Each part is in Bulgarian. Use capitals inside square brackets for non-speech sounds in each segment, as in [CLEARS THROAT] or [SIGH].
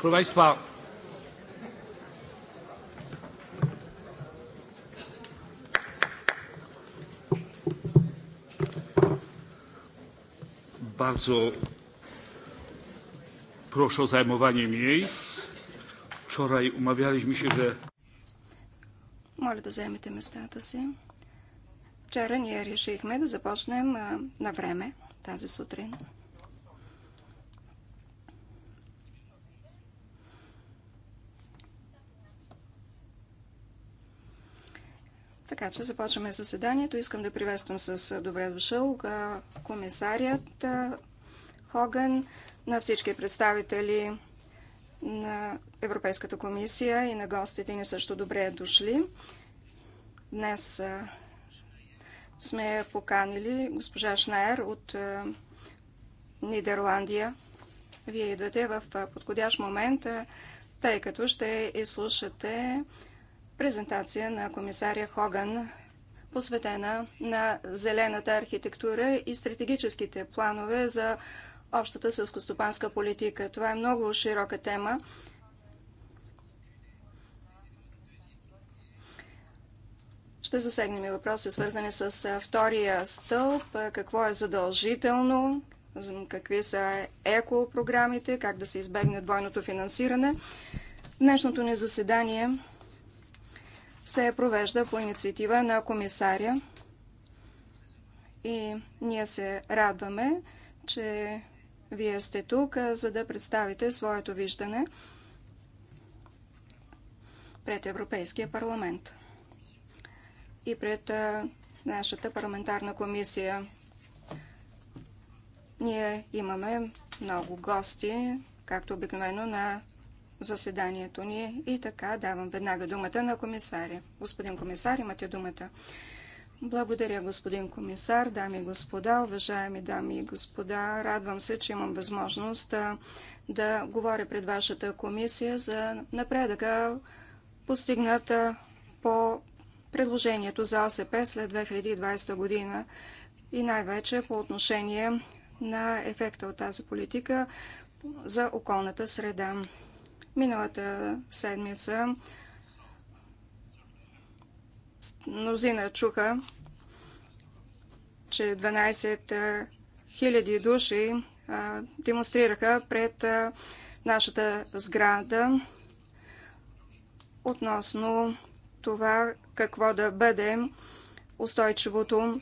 Proszę Państwa, bardzo proszę o zajmowanie miejsc. Wczoraj umawialiśmy się, że... Моля да заемете местата си. Вчера ние решихме да започнем на време тази сутрин. Така че започваме заседанието. Искам да приветствам с добре дошъл комисарият Хоган, на всички представители на Европейската комисия и на гостите ни също добре дошли. Днес сме поканили госпожа Шнайер от Нидерландия. Вие идвате в подходящ момент, тъй като ще изслушате презентация на комисаря Хоган, посветена на зелената архитектура и стратегическите планове за общата сълскостопанска политика. Това е много широка тема. Ще засегнем и въпроси, свързани с втория стълб, какво е задължително, какви са еко-програмите, как да се избегне двойното финансиране. Днешното ни заседание се провежда по инициатива на комисаря. И ние се радваме, че вие сте тук, за да представите своето виждане пред Европейския парламент и пред нашата парламентарна комисия. Ние имаме много гости, както обикновено на заседанието ни. Е. И така давам веднага думата на комисаря. Господин комисар, имате думата. Благодаря, господин комисар, дами и господа, уважаеми дами и господа. Радвам се, че имам възможност да, да говоря пред вашата комисия за напредъка, постигната по предложението за ОСП след 2020 година и най-вече по отношение на ефекта от тази политика за околната среда. Миналата седмица мнозина чуха, че 12 000 души демонстрираха пред нашата сграда относно това какво да бъде устойчивото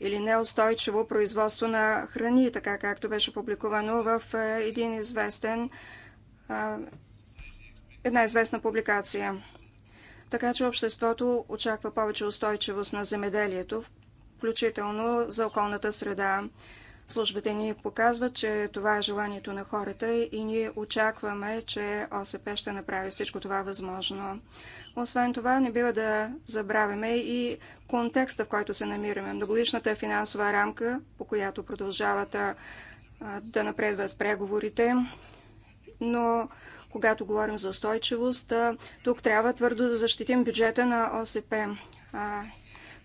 или неустойчиво производство на храни, така както беше публикувано в един известен една известна публикация. Така че обществото очаква повече устойчивост на земеделието, включително за околната среда. Службите ни показват, че това е желанието на хората и ние очакваме, че ОСП ще направи всичко това възможно. Освен това, не бива да забравяме и контекста, в който се намираме. Многогодишната финансова рамка, по която продължават да напредват преговорите, но когато говорим за устойчивост, тук трябва твърдо да защитим бюджета на ОСП.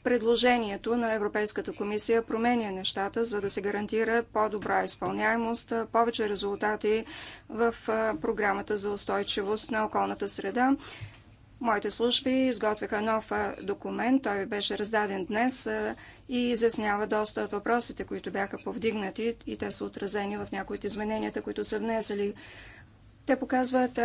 Предложението на Европейската комисия променя нещата, за да се гарантира по-добра изпълняемост, повече резултати в програмата за устойчивост на околната среда. Моите служби изготвиха нов документ, той беше раздаден днес и изяснява доста от въпросите, които бяха повдигнати и те са отразени в някои от измененията, които са внесели те показват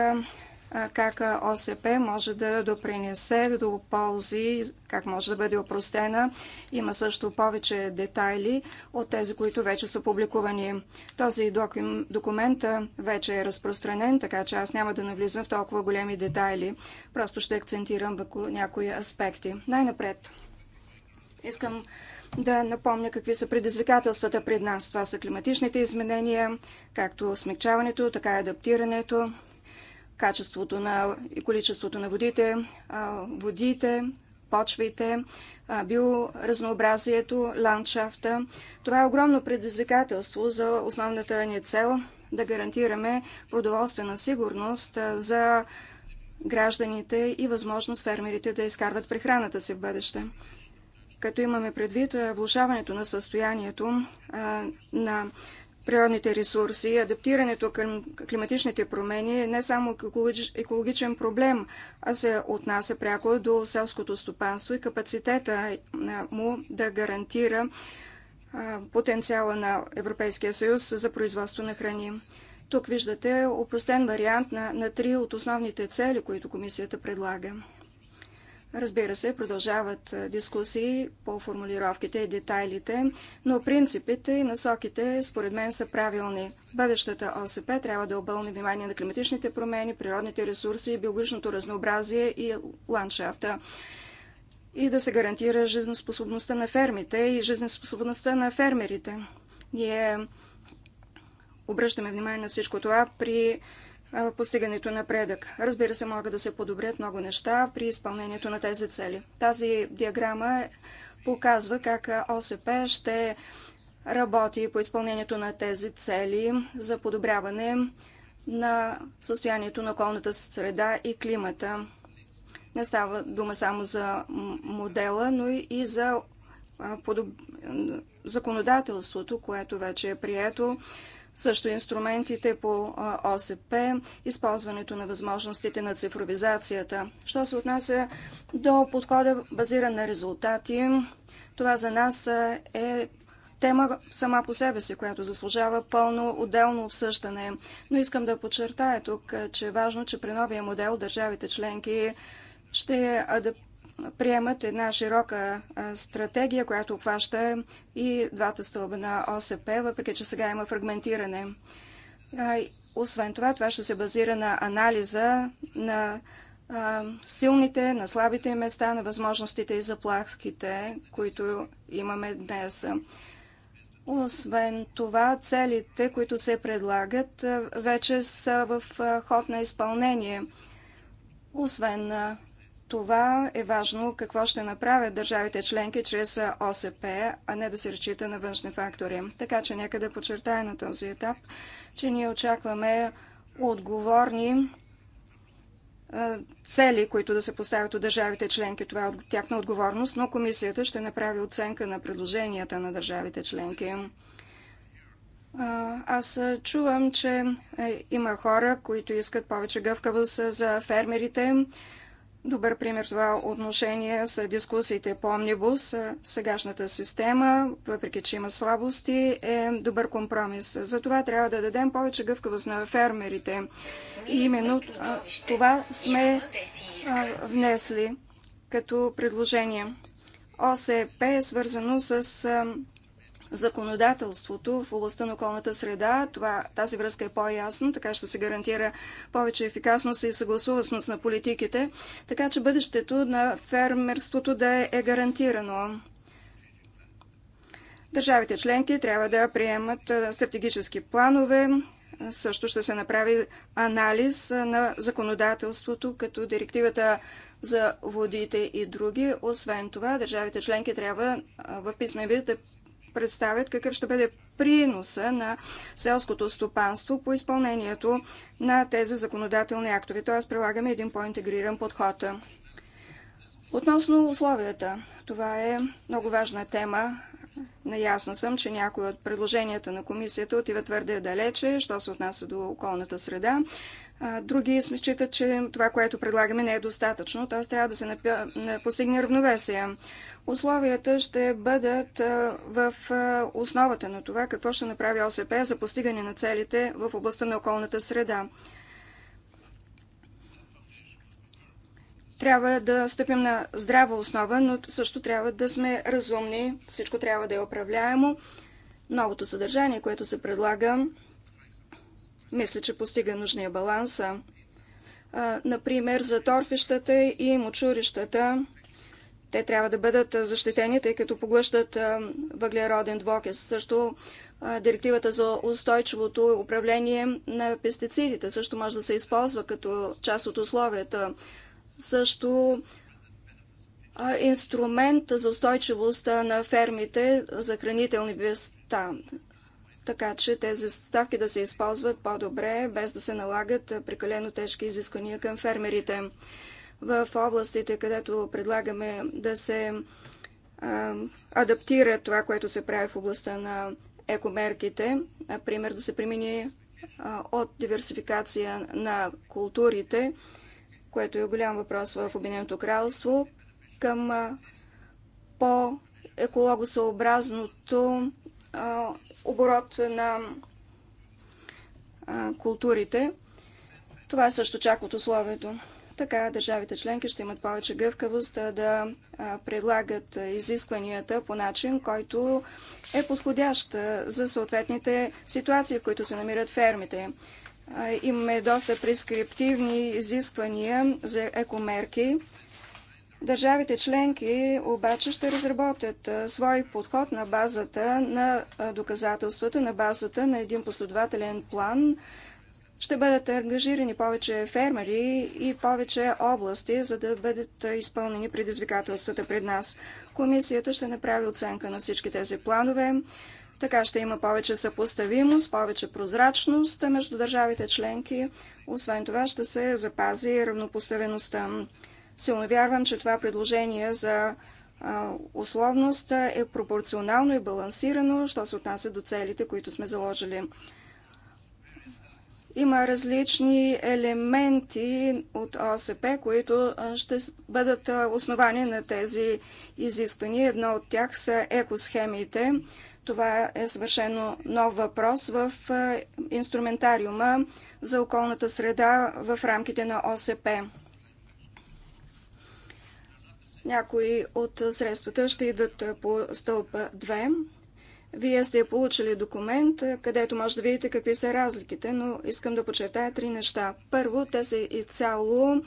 как ОСП може да допринесе до ползи, как може да бъде опростена. Има също повече детайли от тези, които вече са публикувани. Този документ вече е разпространен, така че аз няма да навлизам в толкова големи детайли. Просто ще акцентирам върху някои аспекти. Най-напред искам да напомня какви са предизвикателствата пред нас. Това са климатичните изменения, както смягчаването, така и адаптирането, качеството на и количеството на водите, водите, почвите, биоразнообразието, ландшафта. Това е огромно предизвикателство за основната ни цел да гарантираме продоволствена сигурност за гражданите и възможност фермерите да изкарват прехраната си в бъдеще като имаме предвид е, влушаването на състоянието е, на природните ресурси, адаптирането към климатичните промени е не само екологичен проблем, а се отнася пряко до селското стопанство и капацитета е, му да гарантира потенциала на Европейския съюз за производство на храни. Тук виждате упростен вариант на, на три от основните цели, които комисията предлага. Разбира се, продължават дискусии по формулировките и детайлите, но принципите и насоките според мен са правилни. Бъдещата ОСП трябва да обълни внимание на климатичните промени, природните ресурси, биологичното разнообразие и ландшафта и да се гарантира жизнеспособността на фермите и жизнеспособността на фермерите. Ние обръщаме внимание на всичко това при постигането на предък. Разбира се, могат да се подобрят много неща при изпълнението на тези цели. Тази диаграма показва как ОСП ще работи по изпълнението на тези цели за подобряване на състоянието на околната среда и климата. Не става дума само за модела, но и за законодателството, което вече е прието също инструментите по ОСП, използването на възможностите на цифровизацията. Що се отнася до подхода базиран на резултати, това за нас е тема сама по себе си, която заслужава пълно отделно обсъждане. Но искам да подчертая тук, че е важно, че при новия модел държавите членки ще адаптират приемат една широка стратегия, която обхваща и двата стълба на ОСП, въпреки че сега има фрагментиране. Освен това, това ще се базира на анализа на силните, на слабите места, на възможностите и заплахите, които имаме днес. Освен това, целите, които се предлагат, вече са в ход на изпълнение. Освен това е важно какво ще направят държавите членки чрез ОСП, а не да се речита на външни фактори. Така че нека да подчертая на този етап, че ние очакваме отговорни цели, които да се поставят от държавите членки. Това е от тяхна отговорност, но комисията ще направи оценка на предложенията на държавите членки. Аз чувам, че е, има хора, които искат повече гъвкавост за фермерите. Добър пример това отношение са дискусиите по Омнибус. Сегашната система, въпреки че има слабости, е добър компромис. Затова трябва да дадем повече гъвкавост на фермерите. И именно това сме внесли като предложение. ОСП е свързано с законодателството в областта на околната среда. Това, тази връзка е по-ясна, така ще се гарантира повече ефикасност и съгласуваност на политиките, така че бъдещето на фермерството да е гарантирано. Държавите членки трябва да приемат стратегически планове, също ще се направи анализ на законодателството, като директивата за водите и други. Освен това, държавите членки трябва в писмен вид да представят какъв ще бъде приноса на селското стопанство по изпълнението на тези законодателни актове. Т.е. прилагаме един по-интегриран подход. Относно условията, това е много важна тема. Наясно съм, че някои от предложенията на комисията отиват твърде далече, що се отнася до околната среда. Други сме считат, че това, което предлагаме, не е достатъчно, т.е. трябва да се постигне равновесие. Условията ще бъдат в основата на това какво ще направи ОСП за постигане на целите в областта на околната среда. Трябва да стъпим на здрава основа, но също трябва да сме разумни, всичко трябва да е управляемо. Новото съдържание, което се предлага, мисля, че постига нужния баланс. Например, за торфищата и мочурищата те трябва да бъдат защитени, тъй като поглъщат въглероден двокис. Също директивата за устойчивото управление на пестицидите също може да се използва като част от условията. Също инструмент за устойчивост на фермите за хранителни веста. Така че тези ставки да се използват по-добре, без да се налагат прекалено тежки изисквания към фермерите в областите, където предлагаме да се а, адаптира това, което се прави в областта на екомерките, например да се премини от диверсификация на културите, което е голям въпрос в Обединеното кралство, към по-екологосъобразното оборот на културите. Това е също чак от условието. Така държавите членки ще имат повече гъвкавост да предлагат изискванията по начин, който е подходящ за съответните ситуации, в които се намират фермите. Имаме доста прескриптивни изисквания за екомерки. Държавите членки обаче ще разработят свой подход на базата на доказателствата, на базата на един последователен план – ще бъдат ангажирани повече фермери и повече области, за да бъдат изпълнени предизвикателствата пред нас. Комисията ще направи оценка на всички тези планове. Така ще има повече съпоставимост, повече прозрачност между държавите членки. Освен това ще се запази равнопоставеността. Силно вярвам, че това предложение за условност е пропорционално и балансирано, що се отнася до целите, които сме заложили. Има различни елементи от ОСП, които ще бъдат основани на тези изисквания. Едно от тях са екосхемите. Това е съвършено нов въпрос в инструментариума за околната среда в рамките на ОСП. Някои от средствата ще идват по стълб 2. Вие сте получили документ, където може да видите какви са разликите, но искам да подчертая три неща. Първо, те са изцяло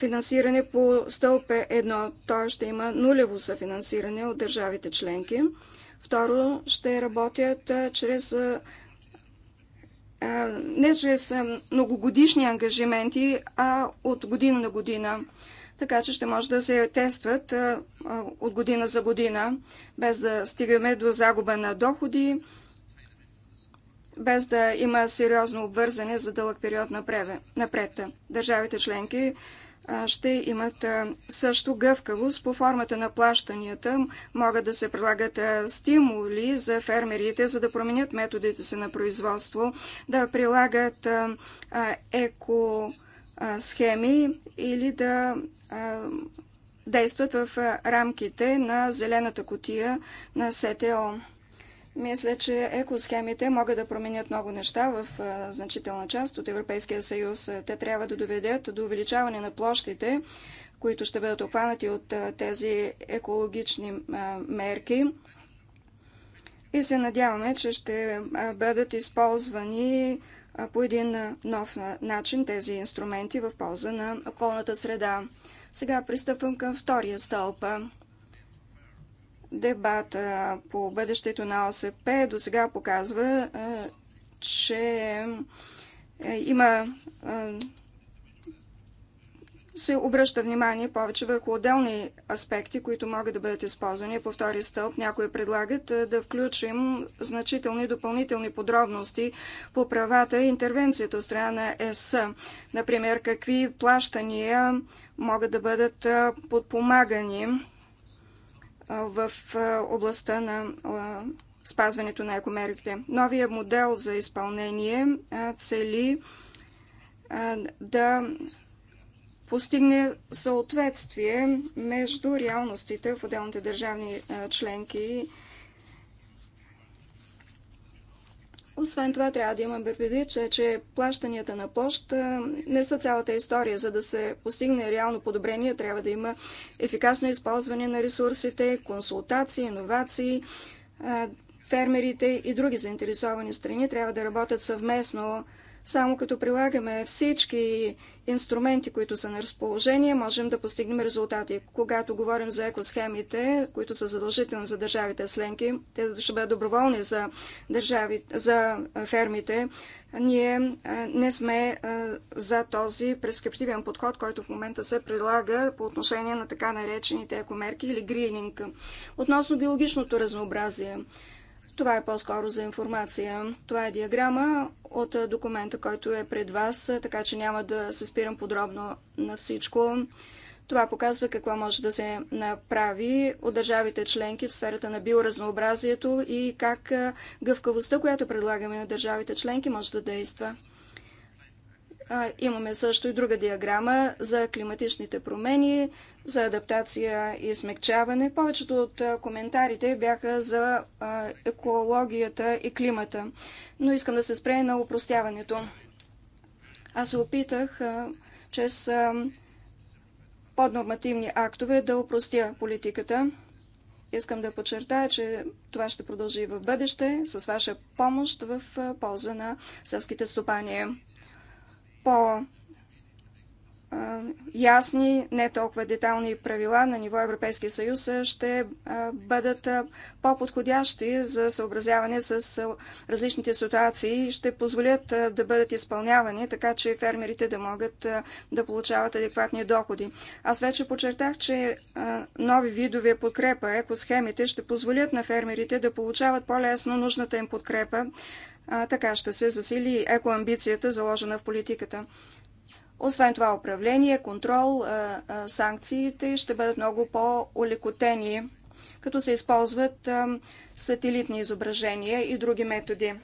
финансиране по стълпе 1. т.е. ще има нулево съфинансиране от държавите членки. Второ, ще работят чрез не чрез многогодишни ангажименти, а от година на година така че ще може да се тестват от година за година, без да стигаме до загуба на доходи, без да има сериозно обвързане за дълъг период напред. Държавите членки ще имат също гъвкавост по формата на плащанията. Могат да се прилагат стимули за фермерите, за да променят методите си на производство, да прилагат еко схеми или да действат в рамките на зелената котия на СТО. Мисля, че екосхемите могат да променят много неща в значителна част от Европейския съюз. Те трябва да доведат до увеличаване на площите, които ще бъдат обхванати от тези екологични мерки. И се надяваме, че ще бъдат използвани по един нов начин тези инструменти в полза на околната среда. Сега пристъпвам към втория стълпа. Дебата по бъдещето на ОСП до сега показва, че е, има се обръща внимание повече върху отделни аспекти, които могат да бъдат използвани по втори стълб. Някои предлагат е, да включим значителни допълнителни подробности по правата и интервенцията от страна на ЕС. Например, какви плащания могат да бъдат е, подпомагани е, в областта на спазването на екомерките. Новия модел за изпълнение цели да постигне съответствие между реалностите в отделните държавни членки. Освен това, трябва да имаме предвид, че, че плащанията на площ не са цялата история. За да се постигне реално подобрение, трябва да има ефикасно използване на ресурсите, консултации, иновации. Фермерите и други заинтересовани страни трябва да работят съвместно само като прилагаме всички инструменти, които са на разположение, можем да постигнем резултати. Когато говорим за екосхемите, които са задължителни за държавите сленки, те ще бъдат доброволни за, държави, за фермите, ние не сме за този прескриптивен подход, който в момента се прилага по отношение на така наречените екомерки или грининг. Относно биологичното разнообразие – това е по-скоро за информация. Това е диаграма от документа, който е пред вас, така че няма да се спирам подробно на всичко. Това показва какво може да се направи от държавите членки в сферата на биоразнообразието и как гъвкавостта, която предлагаме на държавите членки, може да действа. Имаме също и друга диаграма за климатичните промени, за адаптация и смягчаване. Повечето от коментарите бяха за екологията и климата, но искам да се спре на упростяването. Аз се опитах чрез поднормативни актове да упростя политиката. Искам да подчертая, че това ще продължи и в бъдеще с ваша помощ в полза на селските стопания по-ясни, не толкова детални правила на ниво Европейския съюз ще бъдат по-подходящи за съобразяване с различните ситуации и ще позволят да бъдат изпълнявани, така че фермерите да могат да получават адекватни доходи. Аз вече подчертах, че нови видове подкрепа, екосхемите, ще позволят на фермерите да получават по-лесно нужната им подкрепа а, така ще се засили екоамбицията, заложена в политиката. Освен това, управление, контрол, а, а, санкциите ще бъдат много по-олекотени, като се използват а, сателитни изображения и други методи.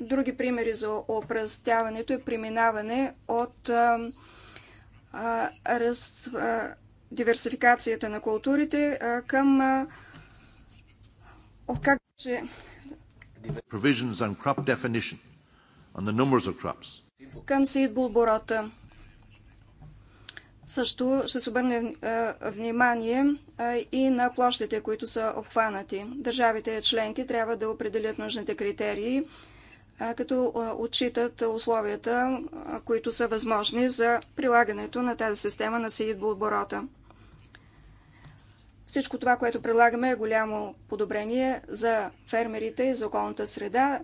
Други примери за опръстяването е преминаване от а, а, раз, а, диверсификацията на културите а, към а, как, Provisions on crop definition, on the numbers of crops. Към Също ще се обърне внимание и на площите, които са обхванати. Държавите членки трябва да определят нужните критерии, като отчитат условията, които са възможни за прилагането на тази система на сеидбооборота. оборота. Всичко това, което предлагаме е голямо подобрение за фермерите и за околната среда,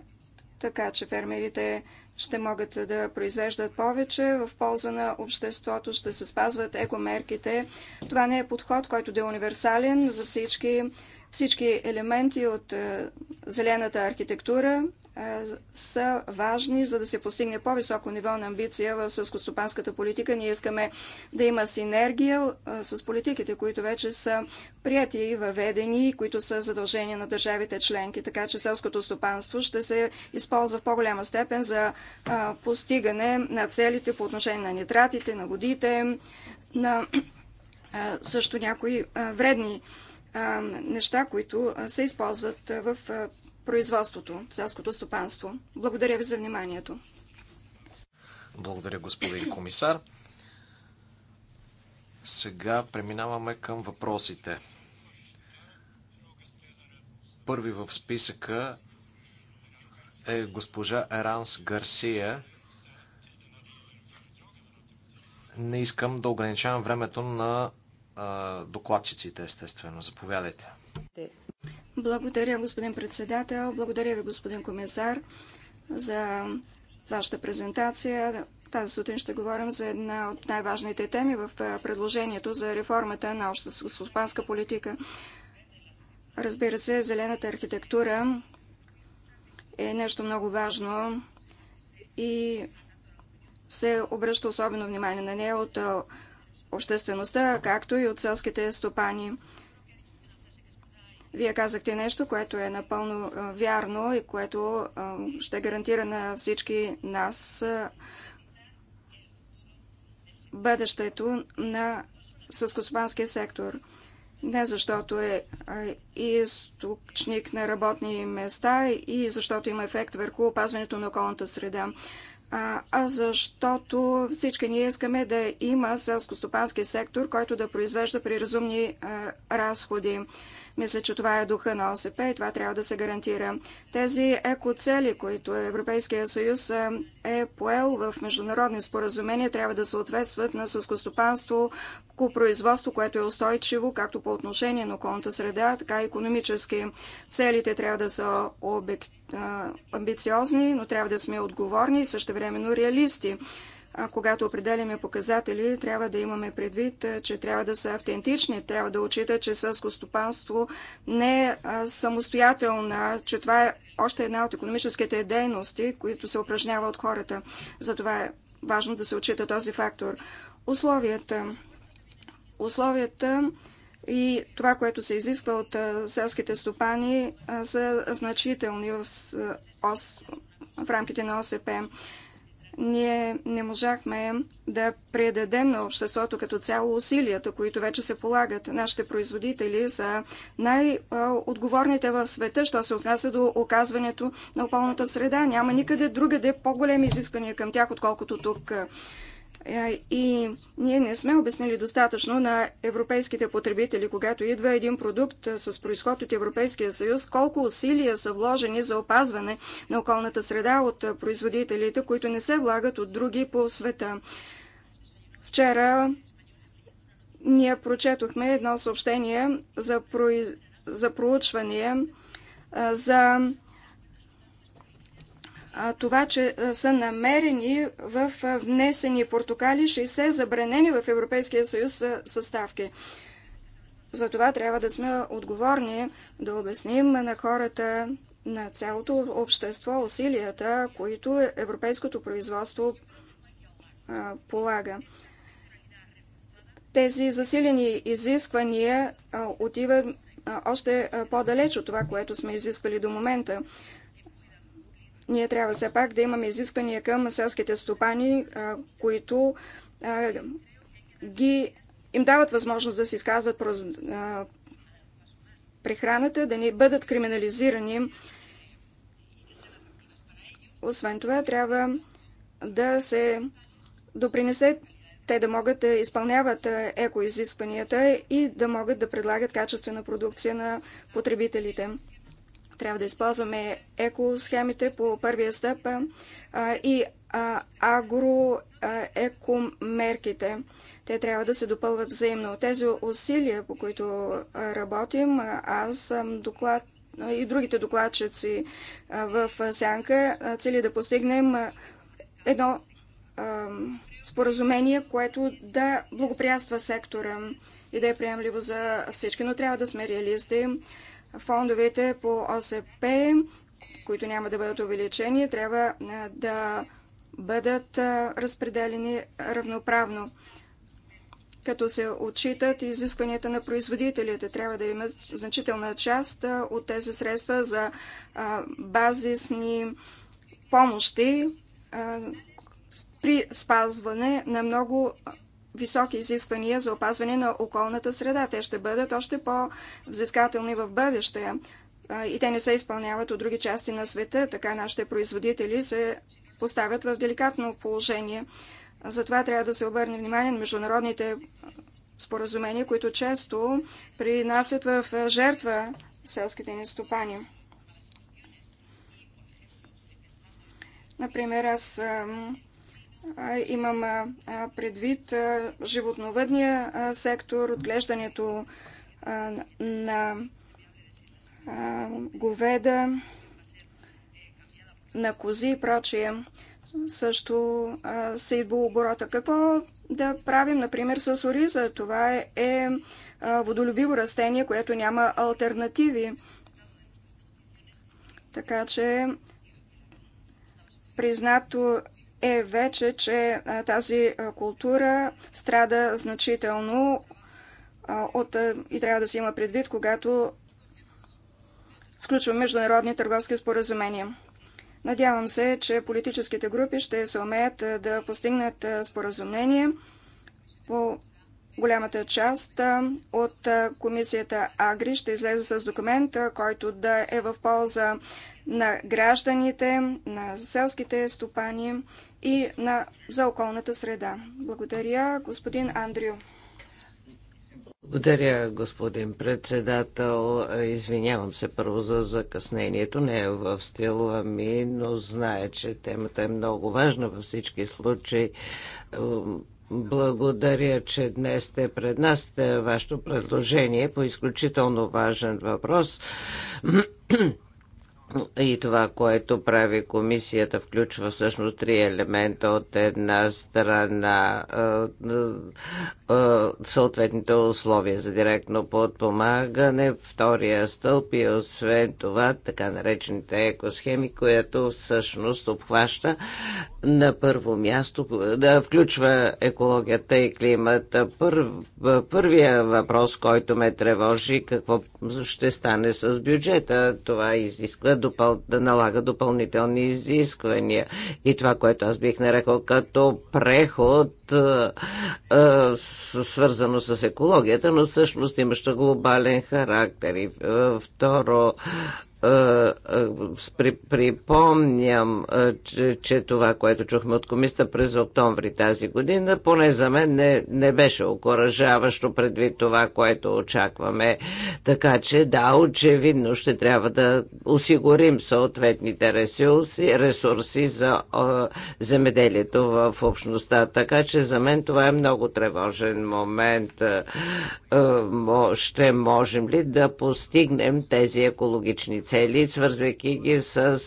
така че фермерите ще могат да произвеждат повече в полза на обществото, ще се спазват екомерките. Това не е подход, който да е универсален за всички, всички елементи от е, зелената архитектура, е, са важни, за да се постигне по-високо ниво на амбиция в сълскостопанската политика. Ние искаме да има синергия е, с политиките, които вече са прияти и въведени, които са задължения на държавите членки. Така че селското стопанство ще се използва в по-голяма степен за е, постигане на целите по отношение на нитратите, на водите, на също някои вредни неща, които се използват в производството, селското стопанство. Благодаря ви за вниманието. Благодаря, господин комисар. Сега преминаваме към въпросите. Първи в списъка е госпожа Еранс Гарсия. Не искам да ограничавам времето на докладчиците, естествено. Заповядайте. Благодаря, господин председател. Благодаря ви, господин комисар, за вашата презентация. Тази сутрин ще говорим за една от най-важните теми в предложението за реформата на общата селскостопанска политика. Разбира се, зелената архитектура е нещо много важно и се обръща особено внимание на нея от обществеността, както и от селските стопани. Вие казахте нещо, което е напълно вярно и което ще гарантира на всички нас бъдещето на съскоспанския сектор. Не защото е източник на работни места и защото има ефект върху опазването на околната среда, а защото всички ние искаме да има селскостопански сектор, който да произвежда при разумни разходи. Мисля, че това е духа на ОСП и това трябва да се гарантира. Тези екоцели, които Европейския съюз е, е поел в международни споразумения, трябва да съответстват на сълскостопанство, производство, което е устойчиво, както по отношение на околната среда, така и економически. Целите трябва да са обект, амбициозни, но трябва да сме отговорни и същевременно реалисти когато определяме показатели, трябва да имаме предвид, че трябва да са автентични, трябва да отчита, че стопанство не е самостоятелна, че това е още една от економическите дейности, които се упражнява от хората. Затова е важно да се отчита този фактор. Условията. Условията и това, което се изисква от селските стопани, са значителни в, в рамките на ОСП ние не можахме да предадем на обществото като цяло усилията, които вече се полагат. Нашите производители са най-отговорните в света, що се отнася до оказването на околната среда. Няма никъде другаде по-големи изисквания към тях, отколкото тук и ние не сме обяснили достатъчно на европейските потребители, когато идва един продукт с происход от Европейския съюз, колко усилия са вложени за опазване на околната среда от производителите, които не се влагат от други по света. Вчера ние прочетохме едно съобщение за, про... за проучване за това, че са намерени в внесени портокали 60 забранени в Европейския съюз съставки. За това трябва да сме отговорни, да обясним на хората, на цялото общество, усилията, които европейското производство полага. Тези засилени изисквания отиват още по-далеч от това, което сме изисквали до момента. Ние трябва все пак да имаме изисквания към селските стопани, които ги, им дават възможност да се изказват про прехраната, да не бъдат криминализирани. Освен това, трябва да се допринесе те да могат да изпълняват екоизискванията и да могат да предлагат качествена продукция на потребителите. Трябва да използваме екосхемите по първия стъп и агроекомерките. Те трябва да се допълват взаимно. Тези усилия, по които работим, аз съм доклад и другите докладчици в Сянка, цели да постигнем едно споразумение, което да благоприятства сектора и да е приемливо за всички. Но трябва да сме реалисти фондовете по ОСП, които няма да бъдат увеличени, трябва да бъдат разпределени равноправно. Като се отчитат изискванията на производителите, трябва да имат значителна част от тези средства за базисни помощи при спазване на много високи изисквания за опазване на околната среда. Те ще бъдат още по-взискателни в бъдеще и те не се изпълняват от други части на света. Така нашите производители се поставят в деликатно положение. Затова трябва да се обърне внимание на международните споразумения, които често принасят в жертва селските ни стопани. Например, аз имам предвид животновъдния сектор, отглеждането на говеда, на кози и прочие. Също се идва оборота. Какво да правим, например, с ориза? Това е, е водолюбиво растение, което няма альтернативи. Така че признато е вече, че тази култура страда значително от, и трябва да се има предвид, когато сключва международни търговски споразумения. Надявам се, че политическите групи ще се умеят да постигнат споразумение по голямата част от комисията Агри ще излезе с документ, който да е в полза на гражданите, на селските стопани и на, за околната среда. Благодаря, господин Андрио. Благодаря, господин председател. Извинявам се първо за закъснението. Не е в стила ми, но знае, че темата е много важна във всички случаи. Благодаря, че днес сте пред нас. Вашето предложение е по изключително важен въпрос и това, което прави комисията, включва всъщност три елемента. От една страна съответните условия за директно подпомагане, втория стълб и освен това така наречените екосхеми, което всъщност обхваща на първо място да включва екологията и климата. Пър, първия въпрос, който ме тревожи, какво ще стане с бюджета, това изисква допъл... да налага допълнителни изисквания. И това, което аз бих нарекал като преход, свързано с екологията, но всъщност имаща глобален характер. И, второ, е, е, припомням, е, че, че това, което чухме от комиста през октомври тази година, поне за мен не, не беше окоръжаващо предвид това, което очакваме. Така че, да, очевидно ще трябва да осигурим съответните ресурси, ресурси за а, земеделието в общността. Така че за мен това е много тревожен момент. ще можем ли да постигнем тези екологични цели? цели, свързвайки ги с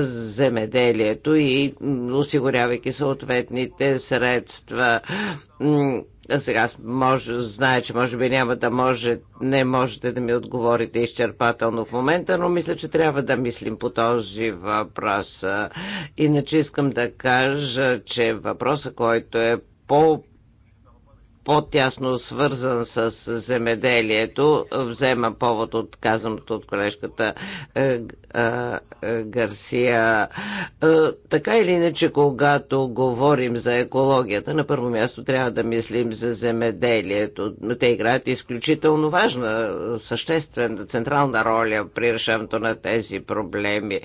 земеделието и осигурявайки съответните средства сега може, знае, че може би няма да може, не можете да ми отговорите изчерпателно в момента, но мисля, че трябва да мислим по този въпрос. Иначе искам да кажа, че въпросът, който е по по-тясно свързан с земеделието, взема повод от казаното от колежката е, е, Гарсия. Е, така или иначе, когато говорим за екологията, на първо място трябва да мислим за земеделието. Те играят изключително важна, съществена, централна роля при решаването на тези проблеми.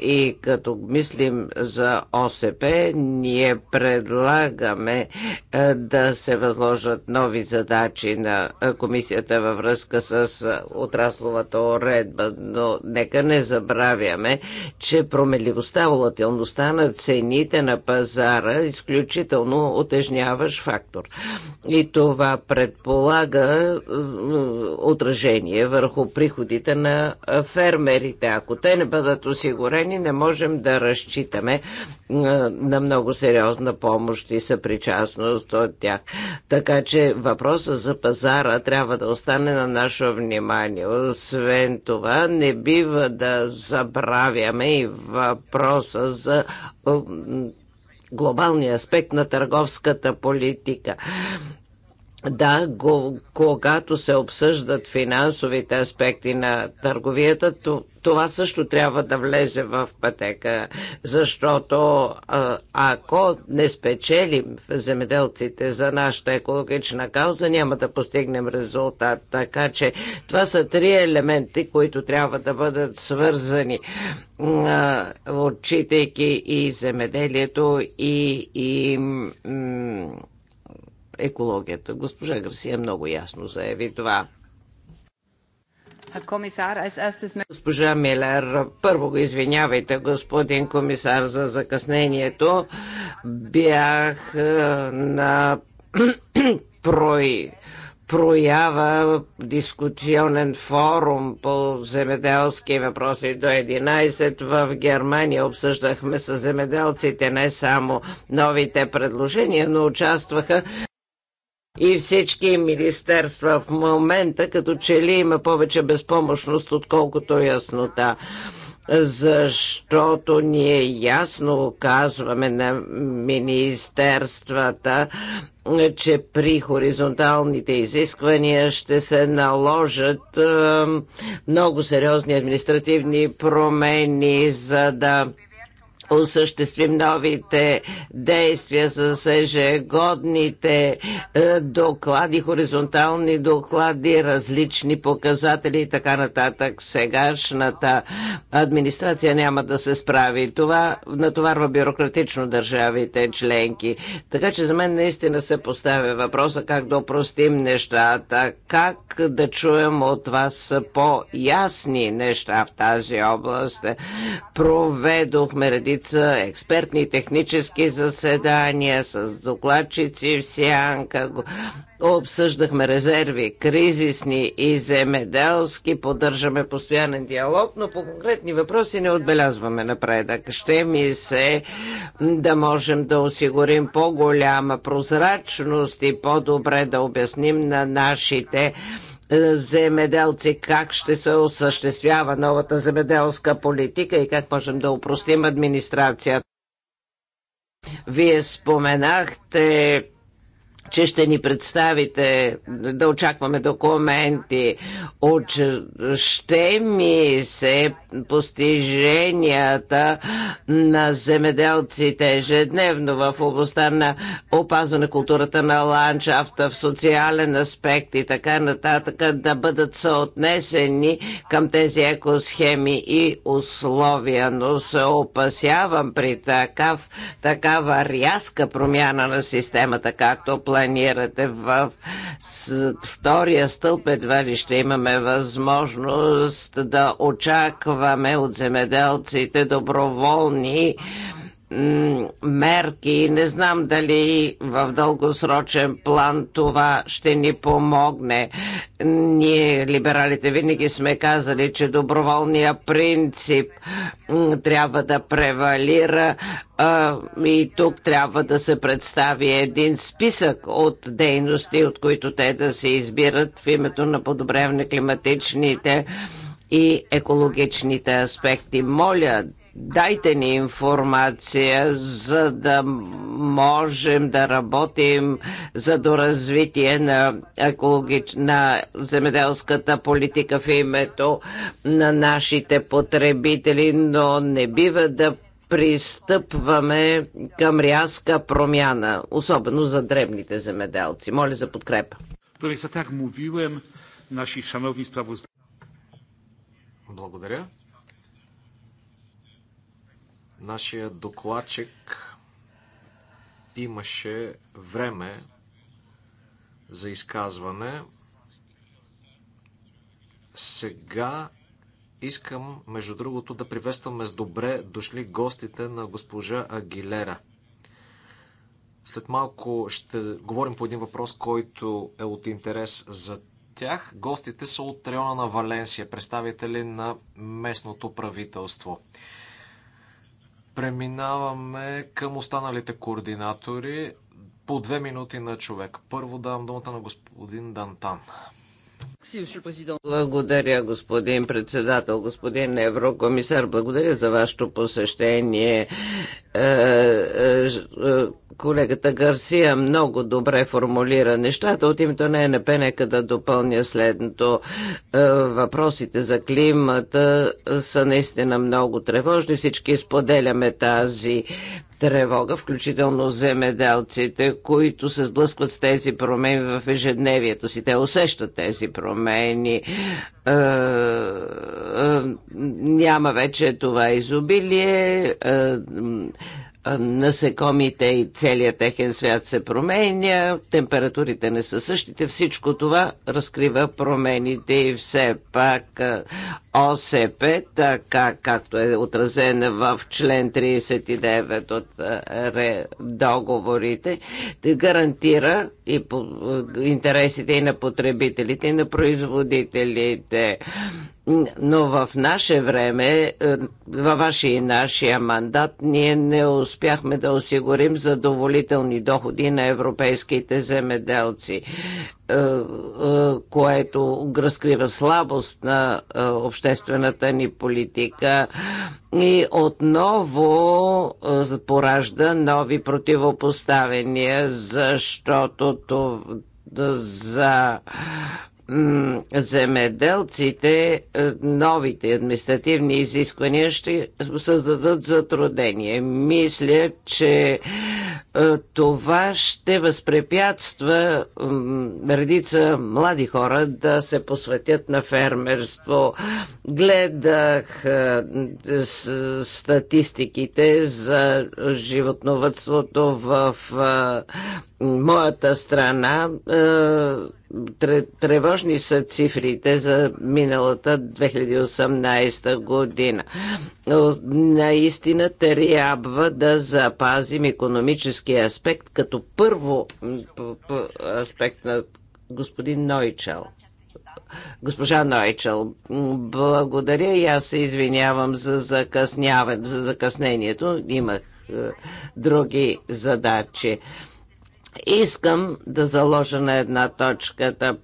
И като мислим за ОСП, ние предлагаме е, да се се възложат нови задачи на комисията във връзка с отрасловата уредба, но нека не забравяме, че промеливостта, волатилността на цените на пазара е изключително отежняваш фактор. И това предполага отражение върху приходите на фермерите. Ако те не бъдат осигурени, не можем да разчитаме на много сериозна помощ и съпричастност от тях. Така че въпроса за пазара трябва да остане на наше внимание. Освен това, не бива да забравяме и въпроса за глобалния аспект на търговската политика. Да, го, когато се обсъждат финансовите аспекти на търговията, това също трябва да влезе в пътека, защото ако не спечелим земеделците за нашата екологична кауза, няма да постигнем резултат. Така че това са три елементи, които трябва да бъдат свързани, отчитайки и земеделието, и, и екологията. Госпожа Гарсия много ясно заяви това. Госпожа Милер, първо го извинявайте, господин комисар, за закъснението. Бях е, на [CLEARS THROAT] прой проява дискусионен форум по земеделски въпроси до 11 в Германия. Обсъждахме с земеделците не само новите предложения, но участваха и всички министерства в момента, като че ли има повече безпомощност, отколкото яснота защото ние ясно казваме на министерствата, че при хоризонталните изисквания ще се наложат е, много сериозни административни промени, за да осъществим новите действия с ежегодните е, доклади, хоризонтални доклади, различни показатели и така нататък. Сегашната администрация няма да се справи. Това натоварва бюрократично държавите членки. Така че за мен наистина се поставя въпроса как да опростим нещата, как да чуем от вас по-ясни неща в тази област. Проведохме редица редица експертни технически заседания с докладчици в Сянка. Обсъждахме резерви, кризисни и земеделски. Поддържаме постоянен диалог, но по конкретни въпроси не отбелязваме напредък. Ще ми се да можем да осигурим по-голяма прозрачност и по-добре да обясним на нашите е, земеделци, как ще се осъществява новата земеделска политика и как можем да упростим администрацията. Вие споменахте че ще ни представите, да очакваме документи. Ще ми се постиженията на земеделците ежедневно в областта на опазване културата на ландшафта в социален аспект и така нататък да бъдат съотнесени към тези екосхеми и условия, но се опасявам при такав, такава рязка промяна на системата, както планираме планирате в втория стълб, едва ли ще имаме възможност да очакваме от земеделците доброволни мерки. Не знам дали в дългосрочен план това ще ни помогне. Ние, либералите, винаги сме казали, че доброволния принцип трябва да превалира а, и тук трябва да се представи един списък от дейности, от които те да се избират в името на подобряване климатичните и екологичните аспекти. Моля Дайте ни информация, за да можем да работим за доразвитие на, екологич... на земеделската политика в името на нашите потребители, но не бива да пристъпваме към рязка промяна, особено за дребните земеделци. Моля за подкрепа. Благодаря. Нашия докладчик имаше време за изказване. Сега искам, между другото, да приветстваме с добре дошли гостите на госпожа Агилера. След малко ще говорим по един въпрос, който е от интерес за тях. Гостите са от района на Валенсия, представители на местното правителство. Преминаваме към останалите координатори. По две минути на човек. Първо давам думата на господин Дантан. Благодаря, господин председател, господин еврокомисар. Благодаря за вашето посещение е, е, е, Колегата Гарсия много добре формулира нещата. От името на ЕНП нека да допълня следното. Е, въпросите за климата са наистина много тревожни. Всички споделяме тази тревога, включително земеделците, които се сблъскват с тези промени в ежедневието си. Те усещат тези промени. Е, е, няма вече това изобилие насекомите и целият техен свят се променя, температурите не са същите, всичко това разкрива промените и все пак ОСП, така както е отразена в член 39 от е, договорите, гарантира и интересите и на потребителите, и на производителите но в наше време, е, във вашия и нашия мандат, ние не успяхме да осигурим задоволителни доходи на европейските земеделци. Е, е, което разкрива слабост на е, обществената ни политика и отново поражда нови противопоставения, защото за земеделците е, новите административни изисквания ще създадат затруднение. Мисля, че е, това ще възпрепятства редица млади хора да се посветят на фермерство. Гледах е, статистиките за животновътството в моята страна тревожни са цифрите за миналата 2018 година. Наистина трябва да запазим економическия аспект като първо аспект на господин Нойчел госпожа Нойчел. Благодаря и аз се извинявам за, закъсняване, за закъснението. Имах е, други задачи. Искам да заложа на една точката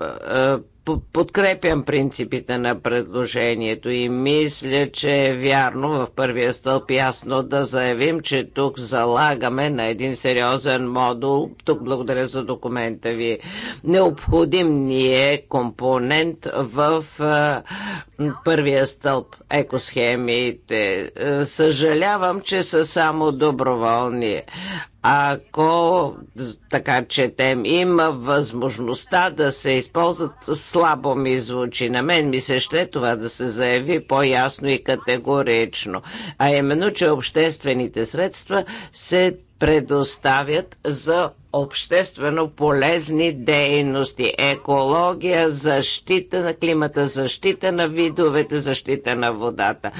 е, подкрепям принципите на предложението и мисля, че е вярно в първия стълб ясно да заявим, че тук залагаме на един сериозен модул. Тук благодаря за документа ви. Необходим ни е компонент в е, първия стълб екосхемите. Е, съжалявам, че са само доброволни ако така четем, има възможността да се използват слабо ми звучи. На мен ми се ще това да се заяви по-ясно и категорично. А именно, че обществените средства се предоставят за обществено полезни дейности. Екология, защита на климата, защита на видовете, защита на водата.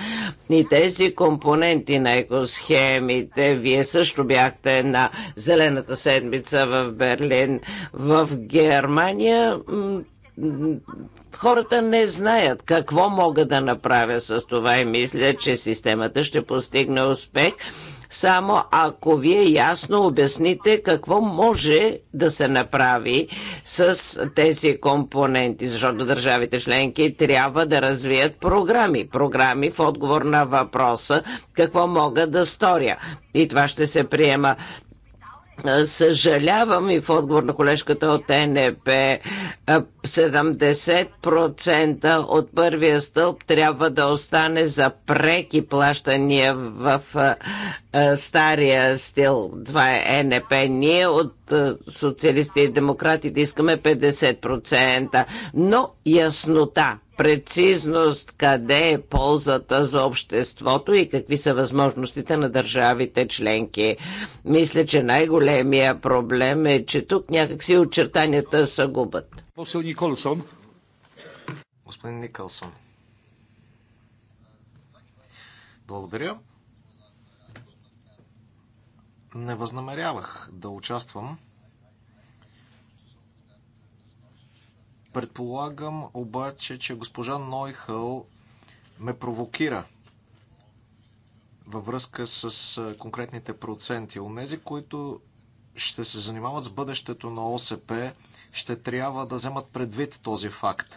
И тези компоненти на екосхемите, вие също бяхте на Зелената седмица в Берлин, в Германия хората не знаят какво мога да направя с това и мисля, че системата ще постигне успех само ако вие ясно обясните какво може да се направи с тези компоненти, защото държавите членки трябва да развият програми. Програми в отговор на въпроса какво мога да сторя. И това ще се приема Съжалявам и в отговор на колежката от НП, 70% от първия стълб трябва да остане за преки плащания в стария стил. Това е ЕНП. Ние от социалисти и демократите искаме 50%, но яснота прецизност къде е ползата за обществото и какви са възможностите на държавите членки. Мисля, че най-големия проблем е, че тук някакси очертанията са губят. Посел Николсон. Господин Николсон. Благодаря. Не възнамерявах да участвам Предполагам обаче, че госпожа Нойхъл ме провокира във връзка с конкретните проценти. Онези, които ще се занимават с бъдещето на ОСП, ще трябва да вземат предвид този факт.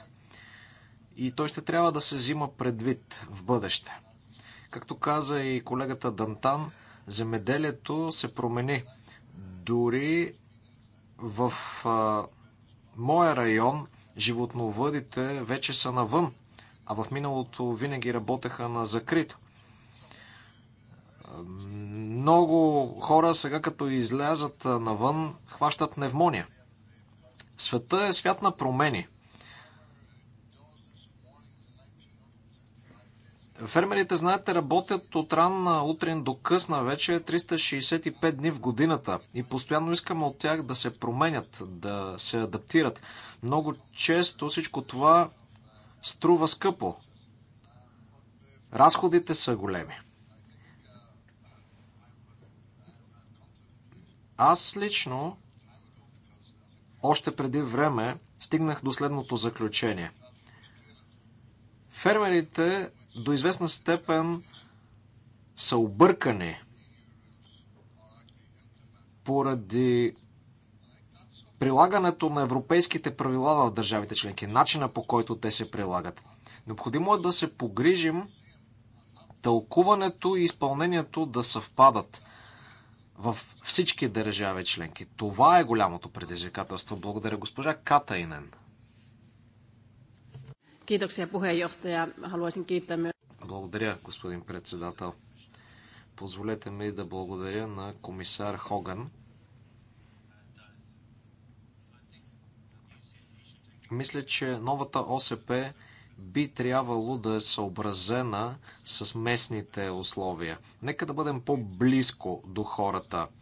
И той ще трябва да се взима предвид в бъдеще. Както каза и колегата Дантан, земеделието се промени. Дори в а, моя район животновъдите вече са навън, а в миналото винаги работеха на закрито. Много хора сега като излязат навън хващат невмония. Света е свят на промени. Фермерите, знаете, работят от ранна утрин до късна вече 365 дни в годината и постоянно искаме от тях да се променят, да се адаптират. Много често всичко това струва скъпо. Разходите са големи. Аз лично, още преди време, стигнах до следното заключение. Фермерите до известна степен са объркани поради прилагането на европейските правила в държавите членки, начина по който те се прилагат. Необходимо е да се погрижим тълкуването и изпълнението да съвпадат в всички държави членки. Това е голямото предизвикателство. Благодаря госпожа Катайнен. Kiitoksia puheenjohtaja. Haluaisin kiittää myös... Благодаря, господин председател. Позволете ми да благодаря на комисар Хоган. Мисля, че новата ОСП би трябвало да е съобразена с местните условия. Нека да бъдем по-близко до хората –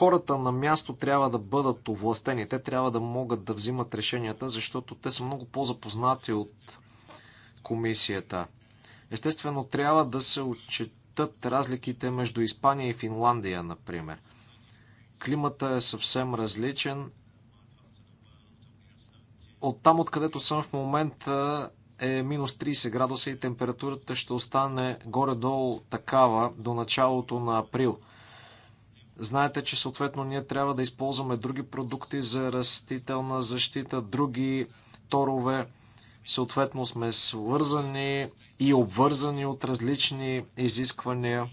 хората на място трябва да бъдат овластени. Те трябва да могат да взимат решенията, защото те са много по-запознати от комисията. Естествено, трябва да се отчетат разликите между Испания и Финландия, например. Климата е съвсем различен. От там, откъдето съм в момента, е минус 30 градуса и температурата ще остане горе-долу такава до началото на април – Знаете, че съответно ние трябва да използваме други продукти за растителна защита, други торове. Съответно сме свързани и обвързани от различни изисквания.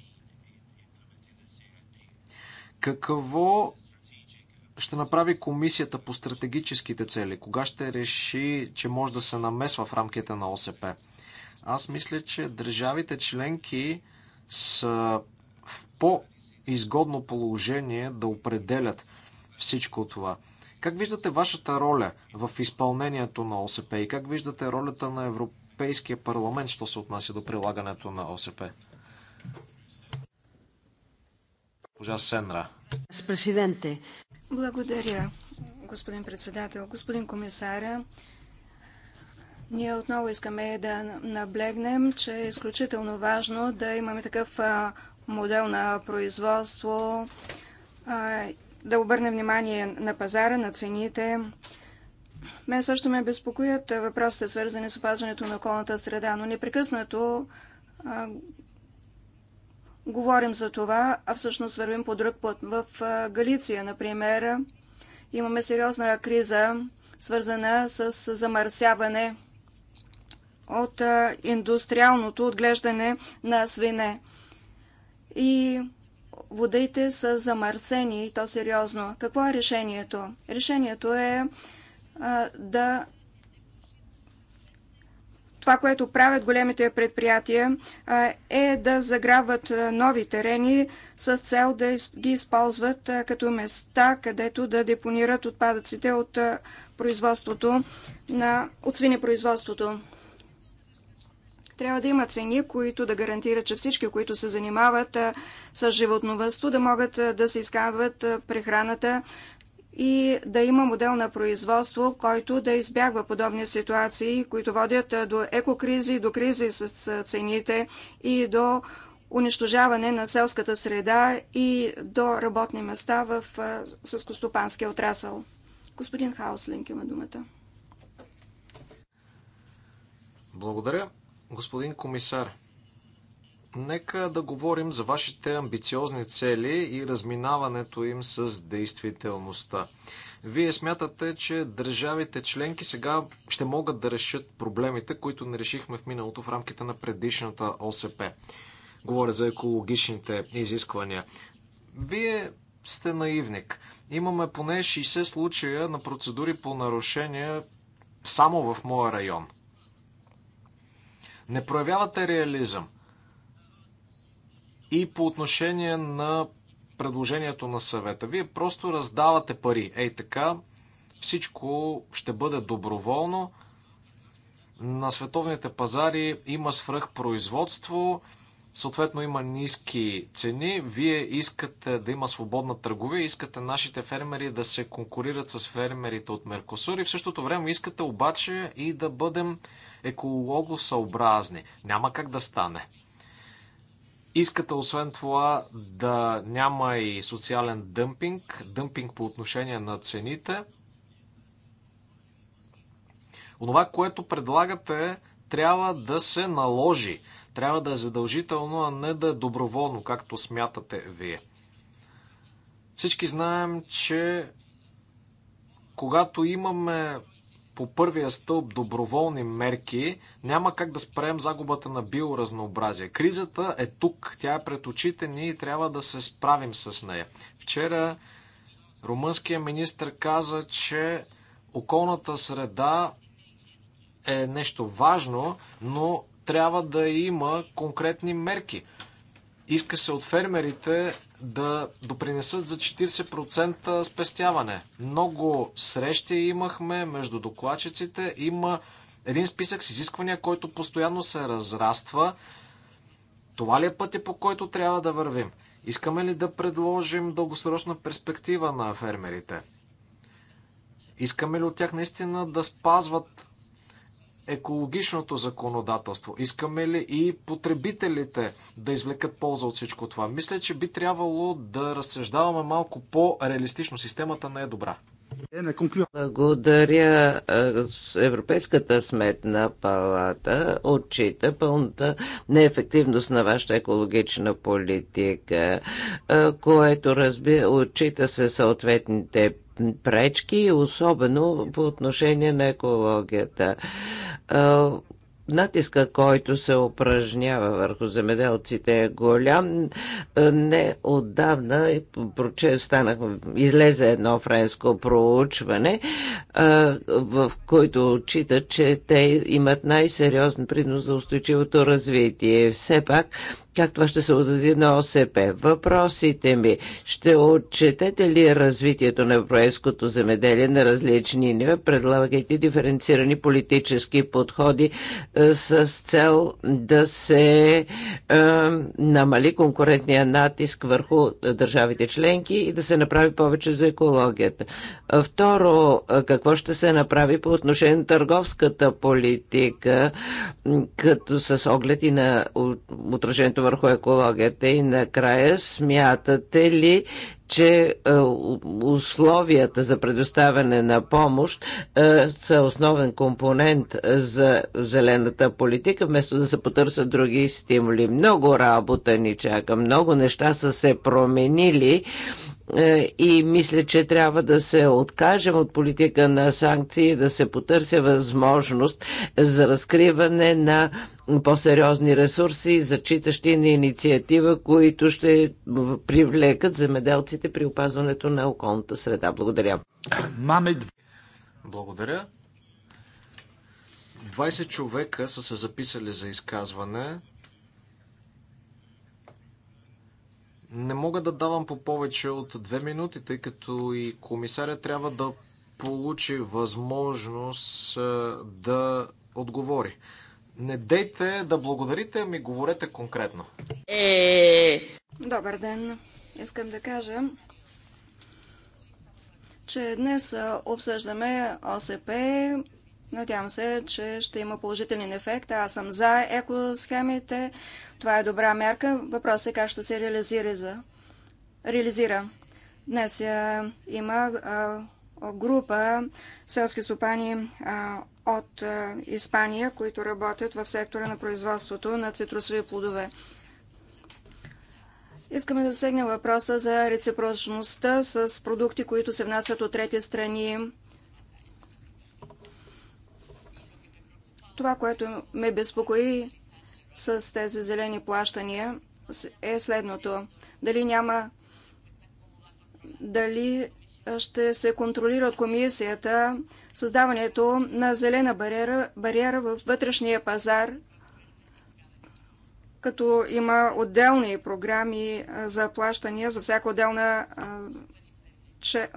Какво ще направи комисията по стратегическите цели? Кога ще реши, че може да се намесва в рамките на ОСП? Аз мисля, че държавите членки са в по изгодно положение да определят всичко това. Как виждате вашата роля в изпълнението на ОСП и как виждате ролята на Европейския парламент, що се отнася до прилагането на ОСП? Божа Сенра. Благодаря, господин председател. Господин комисаря, ние отново искаме да наблегнем, че е изключително важно да имаме такъв модел на производство, да обърне внимание на пазара, на цените. Мен също ме безпокоят въпросите, свързани с опазването на околната среда, но непрекъснато а, говорим за това, а всъщност вървим по друг път. В Галиция, например, имаме сериозна криза, свързана с замърсяване от индустриалното отглеждане на свине и водите са замърсени и то сериозно. Какво е решението? Решението е а, да това, което правят големите предприятия, е да заграбват нови терени с цел да ги използват като места, където да депонират отпадъците от производството на от свинепроизводството. Трябва да има цени, които да гарантират, че всички, които се занимават с животновътство, да могат да се изкарват прехраната и да има модел на производство, който да избягва подобни ситуации, които водят до екокризи, до кризи с цените и до унищожаване на селската среда и до работни места в съскостопанския отрасъл. Господин Хауслинг има думата. Благодаря. Господин комисар, нека да говорим за вашите амбициозни цели и разминаването им с действителността. Вие смятате, че държавите членки сега ще могат да решат проблемите, които не решихме в миналото в рамките на предишната ОСП. Говоря за екологичните изисквания. Вие сте наивник. Имаме поне 60 случая на процедури по нарушения само в моя район. Не проявявате реализъм. И по отношение на предложението на съвета. Вие просто раздавате пари. Ей така, всичко ще бъде доброволно. На световните пазари има свръхпроизводство, съответно има ниски цени. Вие искате да има свободна търговия, искате нашите фермери да се конкурират с фермерите от Меркосур и в същото време искате обаче и да бъдем екологосъобразни. Няма как да стане. Искате освен това да няма и социален дъмпинг, дъмпинг по отношение на цените. Онова, което предлагате, трябва да се наложи. Трябва да е задължително, а не да е доброволно, както смятате вие. Всички знаем, че когато имаме по първия стълб доброволни мерки, няма как да спрем загубата на биоразнообразие. Кризата е тук, тя е пред очите ни и трябва да се справим с нея. Вчера румънският министр каза, че околната среда е нещо важно, но трябва да има конкретни мерки. Иска се от фермерите да допринесат за 40% спестяване. Много срещи имахме между докладчиците. Има един списък с изисквания, който постоянно се разраства. Това ли е пътя, по който трябва да вървим? Искаме ли да предложим дългосрочна перспектива на фермерите? Искаме ли от тях наистина да спазват екологичното законодателство? Искаме ли и потребителите да извлекат полза от всичко това? Мисля, че би трябвало да разсъждаваме малко по-реалистично. Системата не е добра. Благодаря. Е, Европейската сметна палата отчита пълната неефективност на вашата екологична политика, е, което разби, отчита се съответните пречки, особено по отношение на екологията натиска, който се упражнява върху земеделците е голям. Не отдавна станах, излезе едно френско проучване, в което отчита, че те имат най-сериозен принос за устойчивото развитие. Все пак как това ще се отрази на ОСП? Въпросите ми. Ще отчетете ли развитието на европейското земеделие на различни нива, предлагайки диференцирани политически подходи е, с цел да се е, намали конкурентния натиск върху държавите членки и да се направи повече за екологията? Е, второ, е, какво ще се направи по отношение на търговската политика, като с оглед и на отражението върху екологията? И накрая смятате ли, че е, условията за предоставяне на помощ е, са основен компонент за зелената политика, вместо да се потърсят други стимули. Много работа ни чака, много неща са се променили. Е, и мисля, че трябва да се откажем от политика на санкции и да се потърся възможност за разкриване на по-сериозни ресурси, зачитащи на инициатива, които ще привлекат земеделците при опазването на околната среда. Благодаря. Маме... Благодаря. 20 човека са се записали за изказване. Не мога да давам по повече от две минути, тъй като и комисаря трябва да получи възможност е, да отговори. Не дейте да благодарите, ами говорете конкретно. Е... Добър ден. Искам да кажа, че днес е, обсъждаме ОСП, Надявам се, че ще има положителен ефект. Аз съм за екосхемите. Това е добра мерка. Въпросът е как ще се реализира. За... реализира. Днес е, има група селски стопани от Испания, които работят в сектора на производството на цитрусови плодове. Искаме да сегнем въпроса за реципрочността с продукти, които се внасят от трети страни, Това, което ме безпокои с тези зелени плащания е следното. Дали няма дали ще се контролира от комисията създаването на зелена бариера, бариера във вътрешния пазар, като има отделни програми за плащания за всяка отделна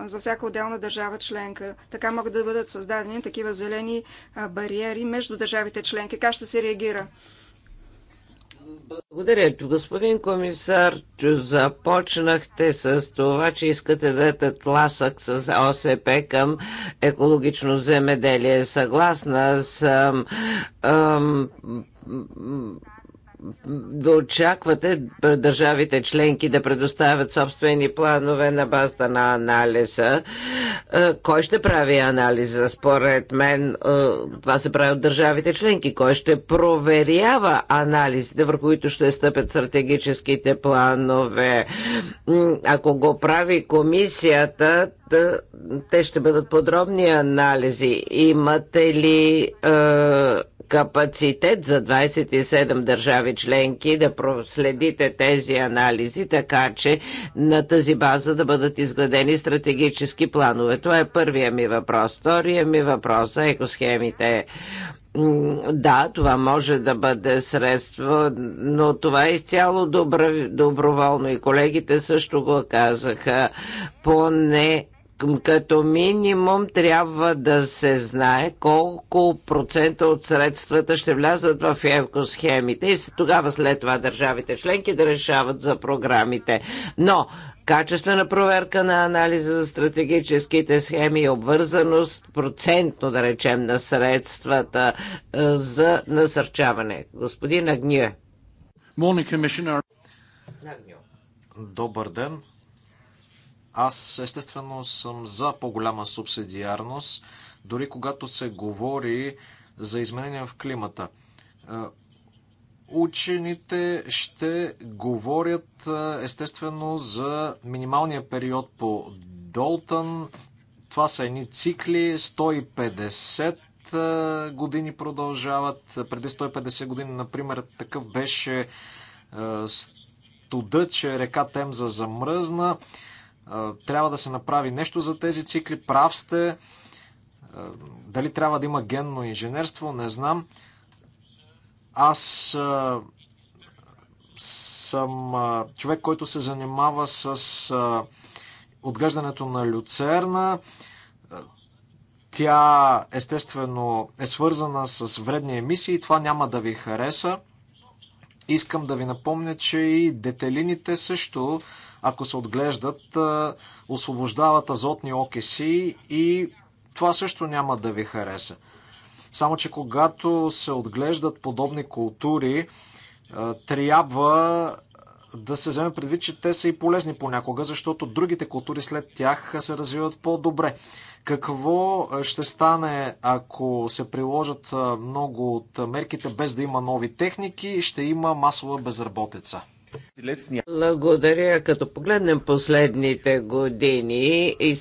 за всяка отделна държава членка. Така могат да бъдат създадени такива зелени бариери между държавите членки. Как ще се реагира? Благодаря, господин комисар. че Започнахте с това, че искате да дадете тласък с ОСП към екологично земеделие. Съгласна съм. Ам, да очаквате държавите членки да предоставят собствени планове на базата на анализа. Е, кой ще прави анализа? Според мен е, това се прави от държавите членки. Кой ще проверява анализите, върху които ще стъпят стратегическите планове? Ако го прави комисията, да, те ще бъдат подробни анализи. Имате ли е, капацитет за 27 държави членки да проследите тези анализи, така че на тази база да бъдат изградени стратегически планове? Това е първия ми въпрос. Втория ми въпрос за екосхемите да, това може да бъде средство, но това е изцяло добро, доброволно и колегите също го казаха. Поне като минимум трябва да се знае колко процента от средствата ще влязат в евкосхемите и тогава след това държавите членки да решават за програмите. Но качествена проверка на анализа за стратегическите схеми и обвързаност процентно, да речем, на средствата е, за насърчаване. Господин Агния. Добър ден, аз естествено съм за по-голяма субсидиарност, дори когато се говори за изменения в климата. Е, учените ще говорят е, естествено за минималния период по Долтън. Това са едни цикли, 150 е, години продължават. Преди 150 години, например, такъв беше студът, че река Темза замръзна. Трябва да се направи нещо за тези цикли. Прав сте. Дали трябва да има генно инженерство, не знам. Аз съм човек, който се занимава с отглеждането на люцерна. Тя естествено е свързана с вредни емисии. Това няма да ви хареса. Искам да ви напомня, че и детелините също ако се отглеждат, освобождават азотни окиси и това също няма да ви хареса. Само, че когато се отглеждат подобни култури, трябва да се вземе предвид, че те са и полезни понякога, защото другите култури след тях се развиват по-добре. Какво ще стане, ако се приложат много от мерките без да има нови техники? Ще има масова безработица. Благодаря. Като погледнем последните години, и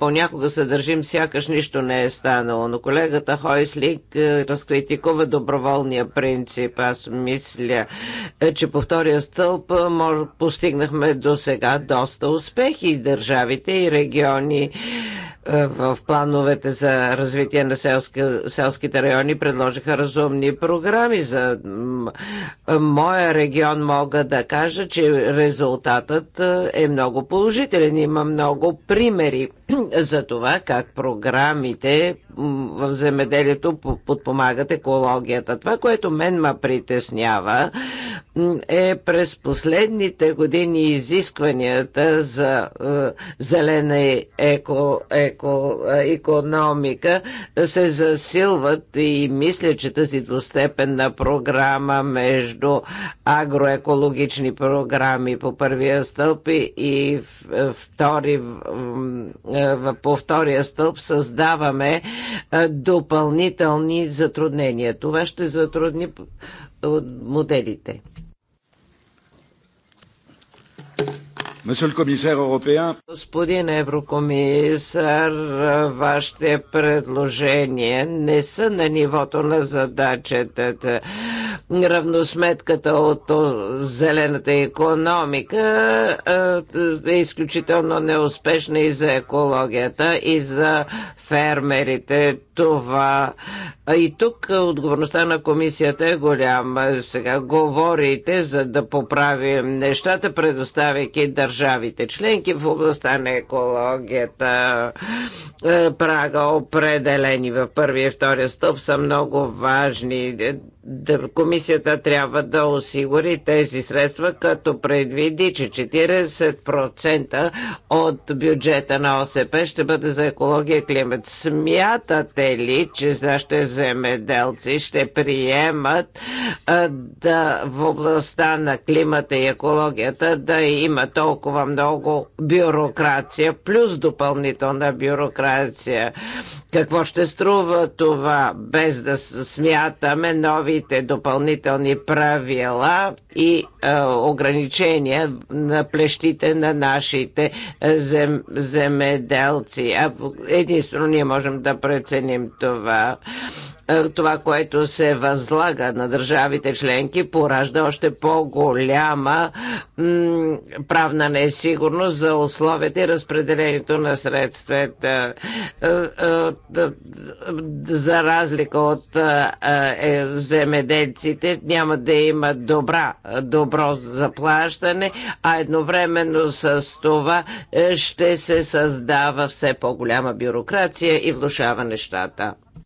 понякога се държим сякаш нищо не е станало, но колегата Хойслик е, разкритикува доброволния принцип. Аз мисля, е, че по втория стълб е, може, постигнахме до сега доста успехи държавите и региони е, в плановете за развитие на селски, селските райони предложиха разумни програми. За моя регион мога да кажа, че резултатът е, е много положителен. Има много примери [CLEARS THROAT] за това как програмите в земеделието подпомагат екологията. Това, което мен ма притеснява, е през последните години изискванията за е, зелена е, еко, еко, економика се засилват и мисля, че тази двустепенна програма между агроекологични програми по първия стълб и е, втори е, по втория стълб създаваме е, допълнителни затруднения. Това ще затрудни моделите. Господин еврокомисар, вашите предложения не са на нивото на задачата. Равносметката от зелената економика е, е изключително неуспешна и за екологията, и за фермерите това. А и тук отговорността на комисията е голяма. Сега говорите за да поправим нещата, предоставяйки държавите членки в областта на екологията. Е, прага определени в първия и втория стоп, са много важни да, комисията трябва да осигури тези средства, като предвиди, че 40% от бюджета на ОСП ще бъде за екология и климат. Смятате ли, че нашите земеделци ще приемат а, да в областта на климата и екологията да има толкова много бюрокрация, плюс допълнителна бюрокрация? Какво ще струва това, без да смятаме нови новите допълнителни правила и а, ограничения на плещите на нашите зем, земеделци. А единствено ние можем да преценим това. Е, това, което се възлага на държавите членки, поражда още по-голяма правна несигурност за условията и разпределението на средствата. Е, е, за разлика от земеделците, няма да има добра, добро заплащане, а едновременно с това ще се създава все по-голяма бюрокрация и влушава нещата.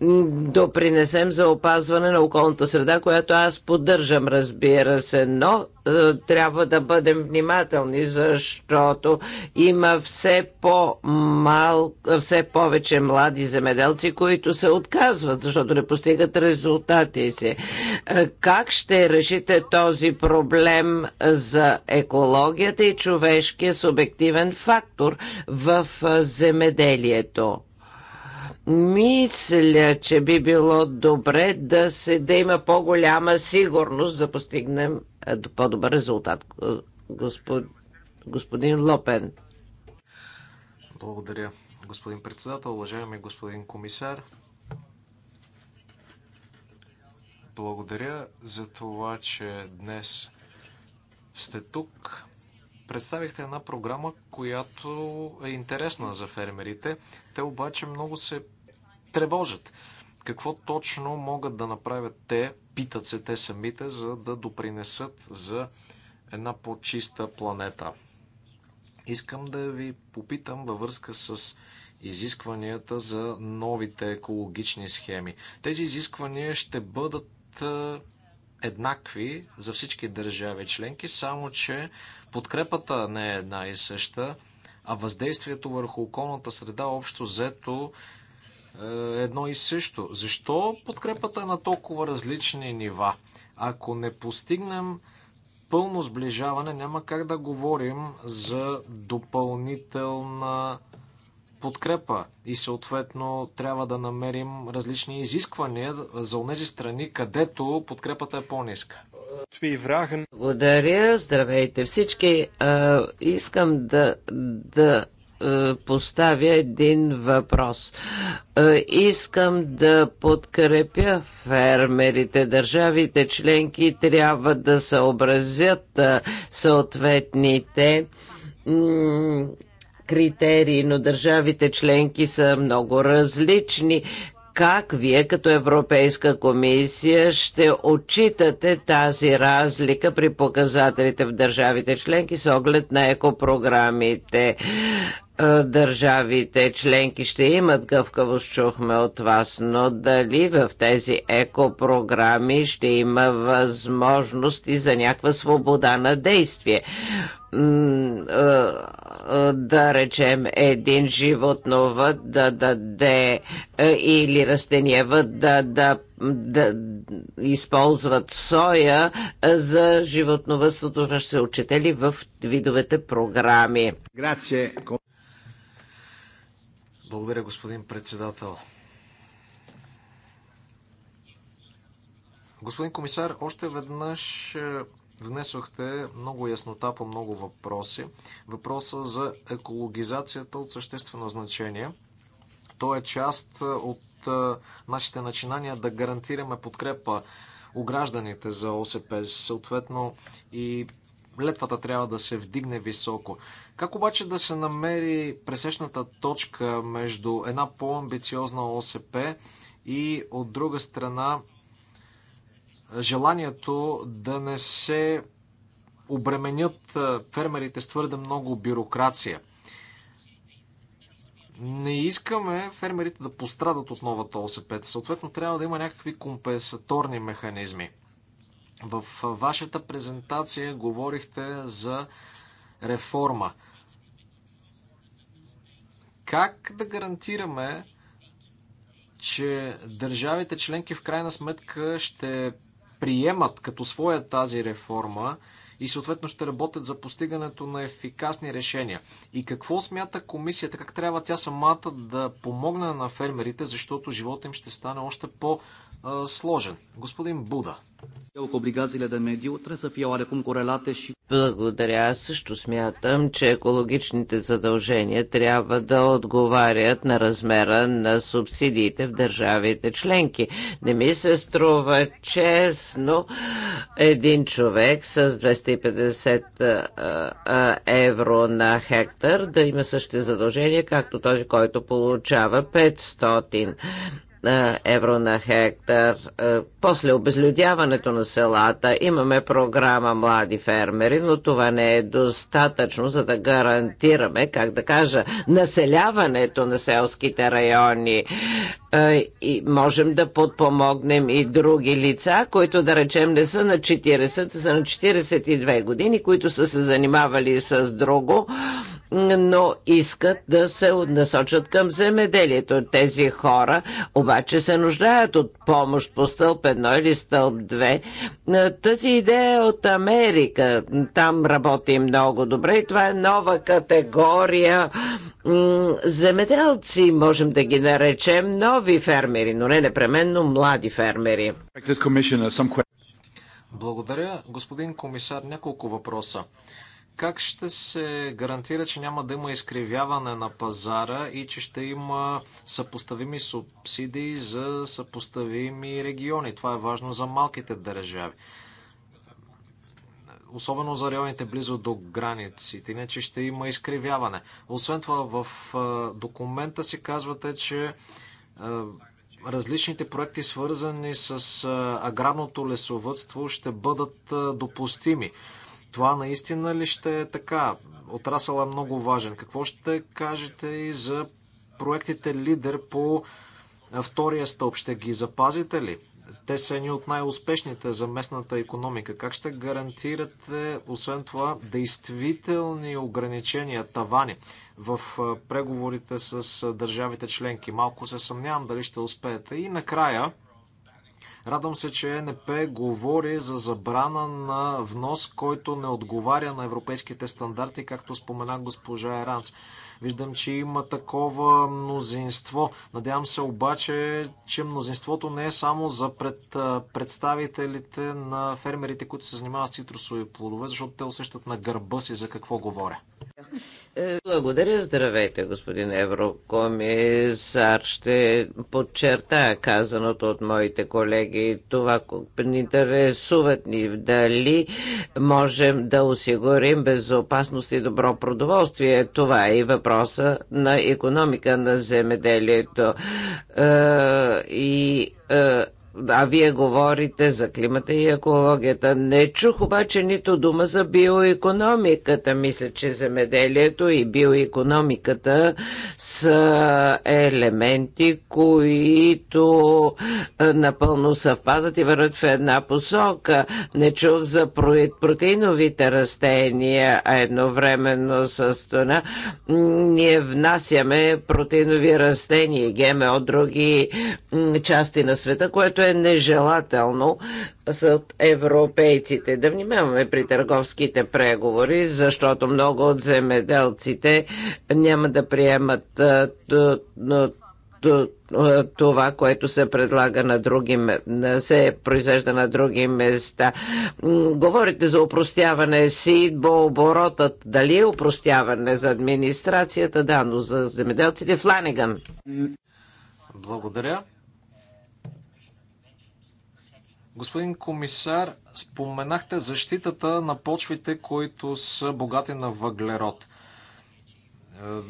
допринесем за опазване на околната среда, която аз поддържам, разбира се, но е, трябва да бъдем внимателни, защото има все по-мал, все повече млади земеделци, които се отказват, защото не постигат резултати си. Е, как ще решите този проблем за екологията и човешкия субективен фактор в е, земеделието? Мисля, че би било добре да, се, да има по-голяма сигурност да постигнем е, по-добър резултат. Господ, господин Лопен. Благодаря, господин председател, уважаеми господин комисар. Благодаря за това, че днес сте тук. Представихте една програма, която е интересна за фермерите. Те обаче много се тревожат. Какво точно могат да направят те, питат се те самите, за да допринесат за една по-чиста планета. Искам да ви попитам във връзка с изискванията за новите екологични схеми. Тези изисквания ще бъдат еднакви за всички държави членки, само че подкрепата не е една и съща, а въздействието върху околната среда общо взето е, едно и също. Защо подкрепата е на толкова различни нива? Ако не постигнем пълно сближаване, няма как да говорим за допълнителна подкрепа и съответно трябва да намерим различни изисквания за тези страни, където подкрепата е по-ниска. Благодаря, здравейте всички. А, искам да, да е, поставя един въпрос. Е, искам да подкрепя фермерите. Държавите членки трябва да съобразят е, съответните критерии, но държавите членки са много различни. Как вие като Европейска комисия ще отчитате тази разлика при показателите в държавите членки с оглед на екопрограмите? държавите членки ще имат гъвкавост, чухме от вас, но дали в тези екопрограми ще има възможности за някаква свобода на действие? да речем един животновът да даде или растениевът да, да, да използват соя за животновътството, ще се учители в видовете програми. Благодаря, господин председател. Господин комисар, още веднъж е, внесохте много яснота по много въпроси. Въпроса за екологизацията от съществено значение. То е част е, от е, нашите начинания да гарантираме подкрепа у гражданите за ОСП, съответно и летвата трябва да се вдигне високо. Как обаче да се намери пресечната точка между една по-амбициозна ОСП и от друга страна желанието да не се обременят фермерите с твърде много бюрокрация? не искаме фермерите да пострадат от новата ОСП. Съответно, трябва да има някакви компенсаторни механизми. В вашата презентация говорихте за реформа. Как да гарантираме, че държавите членки в крайна сметка ще приемат като своя тази реформа и съответно ще работят за постигането на ефикасни решения. И какво смята комисията, как трябва тя самата да помогне на фермерите, защото живота им ще стане още по- сложен. Господин Буда. Е е Благодаря. Аз също смятам, че екологичните задължения трябва да отговарят на размера на субсидиите в държавите членки. Не ми се струва честно един човек с 250 евро на хектар да има същите задължения, както този, който получава 500 евро на хектар. Е, после обезлюдяването на селата имаме програма Млади фермери, но това не е достатъчно, за да гарантираме, как да кажа, населяването на селските райони. Е, и можем да подпомогнем и други лица, които да речем не са на 40, са на 42 години, които са се занимавали с друго но искат да се насочат към земеделието. Тези хора обаче се нуждаят от помощ по стълб 1 или стълб 2. Е, Тази идея е от Америка. Там работи много добре и това е нова категория земеделци, можем да ги наречем нови фермери, но не непременно млади фермери. Uh, Благодаря. Господин комисар, няколко въпроса. Как ще се гарантира, че няма да има изкривяване на пазара и че ще има съпоставими субсидии за съпоставими региони? Това е важно за малките държави. Особено за районите близо до границите, иначе ще има изкривяване. Освен това, в документа си казвате, че различните проекти, свързани с аграрното лесовътство, ще бъдат допустими. Това наистина ли ще е така? Отрасъл е много важен. Какво ще кажете и за проектите лидер по втория стълб? Ще ги запазите ли? Те са едни от най-успешните за местната економика. Как ще гарантирате, освен това, действителни ограничения, тавани в преговорите с държавите членки? Малко се съмнявам дали ще успеете. И накрая, Радвам се, че е НП говори за забрана на внос, който не отговаря на европейските стандарти, както спомена госпожа Еранц. Виждам, че има такова мнозинство. Надявам се обаче, че мнозинството не е само за пред, представителите на фермерите, които се занимават с цитрусови плодове, защото те усещат на гърба си за какво говоря. Благодаря, здравейте, господин еврокомисар. Ще подчертая казаното от моите колеги. Това ни интересуват ни дали можем да осигурим безопасност и добро продоволствие. Това е и въпроса на економика на земеделието. Е, и е, а вие говорите за климата и екологията. Не чух обаче нито дума за биоекономиката. Мисля, че земеделието и биоекономиката са елементи, които е, напълно съвпадат и върват в една посока. Не чух за протеиновите растения, а едновременно с това ние внасяме протеинови растения, геме от други части на света, което е е нежелателно от европейците. Да внимаваме при търговските преговори, защото много от земеделците няма да приемат това, което се предлага на други, се произвежда на други места. Говорите за упростяване си, бо оборотът дали е упростяване за администрацията, да, но за земеделците Фланеган. Благодаря. Господин комисар, споменахте защитата на почвите, които са богати на въглерод. Е,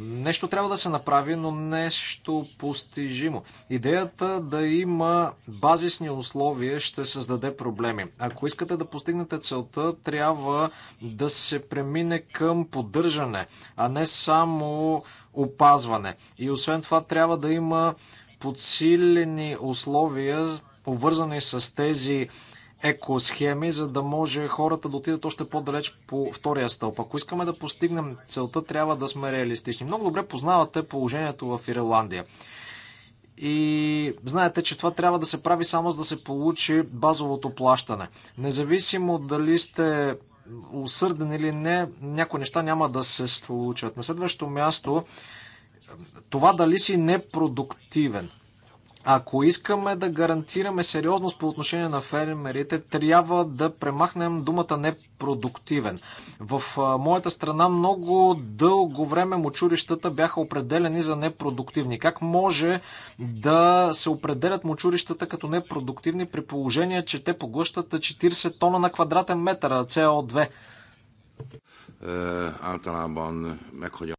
нещо трябва да се направи, но нещо постижимо. Идеята да има базисни условия ще създаде проблеми. Ако искате да постигнете целта, трябва да се премине към поддържане, а не само опазване. И освен това трябва да има подсилени условия повързани с тези екосхеми, за да може хората да отидат още по-далеч по втория стълб. Ако искаме да постигнем целта, трябва да сме реалистични. Много добре познавате положението в Ирландия. И знаете, че това трябва да се прави само за да се получи базовото плащане. Независимо дали сте усърден или не, някои неща няма да се случат. На следващото място, това дали си непродуктивен – ако искаме да гарантираме сериозност по отношение на фермерите, трябва да премахнем думата непродуктивен. В моята страна много дълго време мочурищата бяха определени за непродуктивни. Как може да се определят мочурищата като непродуктивни при положение, че те поглъщат 40 тона на квадратен метър CO2? Е,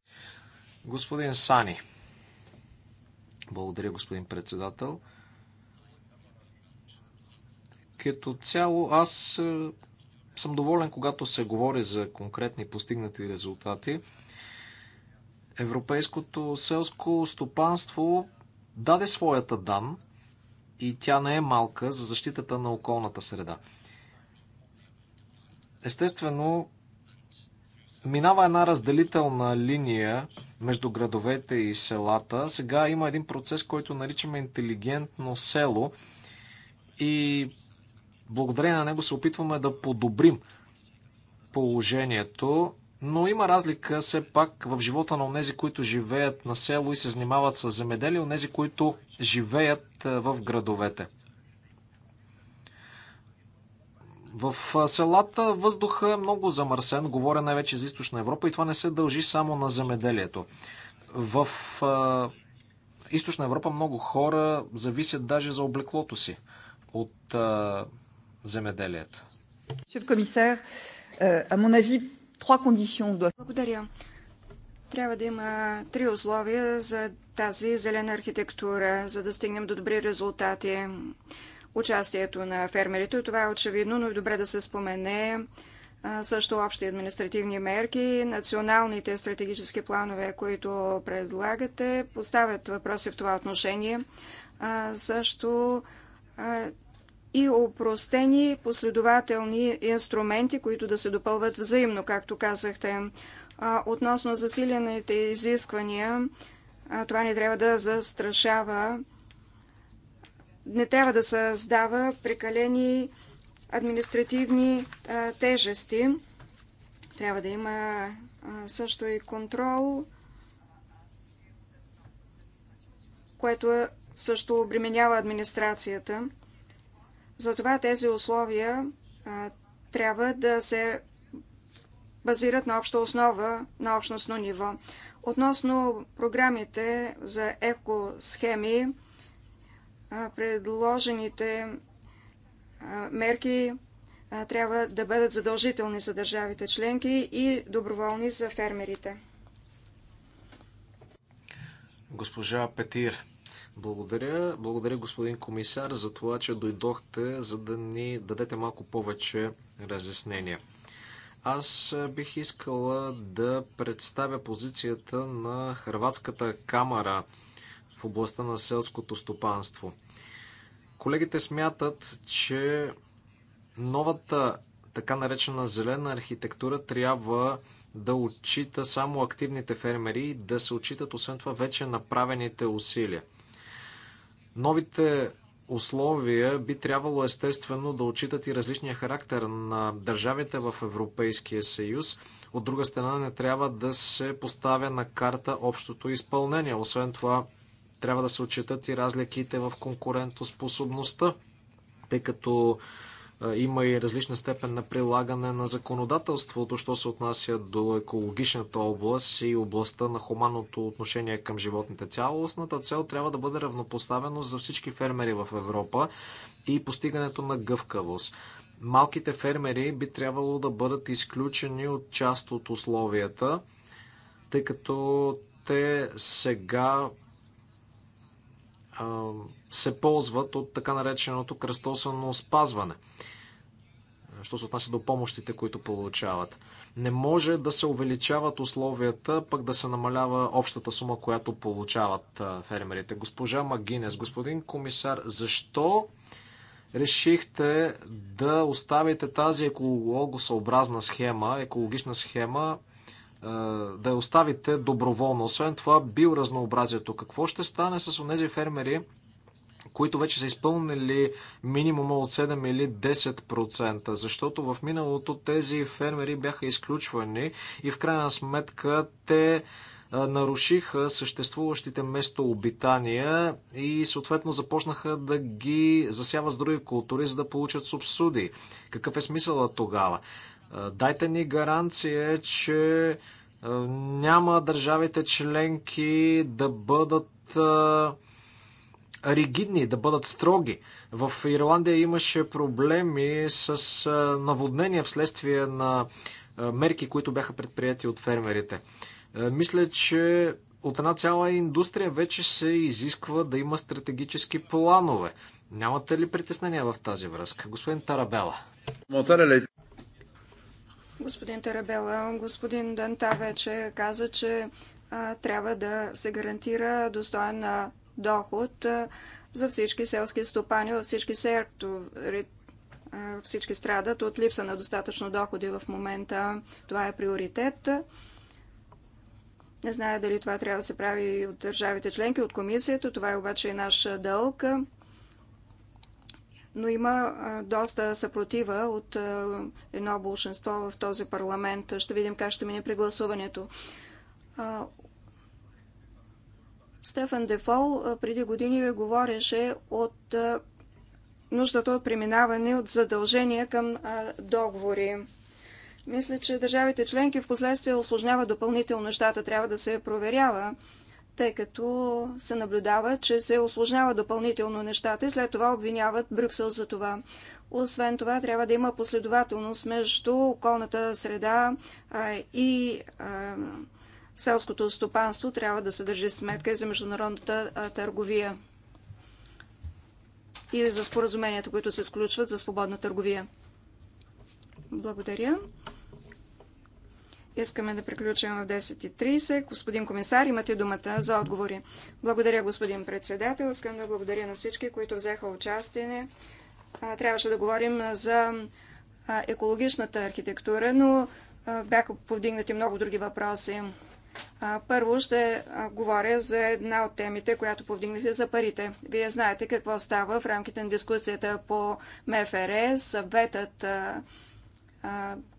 Господин Сани. Благодаря, господин председател. Като цяло аз е, съм доволен, когато се говори за конкретни постигнати резултати. Европейското селско стопанство даде своята дан и тя не е малка за защитата на околната среда. Естествено, минава една разделителна линия между градовете и селата. Сега има един процес, който наричаме интелигентно село и благодарение на него се опитваме да подобрим положението, но има разлика все пак в живота на онези, които живеят на село и се занимават с земеделие, онези, които живеят в градовете. В селата въздуха е много замърсен, говоря най-вече за източна Европа и това не се дължи само на земеделието. В източна Европа много хора зависят даже за облеклото си от а, земеделието. комисар, а мон ави, три кондиции. Благодаря. Трябва да има три условия за тази зелена архитектура, за да стигнем до добри резултати участието на фермерите. Това е очевидно, но е добре да се спомене също общи административни мерки, националните стратегически планове, които предлагате, поставят въпроси в това отношение. Също и упростени последователни инструменти, които да се допълват взаимно, както казахте. Относно засилените изисквания, това не трябва да застрашава не трябва да създава прекалени административни а, тежести. Трябва да има а, също и контрол, което също обременява администрацията. Затова тези условия а, трябва да се базират на обща основа, на общностно ниво. Относно програмите за екосхеми, предложените мерки трябва да бъдат задължителни за държавите членки и доброволни за фермерите. Госпожа Петир, благодаря. Благодаря, господин комисар, за това, че дойдохте, за да ни дадете малко повече разяснения. Аз бих искала да представя позицията на Хрватската камера в областта на селското стопанство. Колегите смятат, че новата така наречена зелена архитектура трябва да отчита само активните фермери и да се отчитат освен това вече направените усилия. Новите условия би трябвало естествено да отчитат и различния характер на държавите в Европейския съюз. От друга страна не трябва да се поставя на карта общото изпълнение. Освен това трябва да се отчитат и разликите в конкурентоспособността, тъй като има и различна степен на прилагане на законодателството, що се отнася до екологичната област и областта на хуманното отношение към животните. Цялостната цел трябва да бъде равнопоставено за всички фермери в Европа и постигането на гъвкавост. Малките фермери би трябвало да бъдат изключени от част от условията, тъй като те сега се ползват от така нареченото кръстосано спазване. Що се отнася до помощите, които получават. Не може да се увеличават условията, пък да се намалява общата сума, която получават фермерите. Госпожа Магинес, господин комисар, защо решихте да оставите тази екологосъобразна схема, екологична схема да я оставите доброволно. Освен това, биоразнообразието. Какво ще стане с тези фермери, които вече са изпълнили минимума от 7 или 10%, защото в миналото тези фермери бяха изключвани и в крайна сметка те нарушиха съществуващите местообитания и съответно започнаха да ги засяват с други култури, за да получат субсудии. Какъв е смисълът тогава? Дайте ни гаранция, че е, няма държавите членки да бъдат е, ригидни, да бъдат строги. В Ирландия имаше проблеми с е, наводнения вследствие на мерки, които бяха предприяти от фермерите. Мисля, че от една цяла индустрия вече се изисква да има стратегически планове. Нямате ли притеснения в тази връзка? Господин Тарабела. Господин Тарабела, господин Данта вече каза, че а, трябва да се гарантира достоен доход а, за всички селски стопани във всички сектори. Всички страдат от липса на достатъчно доходи в момента. Това е приоритет. Не зная дали това трябва да се прави от държавите членки, от комисията. Това е обаче и наш дълг но има доста съпротива от едно большинство в този парламент. Ще видим как ще мине прегласуването. Стефан Дефол преди години говореше от нуждата от преминаване от задължения към договори. Мисля, че държавите членки в последствие осложняват допълнително нещата. Трябва да се проверява тъй като се наблюдава, че се осложнява допълнително нещата и след това обвиняват Брюксел за това. Освен това, трябва да има последователност между околната среда и селското стопанство. Трябва да се държи сметка и за международната търговия и за споразуменията, които се сключват за свободна търговия. Благодаря. Искаме да приключим в 10.30. Господин комисар, имате думата за отговори. Благодаря, господин председател. Искам да благодаря на всички, които взеха участие. Трябваше да говорим за екологичната архитектура, но бяха повдигнати много други въпроси. Първо ще говоря за една от темите, която повдигнахте за парите. Вие знаете какво става в рамките на дискусията по МФР. Съветът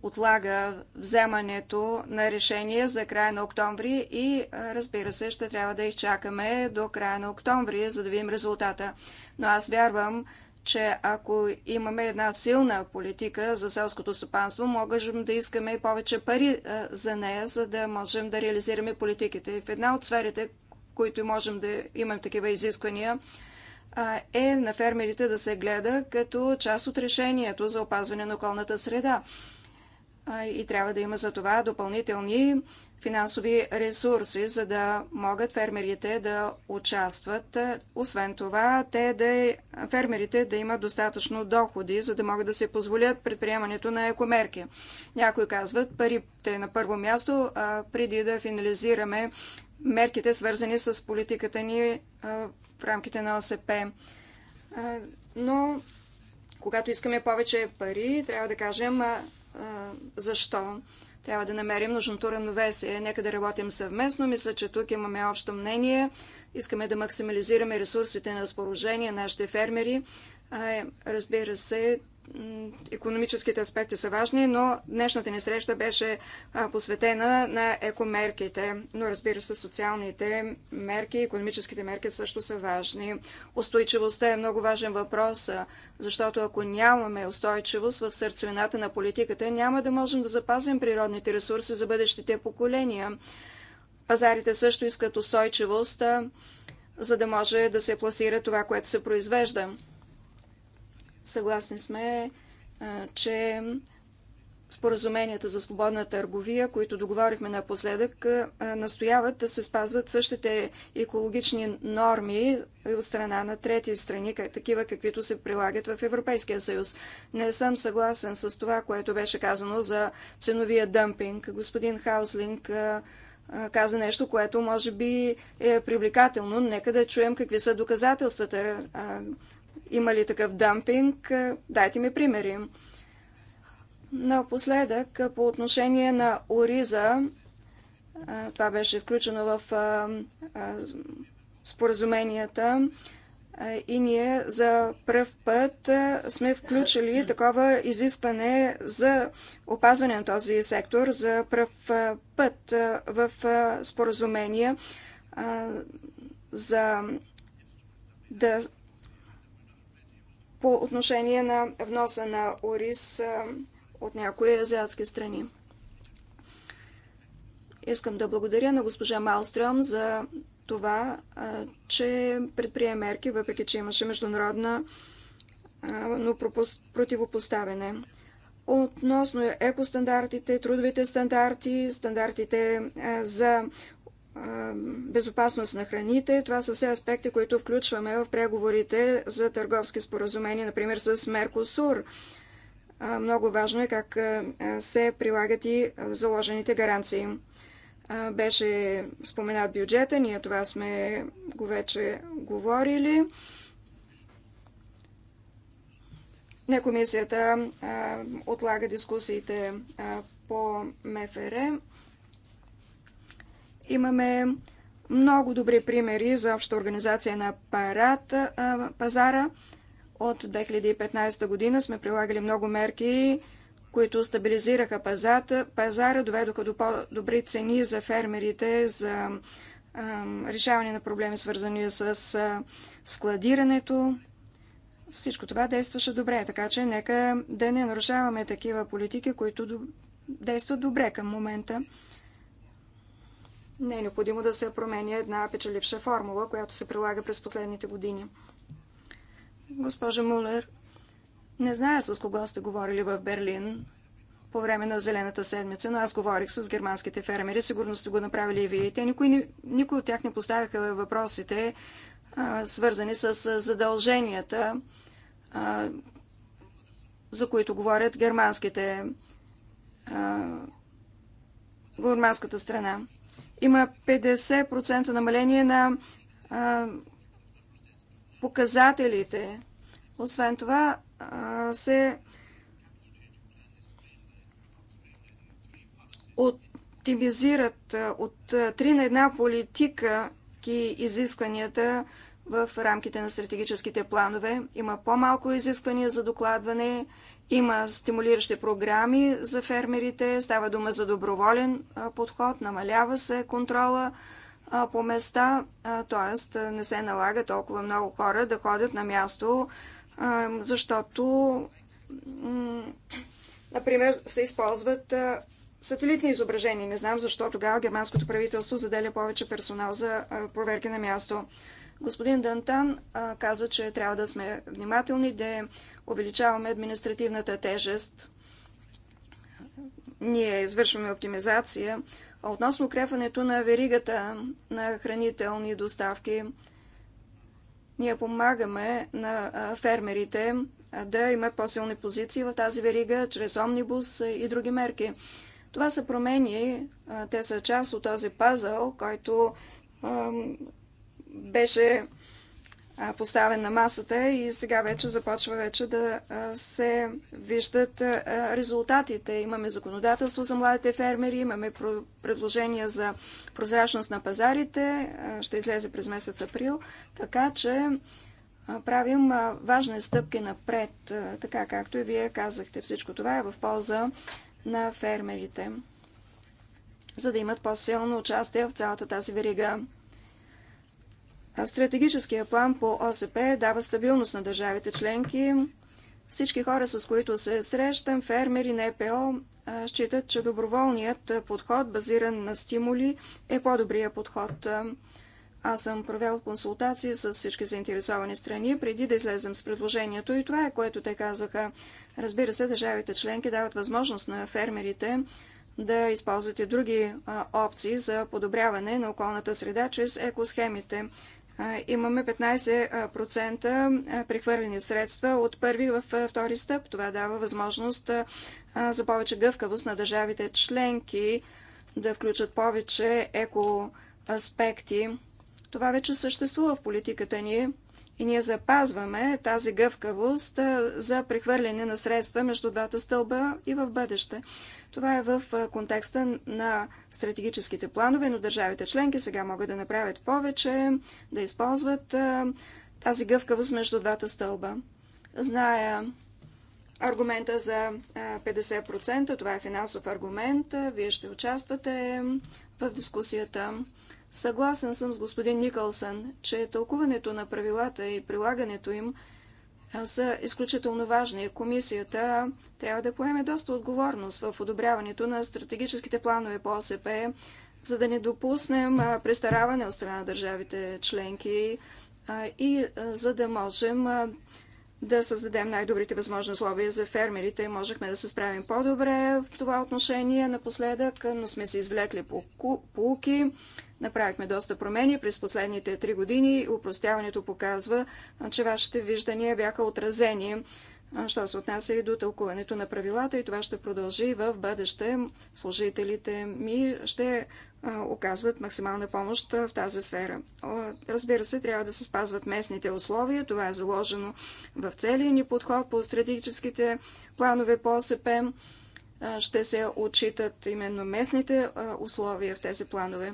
отлага вземането на решение за края на октомври и разбира се, ще трябва да изчакаме до края на октомври, за да видим резултата. Но аз вярвам, че ако имаме една силна политика за селското стопанство, можем да искаме и повече пари за нея, за да можем да реализираме политиките. В една от сферите, които можем да имаме такива изисквания, е на фермерите да се гледа като част от решението за опазване на околната среда. И трябва да има за това допълнителни финансови ресурси, за да могат фермерите да участват. Освен това, те да, е, фермерите да имат достатъчно доходи, за да могат да се позволят предприемането на екомерки. Някои казват парите на първо място, преди да финализираме мерките, свързани с политиката ни в рамките на ОСП. Но когато искаме повече пари, трябва да кажем защо. Трябва да намерим нужното равновесие. Нека да работим съвместно. Мисля, че тук имаме общо мнение. Искаме да максимализираме ресурсите на разположение нашите фермери. Е, разбира се, економическите аспекти са важни, но днешната ни среща беше посветена на екомерките. Но разбира се, социалните мерки, економическите мерки също са важни. Устойчивостта е много важен въпрос, защото ако нямаме устойчивост в сърцевината на политиката, няма да можем да запазим природните ресурси за бъдещите поколения. Пазарите също искат устойчивост, за да може да се пласира това, което се произвежда. Съгласни сме, че споразуменията за свободна търговия, които договорихме напоследък, настояват да се спазват същите екологични норми от страна на трети страни, такива каквито се прилагат в Европейския съюз. Не съм съгласен с това, което беше казано за ценовия дъмпинг. Господин Хауслинг каза нещо, което може би е привлекателно. Нека да чуем какви са доказателствата. Има ли такъв дъмпинг? Е, дайте ми примери. Напоследък, е, по отношение на Ориза, е, това беше включено в споразуменията и ние за пръв път сме включили такова изискване за опазване на този сектор за пръв път в споразумения за да по отношение на вноса на ориз от някои азиатски страни. Искам да благодаря на госпожа Малстрем за това, че предприе мерки, въпреки че имаше международна но противопоставяне. Относно екостандартите, трудовите стандарти, стандартите за безопасност на храните. Това са все аспекти, които включваме в преговорите за търговски споразумения, например с Меркосур. Много важно е как се прилагат и заложените гаранции. Беше споменат бюджета, ние това сме го вече говорили. Не комисията отлага дискусиите по МФРМ. Имаме много добри примери за обща организация на парата, пазара. От 2015 година сме прилагали много мерки, които стабилизираха пазата. Пазара доведоха до по-добри цени за фермерите, за решаване на проблеми, свързани с складирането. Всичко това действаше добре, така че нека да не нарушаваме такива политики, които действат добре към момента не е необходимо да се променя една печеливша формула, която се прилага през последните години. Госпожа Мулер, не зная с кого сте говорили в Берлин по време на Зелената седмица, но аз говорих с германските фермери, сигурно сте го направили и вие. Те никой, никой от тях не поставяха въпросите, а, свързани с задълженията, а, за които говорят германските а, германската страна. Има 50% намаление на а, показателите. Освен това а, се оптимизират от 3 на една политика изискванията в рамките на стратегическите планове. Има по-малко изисквания за докладване, има стимулиращи програми за фермерите, става дума за доброволен подход, намалява се контрола по места, т.е. не се налага толкова много хора да ходят на място, защото, например, се използват сателитни изображения. Не знам защо тогава германското правителство заделя повече персонал за проверки на място. Господин Дантан а, каза, че трябва да сме внимателни, да увеличаваме административната тежест. Ние извършваме оптимизация. А относно укрепването на веригата на хранителни доставки, ние помагаме на фермерите да имат по-силни позиции в тази верига, чрез омнибус и други мерки. Това са промени, те са част от този пазъл, който беше поставен на масата и сега вече започва вече да се виждат резултатите. Имаме законодателство за младите фермери, имаме предложения за прозрачност на пазарите, ще излезе през месец април, така че правим важни стъпки напред, така както и вие казахте. Всичко това е в полза на фермерите, за да имат по-силно участие в цялата тази верига. Стратегическия план по ОСП дава стабилност на държавите членки. Всички хора, с които се срещам, фермери, НПО, считат, че доброволният подход, базиран на стимули, е по-добрия подход. Аз съм провел консултации с всички заинтересовани страни, преди да излезем с предложението и това е което те казаха. Разбира се, държавите членки дават възможност на фермерите да използвате други опции за подобряване на околната среда чрез екосхемите имаме 15% прехвърлени средства от първи в втори стъп. Това дава възможност за повече гъвкавост на държавите членки да включат повече еко аспекти. Това вече съществува в политиката ни и ние запазваме тази гъвкавост за прехвърляне на средства между двата стълба и в бъдеще. Това е в контекста на стратегическите планове, но държавите членки сега могат да направят повече, да използват тази гъвкавост между двата стълба. Зная аргумента за 50%, това е финансов аргумент, вие ще участвате в дискусията. Съгласен съм с господин Никълсън, че тълкуването на правилата и прилагането им – са изключително важни. Комисията трябва да поеме доста отговорност в одобряването на стратегическите планове по ОСП, за да не допуснем престараване от страна на държавите членки и за да можем да създадем най-добрите възможни условия за фермерите и можехме да се справим по-добре в това отношение напоследък, но сме се извлекли полуки. Направихме доста промени през последните три години и упростяването показва, че вашите виждания бяха отразени, що се отнася и до тълкуването на правилата и това ще продължи в бъдеще. Служителите ми ще оказват максимална помощ в тази сфера. Разбира се, трябва да се спазват местните условия. Това е заложено в целия ни подход по стратегическите планове по ОСП. Ще се отчитат именно местните условия в тези планове.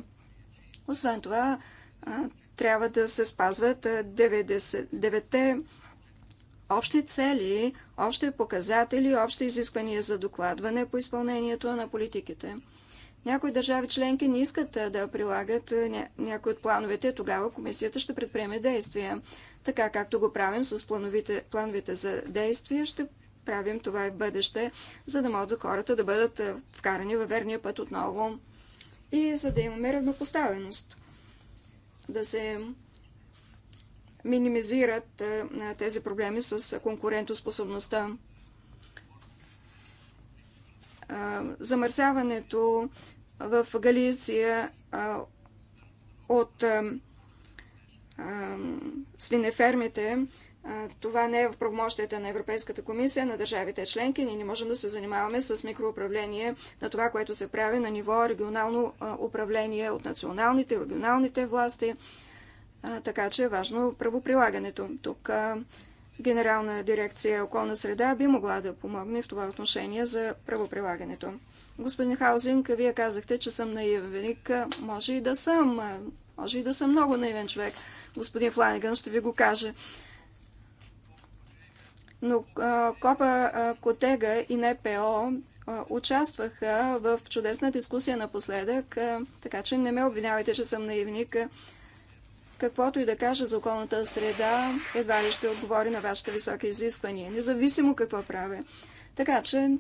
Освен това, трябва да се спазват 9-те общи цели, общи показатели, общи изисквания за докладване по изпълнението на политиките. Някои държави членки не искат да прилагат някои от плановете, тогава комисията ще предприеме действия. Така както го правим с плановите, плановете за действия, ще правим това и в бъдеще, за да могат хората да бъдат вкарани във верния път отново и за да имаме равнопоставеност. Да се минимизират тези проблеми с конкурентоспособността. Замърсяването в Галиция от свинефермите. Това не е в правомощията на Европейската комисия, на държавите членки. Ние не можем да се занимаваме с микроуправление на това, което се прави на ниво регионално управление от националните, и регионалните власти. Така че е важно правоприлагането. Тук Генерална дирекция околна среда би могла да помогне в това отношение за правоприлагането. Господин Хаузинг, вие казахте, че съм наивник. Може и да съм. Може и да съм много наивен човек. Господин Фланиган ще ви го каже. Но Копа Котега и НПО участваха в чудесна дискусия напоследък, така че не ме обвинявайте, че съм наивник. Каквото и да кажа за околната среда, едва ли ще отговори на вашите високи изисквания, независимо какво правя. Така че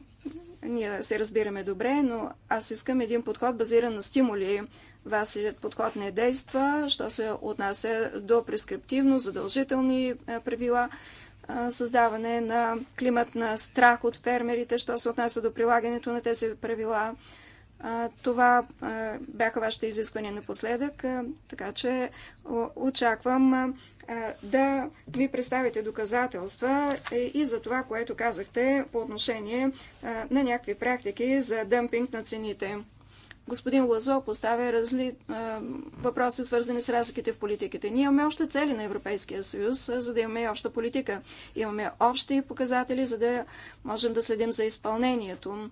ние се разбираме добре, но аз искам един подход базиран на стимули. Вашият подход не действа, що се отнася до прескриптивно задължителни е, правила, е, създаване на климат на страх от фермерите, що се отнася до прилагането на тези правила, това бяха вашите изисквания напоследък, така че очаквам да ми представите доказателства и за това, което казахте по отношение на някакви практики за дъмпинг на цените. Господин Лазо поставя разли... въпроси, свързани с разликите в политиките. Ние имаме още цели на Европейския съюз, за да имаме обща политика. Имаме общи показатели, за да можем да следим за изпълнението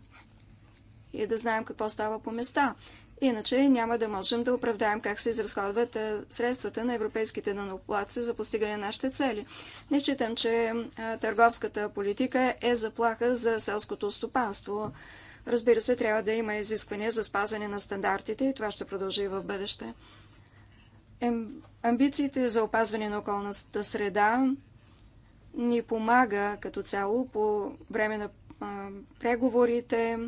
и да знаем какво става по места. Иначе няма да можем да оправдаем как се изразходват средствата на европейските наноплаци за постигане на нашите цели. Не считам, че търговската политика е заплаха за селското стопанство. Разбира се, трябва да има изисквания за спазване на стандартите и това ще продължи и в бъдеще. Амбициите за опазване на околната среда ни помага като цяло по време на преговорите,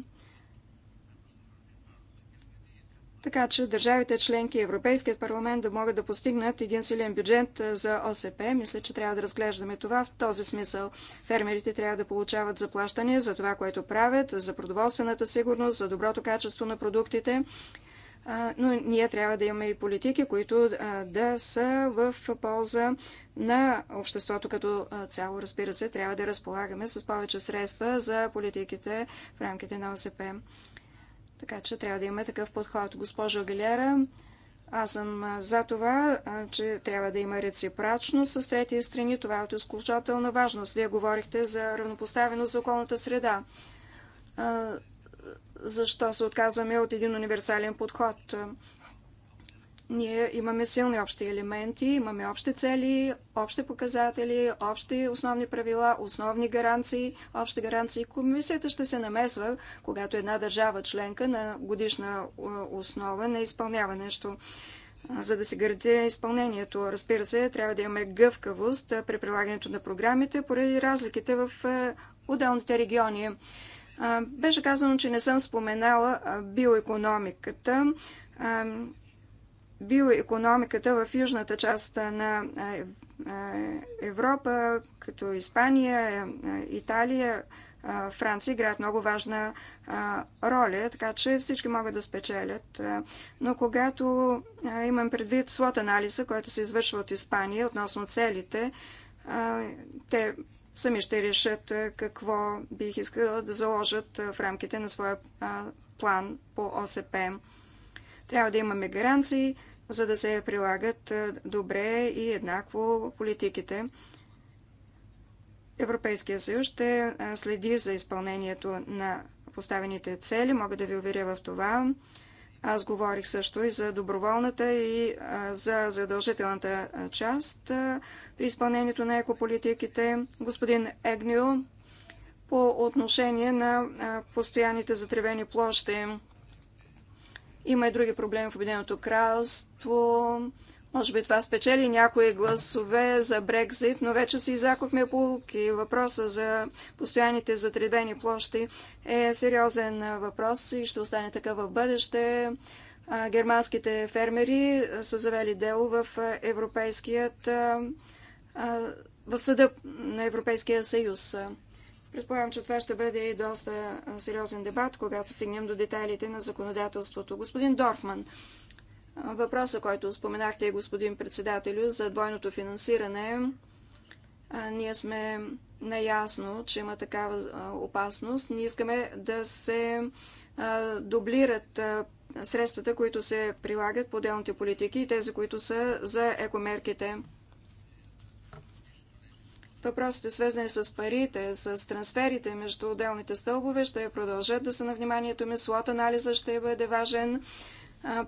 така че държавите членки и Европейският парламент да могат да постигнат един силен бюджет за ОСП. Мисля, че трябва да разглеждаме това в този смисъл. Фермерите трябва да получават заплащане за това, което правят, за продоволствената сигурност, за доброто качество на продуктите. Но ние трябва да имаме и политики, които да са в полза на обществото като цяло. Разбира се, трябва да разполагаме с повече средства за политиките в рамките на ОСП. Така че трябва да има такъв подход. Госпожо Галера, аз съм за това, че трябва да има реципрачност с трети страни. Това е от изключителна важност. Вие говорихте за равнопоставеност за околната среда. Защо се отказваме от един универсален подход? Ние имаме силни общи елементи, имаме общи цели, общи показатели, общи основни правила, основни гаранции, общи гаранции. Комисията ще се намесва, когато една държава членка на годишна основа не изпълнява нещо. За да се гарантира изпълнението, разбира се, трябва да имаме гъвкавост при прилагането на програмите поради разликите в отделните региони. Беше казано, че не съм споменала биоекономиката биоекономиката в южната част на е, Европа, като Испания, е, Италия, Франция играят много важна роля, така че всички могат да спечелят. Но когато имам предвид слот анализа, който се извършва от Испания относно целите, те сами ще решат какво бих искала да заложат в рамките на своя план по ОСП. Трябва да имаме гаранции за да се прилагат е, добре и еднакво политиките. Европейския съюз ще е, следи за изпълнението на поставените цели. Мога да ви уверя в това. Аз говорих също и за доброволната и е, за задължителната част при изпълнението на екополитиките. Господин Егнил, по отношение на постоянните затревени площи, има и други проблеми в Обединеното кралство. Може би това спечели някои гласове за Брекзит, но вече си излякохме полуки. Въпроса за постоянните затребени площи е сериозен въпрос и ще остане така в бъдеще. Германските фермери са завели дело в Европейският в съда на Европейския съюз. Предполагам, че това ще бъде и доста сериозен дебат, когато стигнем до детайлите на законодателството. Господин Дорфман, въпроса, който споменахте, господин председателю, за двойното финансиране, ние сме наясно, че има такава опасност. Ние искаме да се дублират средствата, които се прилагат по отделните политики и тези, които са за екомерките. Въпросите, свързани с парите, с трансферите между отделните стълбове, ще продължат да са на вниманието ми. Слот анализа ще бъде важен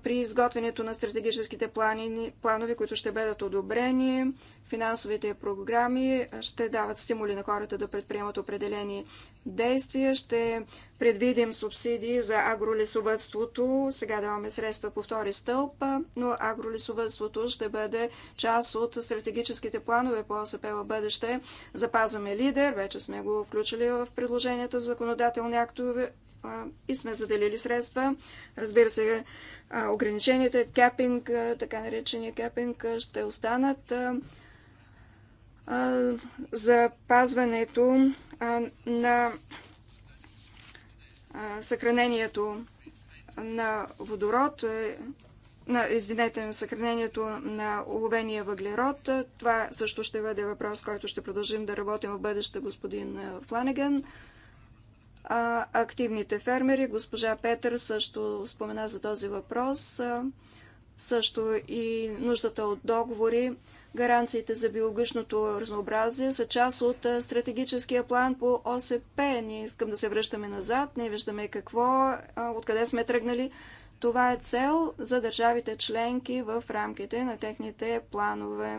при изготвянето на стратегическите плани, планове, които ще бъдат одобрени. Финансовите програми ще дават стимули на хората да предприемат определени действия. Ще предвидим субсидии за агролесовътството. Сега даваме средства по втори стълб, но агролесовътството ще бъде част от стратегическите планове по ОСП в бъдеще. Запазваме лидер, вече сме го включили в предложенията за законодателни актове и сме заделили средства. Разбира се, ограниченията, кепинг, така наречения кепинг, ще останат. за пазването на съхранението на водород, е, на, извинете, на съхранението на уловения въглерод. Това също ще бъде въпрос, който ще продължим да работим в бъдеще, господин Фланеган а, активните фермери. Госпожа Петър също спомена за този въпрос. А, също и нуждата от договори. Гаранциите за биологичното разнообразие са част от стратегическия план по ОСП. Ние искам да се връщаме назад, не виждаме какво, откъде сме тръгнали. Това е цел за държавите членки в рамките на техните планове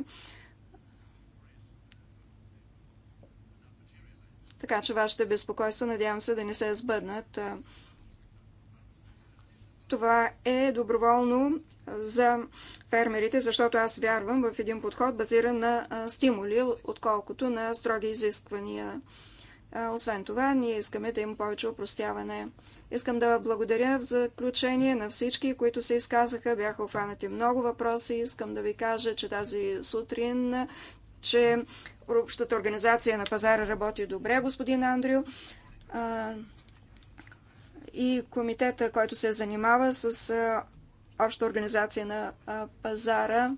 Така че вашите безпокойства, надявам се, да не се сбъднат. Това е доброволно за фермерите, защото аз вярвам в един подход базиран на стимули, отколкото на строги изисквания. Освен това, ние искаме да има повече упростяване. Искам да благодаря в заключение на всички, които се изказаха. Бяха офанати много въпроси. Искам да ви кажа, че тази сутрин, че общата организация на пазара работи добре, господин Андрю. И комитета, който се занимава с общата организация на пазара,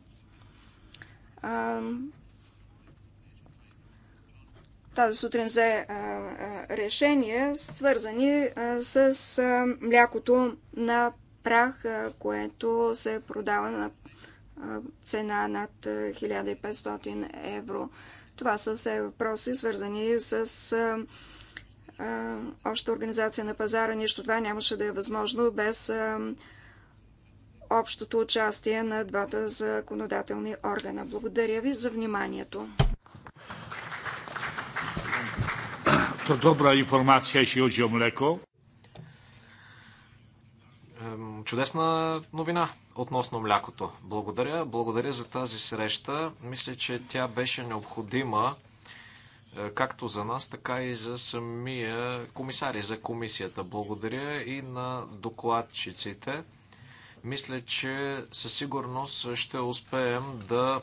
тази сутрин взе решение, свързани с млякото на прах, което се продава на цена над 1500 евро. Това са все въпроси, свързани с а, обща организация на пазара. Нищо това нямаше да е възможно без а, общото участие на двата законодателни органа. Благодаря ви за вниманието. To dobra informacja, jeśli chodzi o mleko. Чудесна новина относно млякото. Благодаря. Благодаря за тази среща. Мисля, че тя беше необходима е, както за нас, така и за самия комисар и за комисията. Благодаря и на докладчиците. Мисля, че със сигурност ще успеем да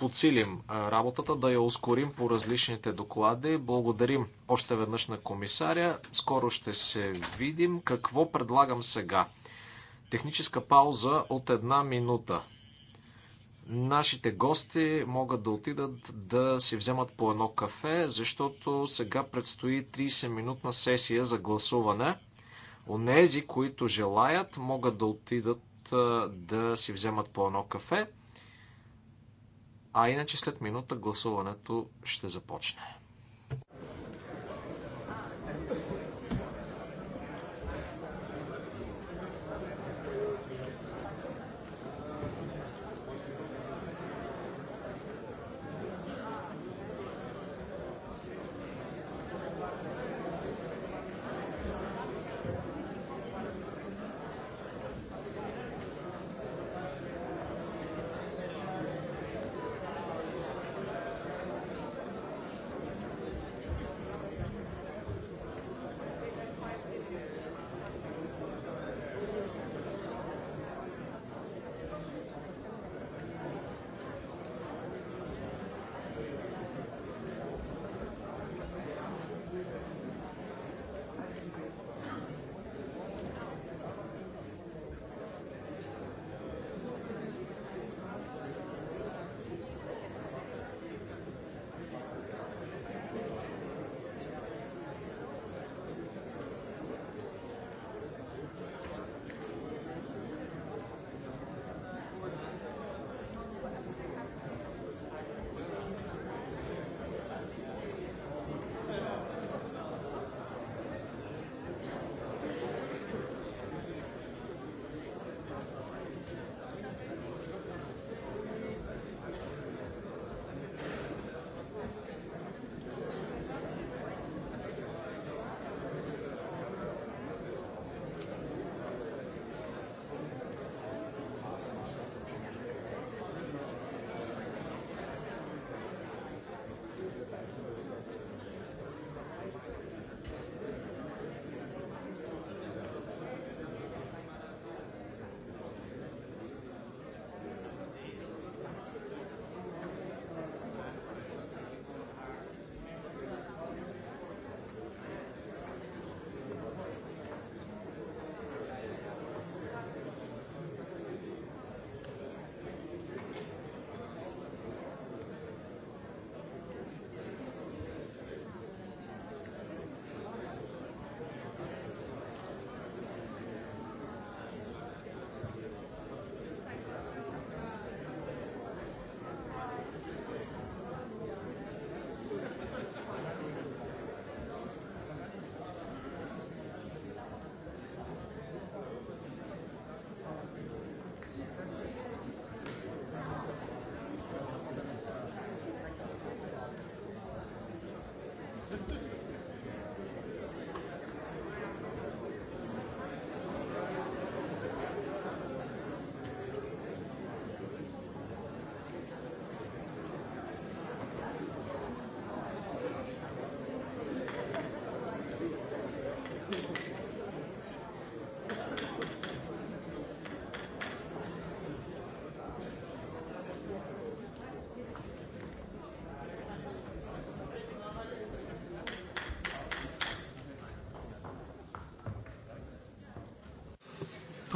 подсилим е, работата, да я ускорим по различните доклади. Благодарим още веднъж на комисаря. Скоро ще се видим. Какво предлагам сега? Техническа пауза от една минута. Нашите гости могат да отидат да си вземат по едно кафе, защото сега предстои 30-минутна сесия за гласуване. Онези, които желаят, могат да отидат да си вземат по едно кафе. А иначе след минута гласуването ще започне.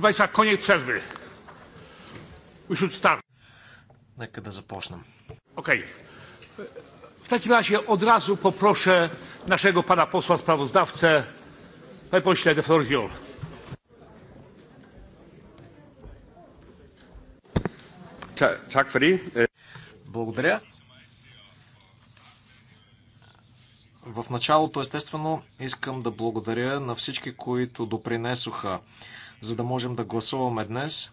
Proszę Państwa, koniec przerwy. We should start. Нека да започнем. Окей. Okay. W takim razie od razu poproszę naszego pana posła sprawozdawcę, panie pośle de Florziol. Tak for det. Благодаря. В началото, естествено, искам да благодаря на всички, които допринесоха за да можем да гласуваме днес.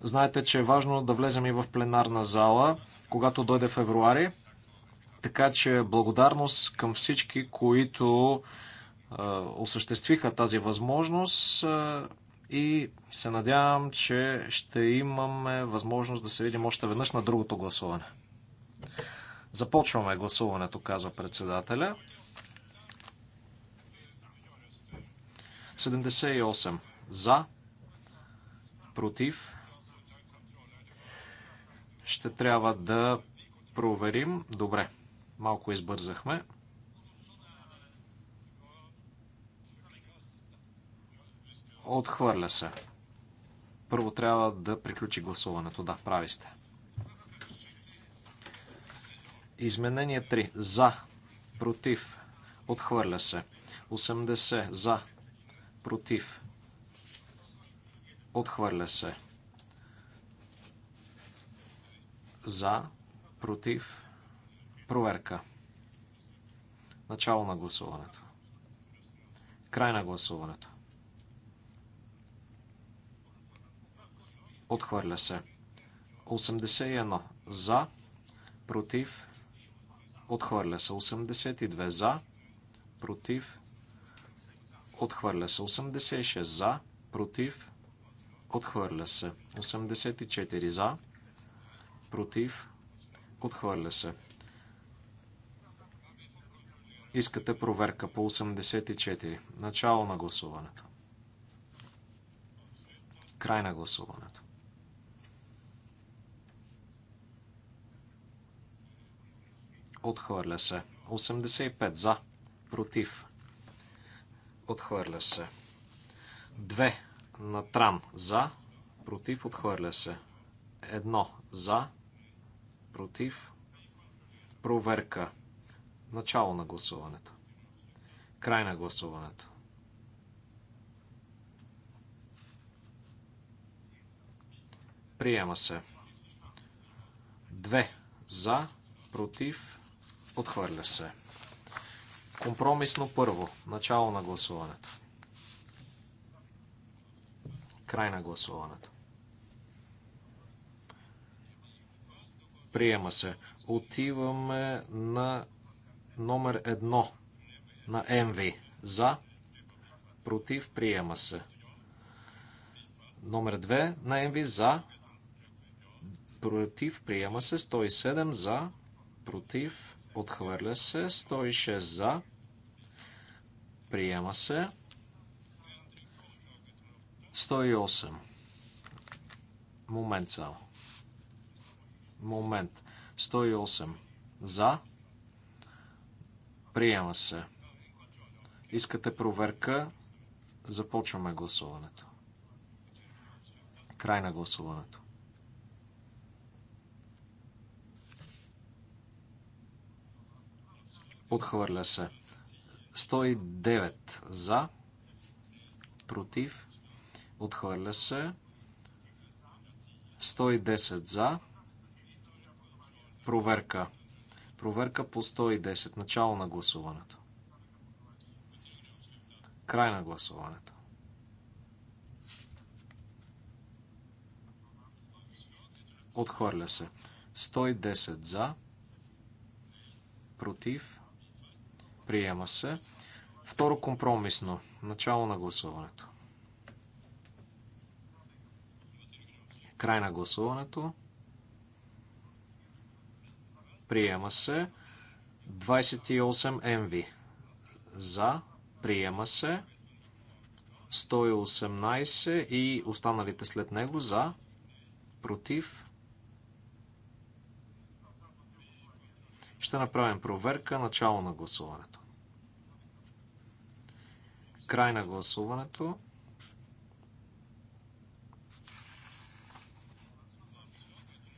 Знаете, че е важно да влезем и в пленарна зала, когато дойде февруари. Така че благодарност към всички, които е, осъществиха тази възможност е, и се надявам, че ще имаме възможност да се видим още веднъж на другото гласуване. Започваме гласуването, казва председателя. 78 за, против. Ще трябва да проверим. Добре, малко избързахме. Отхвърля се. Първо трябва да приключи гласуването. Да, прави сте. Изменение 3. За. Против. Отхвърля се. 80. За. Против. Отхвърля се. За. Против. Проверка. Начало на гласуването. Край на гласуването. Отхвърля се. 81 за, против, отхвърля се. 82 за, против, отхвърля се. 86 за, против, Отхвърля се. 84 за. Против. Отхвърля се. Искате проверка по 84. Начало на гласуването. Край на гласуването. Отхвърля се. 85 за. Против. Отхвърля се. 2 на Тран. За. Против. Отхвърля се. Едно. За. Против. Проверка. Начало на гласуването. Край на гласуването. Приема се. Две За, против, отхвърля се. Компромисно първо. Начало на гласуването. Край на гласуването. Приема се. Отиваме на номер едно на МВ. За. Против. Приема се. Номер 2 на МВ. За. Против. Приема се. 107 за. Против. Отхвърля се. 106 за. Приема се. 108. Момент само. Момент. 108. За. Приема се. Искате проверка? Започваме гласуването. Край на гласуването. Отхвърля се. 109 за, против, Отхвърля се. 110 за. Проверка. Проверка по 110. Начало на гласуването. Край на гласуването. Отхвърля се. 110 за. Против. Приема се. Второ компромисно. Начало на гласуването. Край на гласуването. Приема се. 28 МВ. За. Приема се. 118 и останалите след него за. Против. Ще направим проверка. Начало на гласуването. Край на гласуването.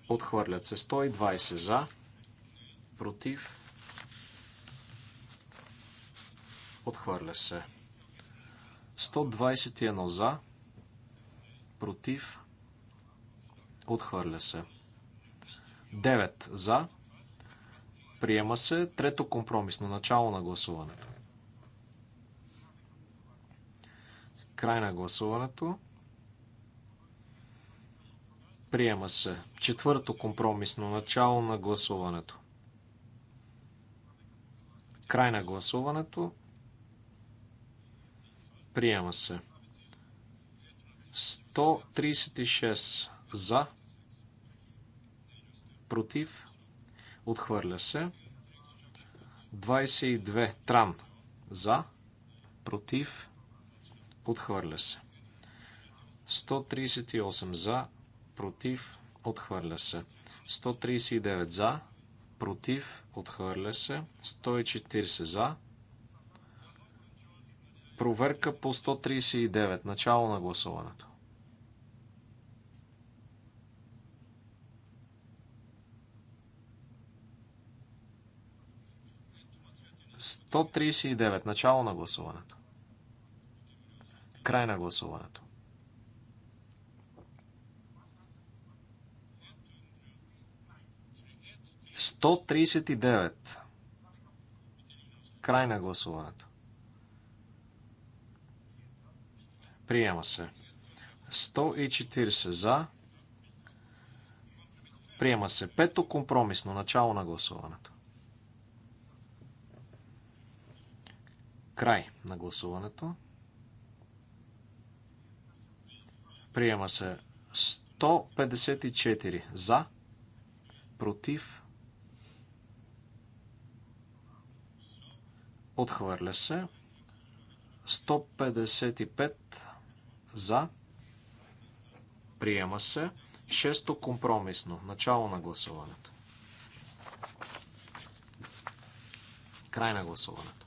Отхвърлят се 120 за, против. Отхвърля се. 121 за, против. Отхвърля се. 9 за. Приема се трето компромисно начало на гласуването. Край на гласуването. Приема се. Четвърто компромисно начало на гласуването. Край на гласуването. Приема се. 136 за. Против. Отхвърля се. 22 тран за. Против. Отхвърля се. 138 за против, отхвърля се. 139 за, против, отхвърля се. 140 за. Проверка по 139. Начало на гласуването. Сто тридесет и девет. Начало на гласуването. Край на гласуването. 139. Край на гласуването. Приема се. 140 за. Приема се. Пето компромисно. Начало на гласуването. Край на гласуването. Приема се. 154 за. Против. Отхвърля се. 155 за. Приема се. Шесто компромисно. Начало на гласуването. Край на гласуването.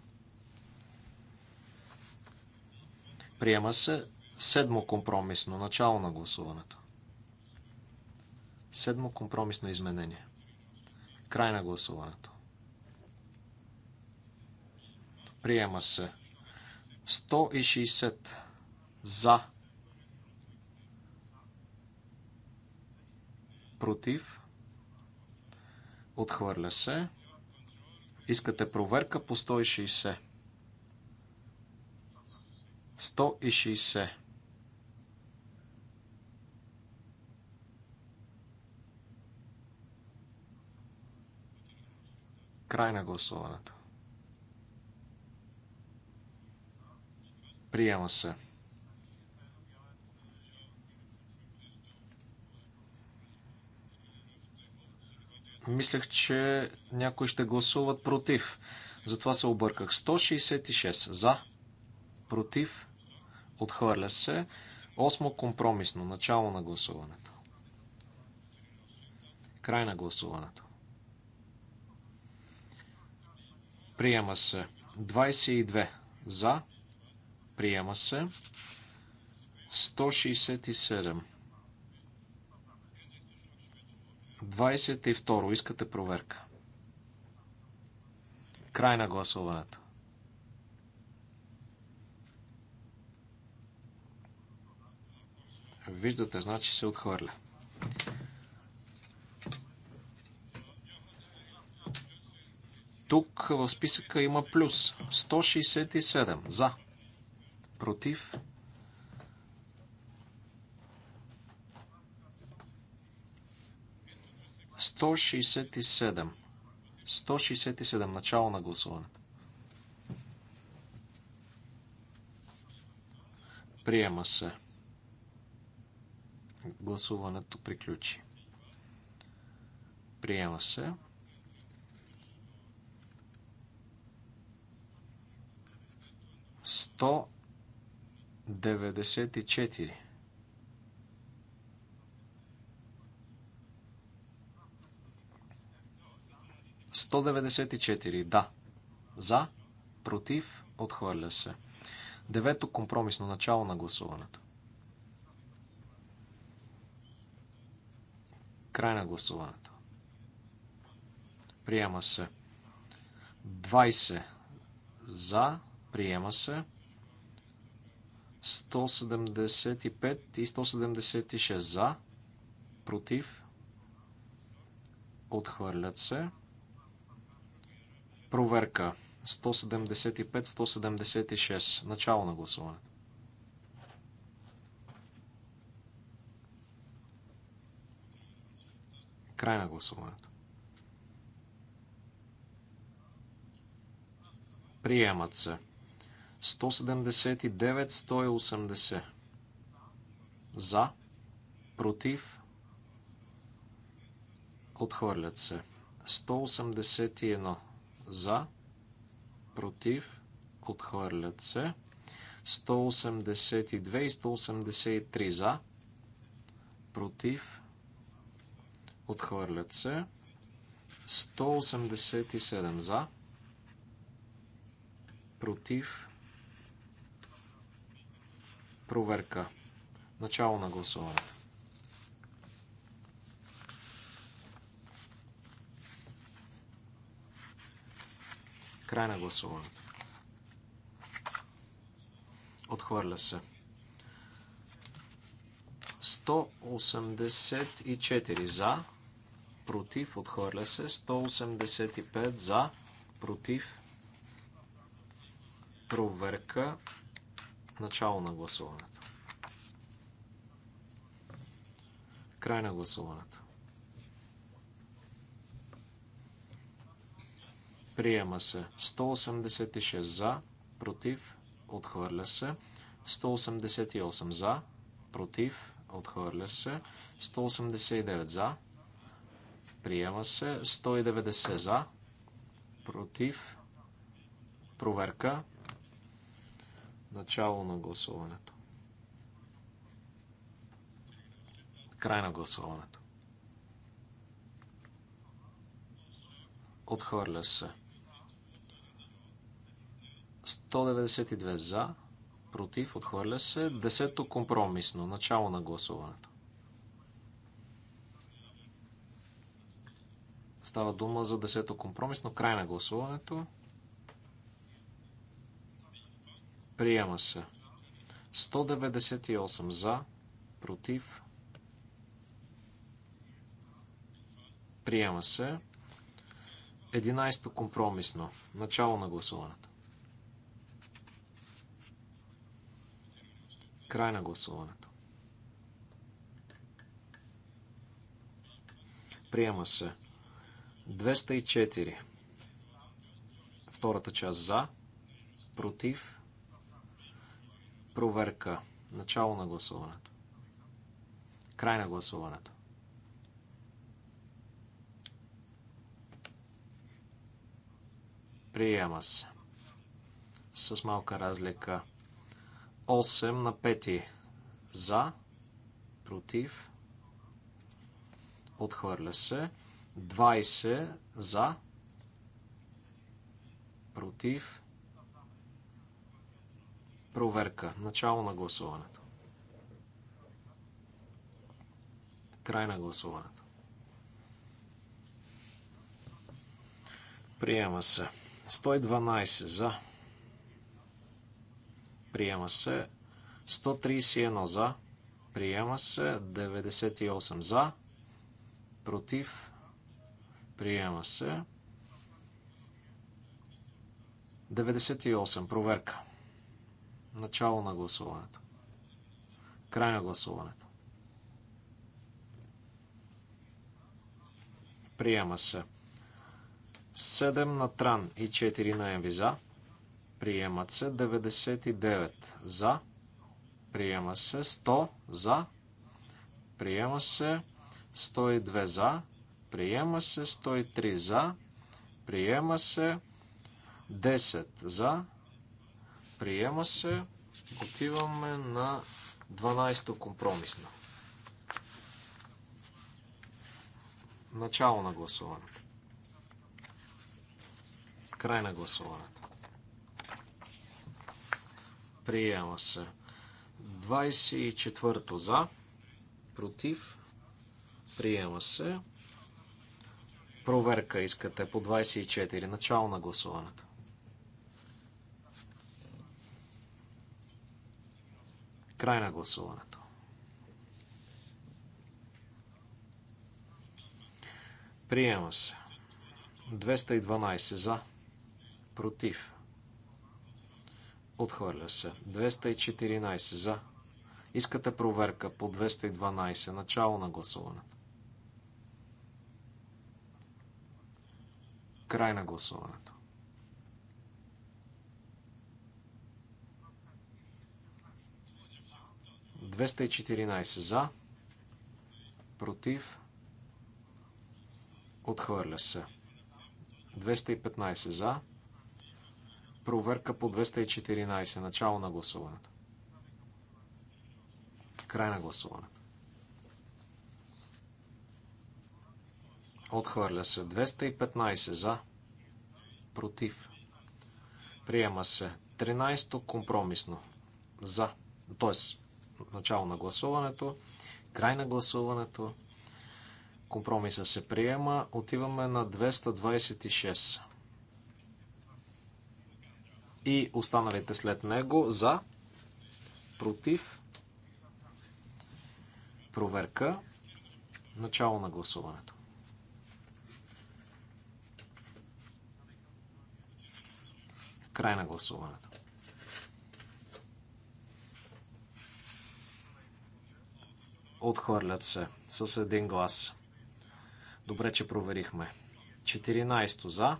Приема се. Седмо компромисно. Начало на гласуването. Седмо компромисно изменение. Край на гласуването. Приема се. 160 за. Против. Отхвърля се. Искате проверка по 160. 160. Край на гласуването. Приема се. Мислех, че някои ще гласуват против. Затова се обърках. 166 за, против, отхвърля се. Осмо компромисно. Начало на гласуването. Край на гласуването. Приема се. 22 за, Приема се. 167. 22. Искате проверка. Край на гласуването. Виждате, значи се отхвърля. Тук в списъка има плюс. 167. За против, сто шестьдесят и седем. 167. Начало на голосование. Приема се. Гласуването приключи. Приема се. Сто 94. Да. За. Против. Отхвърля се. Девето компромисно начало на гласуването. Край на гласуването. Приема се. 20 за. Приема се. 175 и 176 за, против, отхвърлят се. Проверка 175-176. Начало на гласуването. Край на гласуването. Приемат се. 179, 180. За, против, отхвърлят се. 181 за, против, отхвърлят се. 182 и 183 за, против, отхвърлят се. 187 за, против, Проверка. Начало на гласуването. Край на гласуването. Отхвърля се. 184 за, против, отхвърля се. 185 за, против. Проверка. Начало на гласуването. Край на гласуването. Приема се 186 за, против, отхвърля се. 188 за, против, отхвърля се. 189 за, приема се. 190 за, против, проверка. Начало на гласуването. Край на гласуването. Отхвърля се. 192 за, против, отхвърля се. Десето компромисно. Начало на гласуването. Става дума за десето компромисно. Край на гласуването. Приема се. 198 за, против. Приема се. 11 компромисно. Начало на гласуването. Край на гласуването. Приема се. 204. Втората част за, против. Проверка. Начало на гласуването. Край на гласуването. Приема се. С малка разлика. 8 на 5 за, против, отхвърля се. 20 за, против, Проверка. Начало на гласуването. Край на гласуването. Приема се. 112 за. Приема се. 131 за. Приема се. 98 за. Против. Приема се. 98. Проверка. Начало на гласуването. Край на гласуването. Приема се. 7 на Тран и 4 на Енви за. Приемат се. 99 за. Приема се. 100 за. Приема се. 102 за. Приема се. 103 за. Приема се. 10 за Приема се. Отиваме на 12-то компромисно. Начало на гласуването. Край на гласуването. Приема се. 24-то за. Против. Приема се. Проверка искате по 24. Начало на гласуването. Край на гласуването. Приема се. 212 за. Против. Отхвърля се. 214 за. Искате проверка по 212. Начало на гласуването. Край на гласуването. 214 за, против, отхвърля се. 215 за, проверка по 214, начало на гласуването. Край на гласуването. Отхвърля се. 215 за, против. Приема се. 13 компромисно. За. Тоест, Начало на гласуването, край на гласуването. Компромиса се приема. Отиваме на 226. И останалите след него за, против, проверка, начало на гласуването. Край на гласуването. Отхвърлят се с един глас. Добре, че проверихме. 14 за.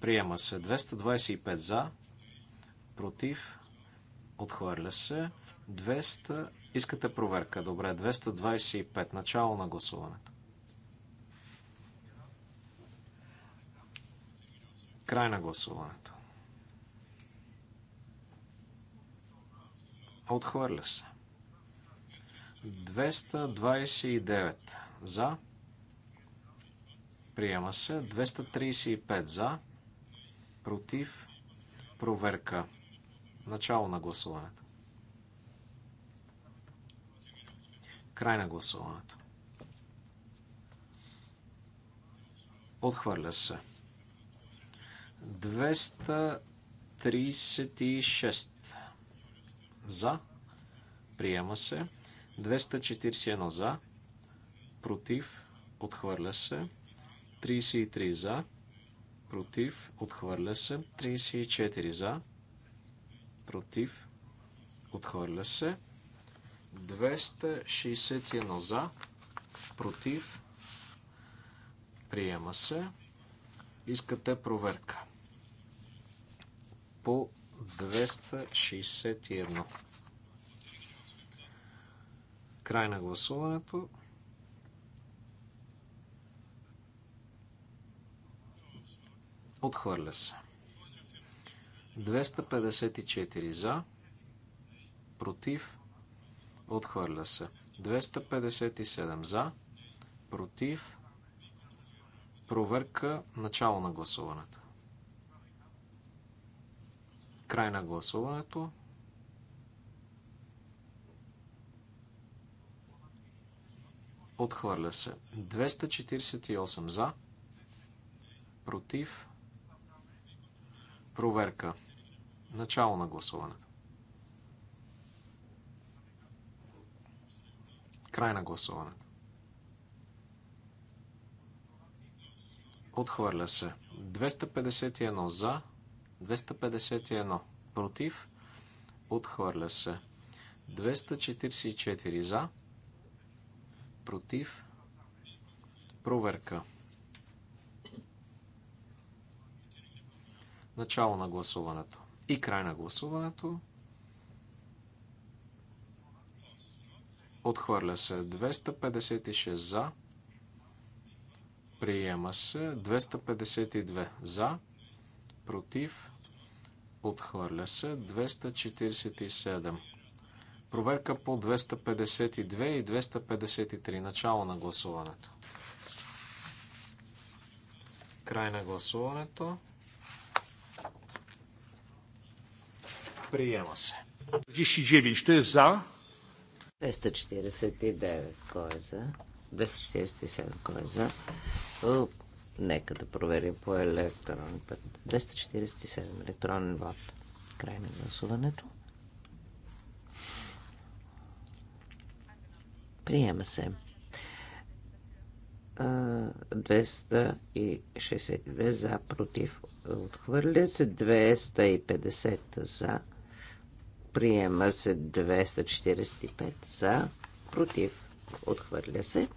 Приема се 225 за. Против. Отхвърля се. 200. Искате проверка. Добре, 225. Начало на гласуването. Край на гласуването. Отхвърля се. 229 за. Приема се. 235 за. Против. Проверка. Начало на гласуването. Край на гласуването. Отхвърля се. 236 за. Приема се. 241 за, против, отхвърля се. 33 за, против, отхвърля се. 34 за, против, отхвърля се. 261 за, против, приема се. Искате проверка по 261. Край на гласуването. Отхвърля се. 254 за. Против. Отхвърля се. 257 за. Против. Проверка. Начало на гласуването. Край на гласуването. Отхвърля се. 248 за. Против. Проверка. Начало на гласуването. Край на гласуването. Отхвърля се. 251 за. 251 против. Отхвърля се. 244 за против, проверка. Начало на гласуването и край на гласуването. Отхвърля се 256 за. Приема се 252 за. Против. Отхвърля се 247 Проверка по 252 и 253. Начало на гласуването. Край на гласуването. Приема се. 39. Ще е за. 249. Кой е за? 247. Кой е за? нека да проверим по електронен път. 247. Електронен вод. Край на гласуването. Приема се. 262 за, против, отхвърля се. 250 за, приема се. 245 за, против, отхвърля се.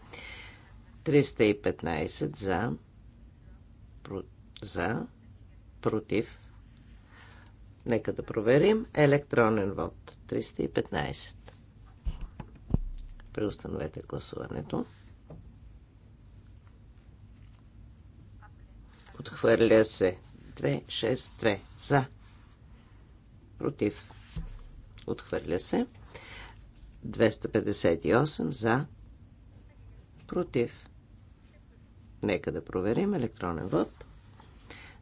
315 за, за, против. Нека да проверим. Електронен вод. 315. Преустановете гласуването. Отхвърля се 262 за. Против. Отхвърля се. 258 за. Против. Нека да проверим електронен вод.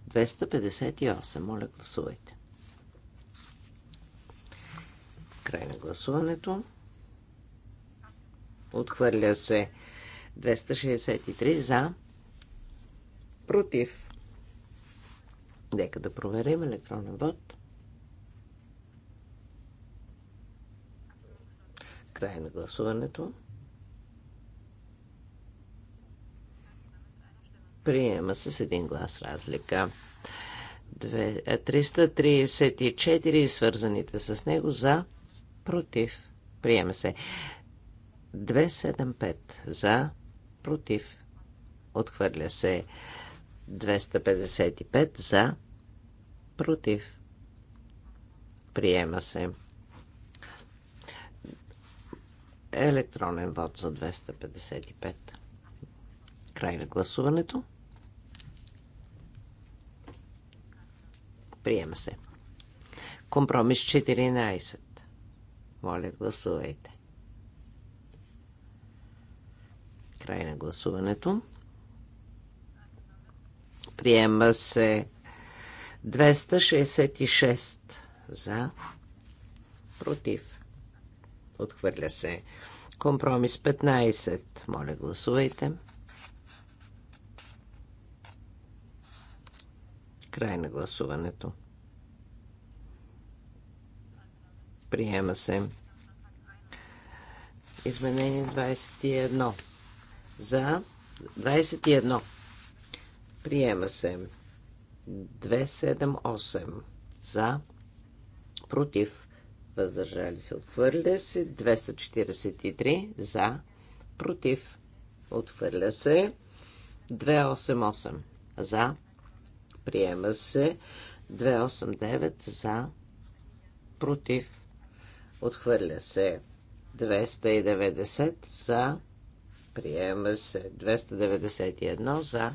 258. Моля, гласувайте. Край на гласуването. Отхвърля се. 263 за. Против. Нека да проверим електронен вод. Край на гласуването. Приема се с един глас разлика. 334 е, свързаните с него за против. Приема се. 275 за, против, отхвърля се 255 за, против, приема се. Електронен вод за 255. Край на гласуването. Приема се. Компромис 14. Моля, гласувайте. Край на гласуването. Приема се 266 за, против. Отхвърля се. Компромис 15. Моля, гласувайте. Край на гласуването. Приема се. Изменение 21 за 21. Приема се 278 за против въздържали се отхвърля се 243 за против отхвърля се 288 за приема се 289 за против отхвърля се 290 за Приема се 291 за.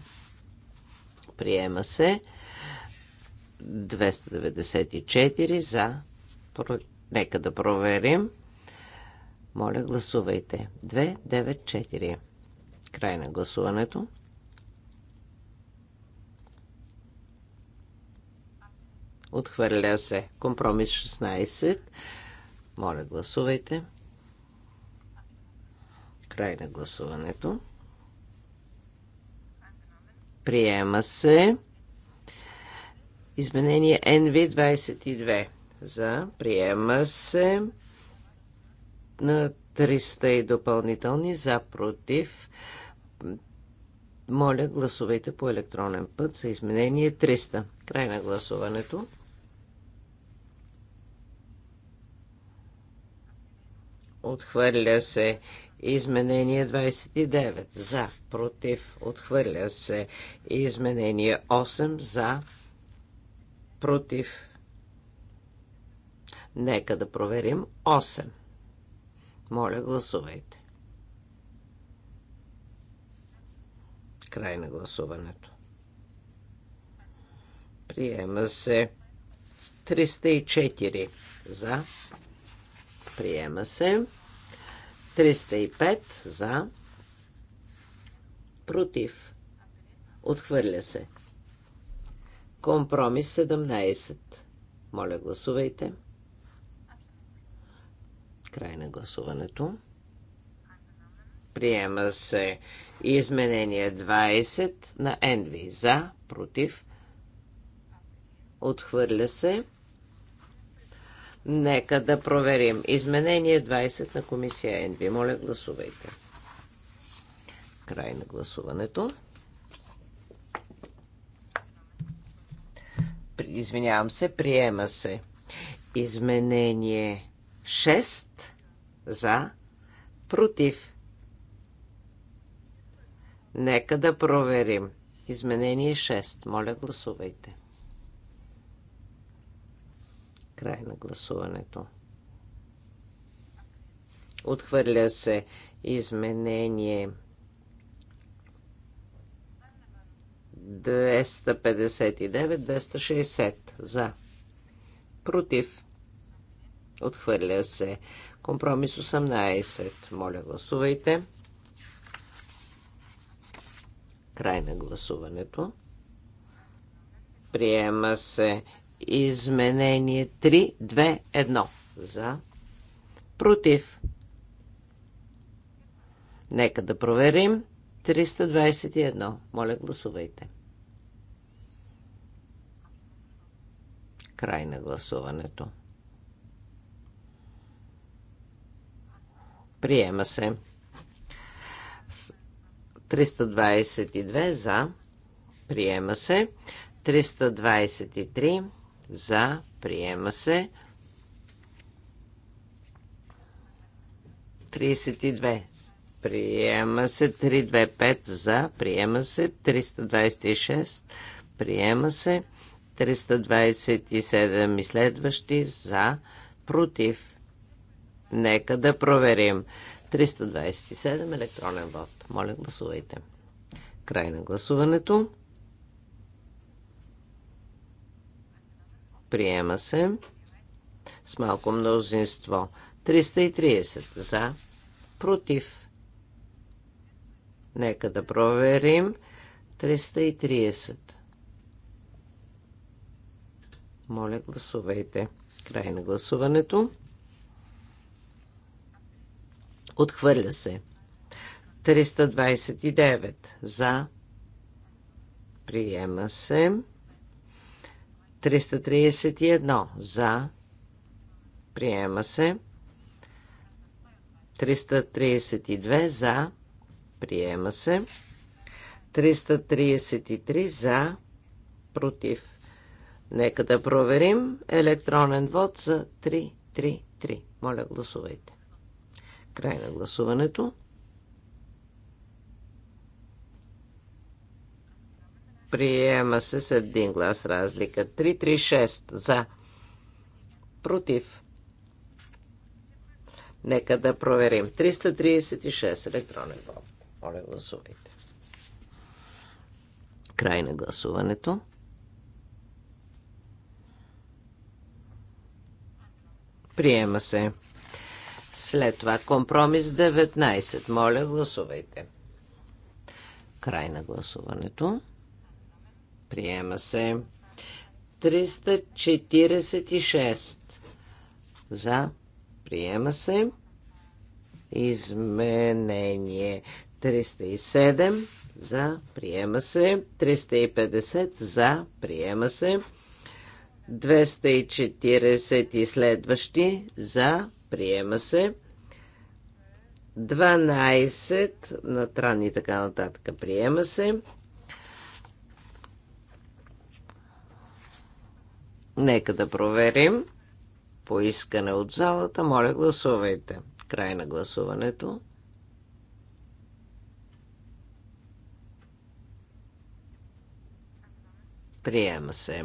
Приема се 294 за. Про... Нека да проверим. Моля, гласувайте. 294. Край на гласуването. Отхвърля се. Компромис 16. Моля, гласувайте. Край на гласуването. Приема се. Изменение NV22 за приема се на 300 и допълнителни за против. Моля, гласувайте по електронен път за изменение 300. Край на гласуването. Отхвърля се Изменение 29 за, против, отхвърля се. Изменение 8 за, против. Нека да проверим 8. Моля, гласувайте. Край на гласуването. Приема се 304 за. Приема се. 305 за. Против. Отхвърля се. Компромис 17. Моля, гласувайте. Край на гласуването. Приема се изменение 20 на Енви. За, против. Отхвърля се. Нека да проверим. Изменение 20 на комисия НВ. Моля, гласувайте. Край на гласуването. Извинявам се, приема се. Изменение 6 за против. Нека да проверим. Изменение 6. Моля, гласувайте. Край на гласуването. Отхвърля се изменение 259-260 за. Против. Отхвърля се. Компромис 18. Моля, гласувайте. Край на гласуването. Приема се Изменение 3, 2, 1. За. Против. Нека да проверим. 321. Моля, гласувайте. Край на гласуването. Приема се. 322 за. Приема се. 323 за. Приема се. 32. Приема се 325 за. Приема се 326. Приема се 327 и следващи за. Против. Нека да проверим. 327 електронен вод. Моля гласувайте. Край на гласуването. Приема се с малко мнозинство. 330 за, против. Нека да проверим. 330. Моля, гласувайте. Край на гласуването. Отхвърля се. 329 за. Приема се. 331 за. Приема се. 332 за. Приема се. 333 за. Против. Нека да проверим електронен вод за 333. Моля, гласувайте. Край на гласуването. Приема се с един глас разлика. 336 за. Против. Нека да проверим. 336 електронен вод. Моля, гласувайте. Край на гласуването. Приема се. След това компромис 19. Моля, гласувайте. Край на гласуването. Приема се. 346 за. Приема се. Изменение 307 за. Приема се. 350 за. Приема се. 240 и следващи за. Приема се. 12 на трани и така нататък. Приема се. Нека да проверим. Поискане от залата. Моля, гласувайте. Край на гласуването. Приема се.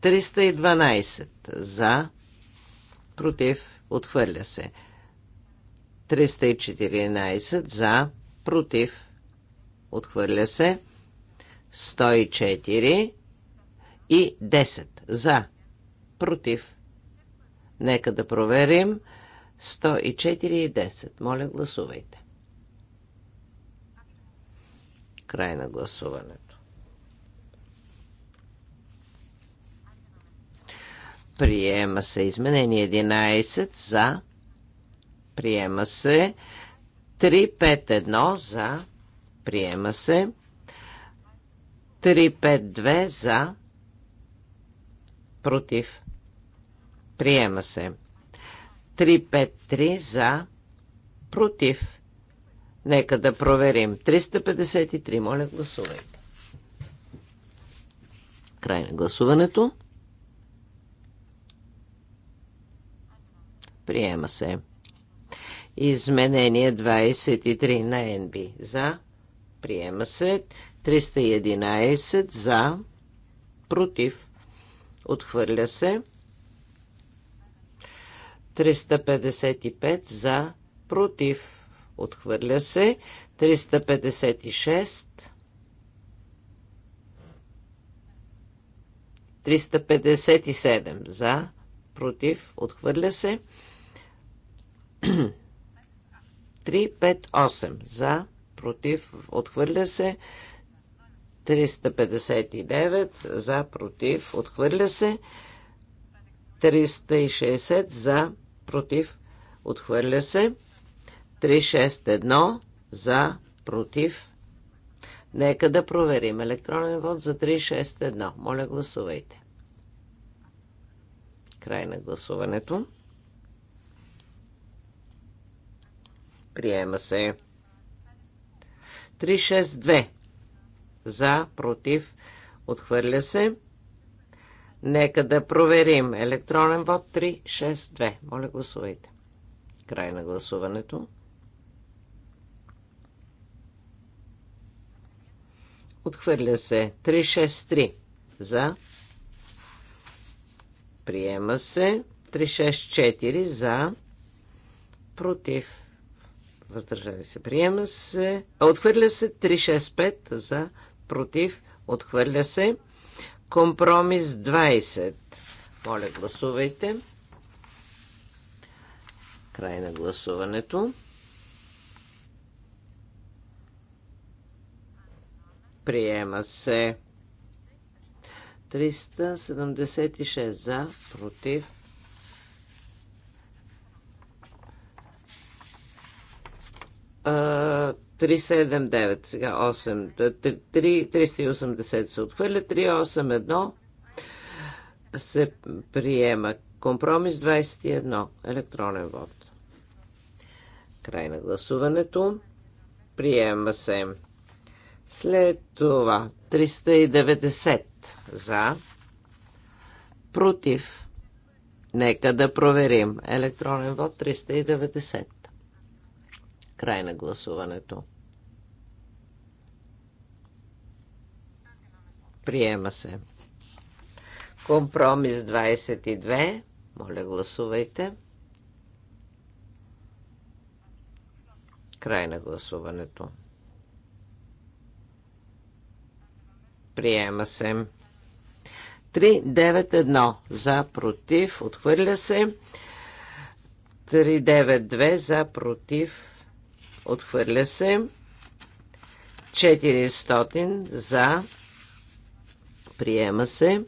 312 за, против, отхвърля се. 314 за, против, отхвърля се. 104 и 10 за, против. Нека да проверим 104 и 10. Моля, гласувайте. Край на гласуването. Приема се изменение 11 за. Приема се 351 за. Приема се 352 за Против. Приема се. 353 за. Против. Нека да проверим. 353. Моля, гласувайте. Край на гласуването. Приема се. Изменение 23 на НБ. За. Приема се. 311 за. Против. Отхвърля се. 355 за, против. Отхвърля се. 356. 357 за, против. Отхвърля се. 358 [CLEARS THROAT] за, против. Отхвърля се. 359 за, против, отхвърля се. 360 за, против, отхвърля се. 361 за, против. Нека да проверим електронен вод за 361. Моля, гласувайте. Край на гласуването. Приема се. 362 за, против, отхвърля се. Нека да проверим. Електронен вод 362. Моля, гласувайте. Край на гласуването. Отхвърля се 363 за. Приема се 364 за. Против. Въздържали се. Приема се. Отхвърля се 365 за против, отхвърля се. Компромис 20. Моля, гласувайте. Край на гласуването. Приема се 376 за, против. А, 379, сега 8, 3, 380 се отхвърля, 381 се приема. Компромис 21, електронен вод. Край на гласуването. Приема се. След това 390 за. Против. Нека да проверим. Електронен вод 390. Край на гласуването. Приема се. Компромис 22. Моля, гласувайте. Край на гласуването. Приема се. 391 за против. Отхвърля се. 392 за против. Отхвърля се. 400 за. Приема се.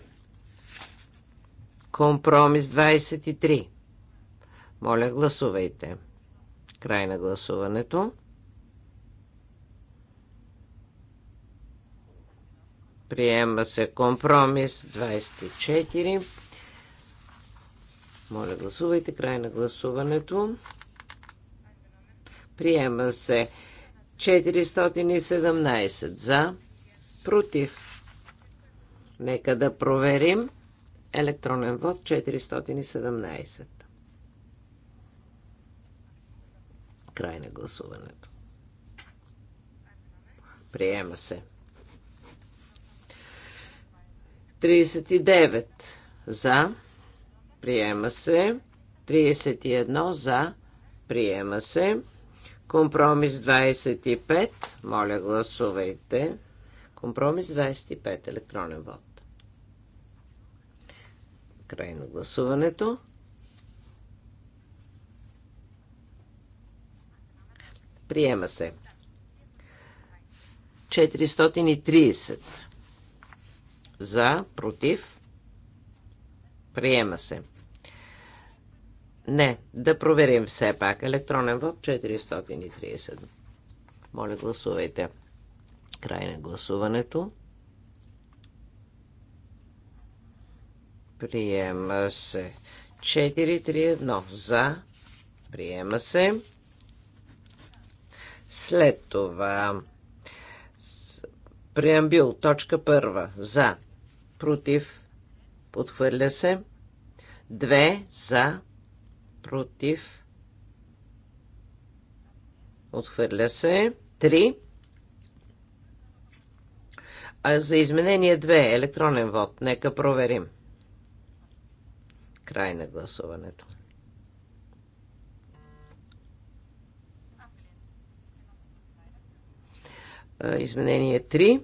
Компромис 23. Моля, гласувайте. Край на гласуването. Приема се компромис 24. Моля, гласувайте. Край на гласуването. Приема се 417 за, против. Нека да проверим. Електронен вод 417. Край на гласуването. Приема се. 39 за. Приема се. 31 за. Приема се. Компромис 25. Моля, гласувайте. Компромис 25. Електронен вод. Край на гласуването. Приема се. 430. За, против. Приема се. Не, да проверим все пак. Електронен вод 430. Моля, гласувайте. Край на гласуването. Приема се. 431 за. Приема се. След това преамбил, точка първа, за, против, подхвърля се, две, за, против, отхвърля се. 3. А за изменение 2, електронен вод, нека проверим. Край на гласуването. Изменение 3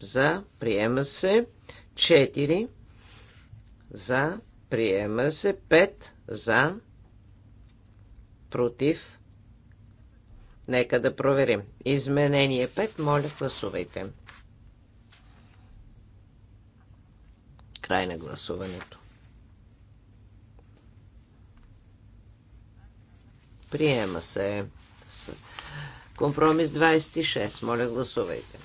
за приема се 4 за приема се 5 за против. Нека да проверим. Изменение 5. Моля, гласувайте. Край на гласуването. Приема се. Компромис 26. Моля, гласувайте.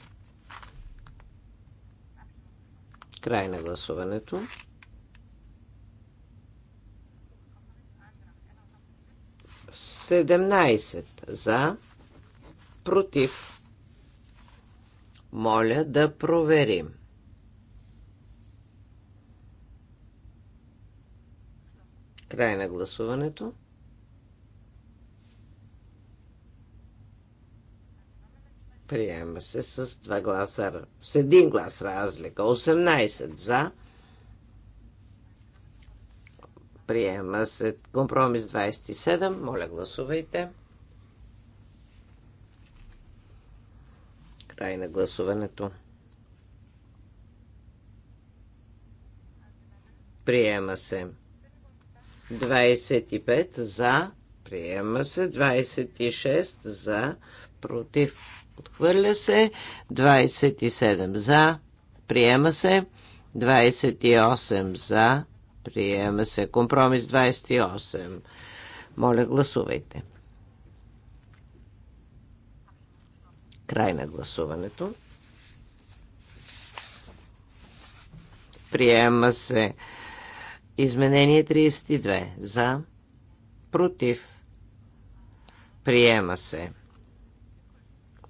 Край на гласуването. 17 за, против. Моля да проверим. Край на гласуването. Приема се с два гласа, с един глас разлика. 18 за, Приема се компромис 27. Моля, гласувайте. Край на гласуването. Приема се. 25 за. Приема се. 26 за. Против. Отхвърля се. 27 за. Приема се. 28 за Приема се компромис 28. Моля, гласувайте. Край на гласуването. Приема се изменение 32. За. Против. Приема се.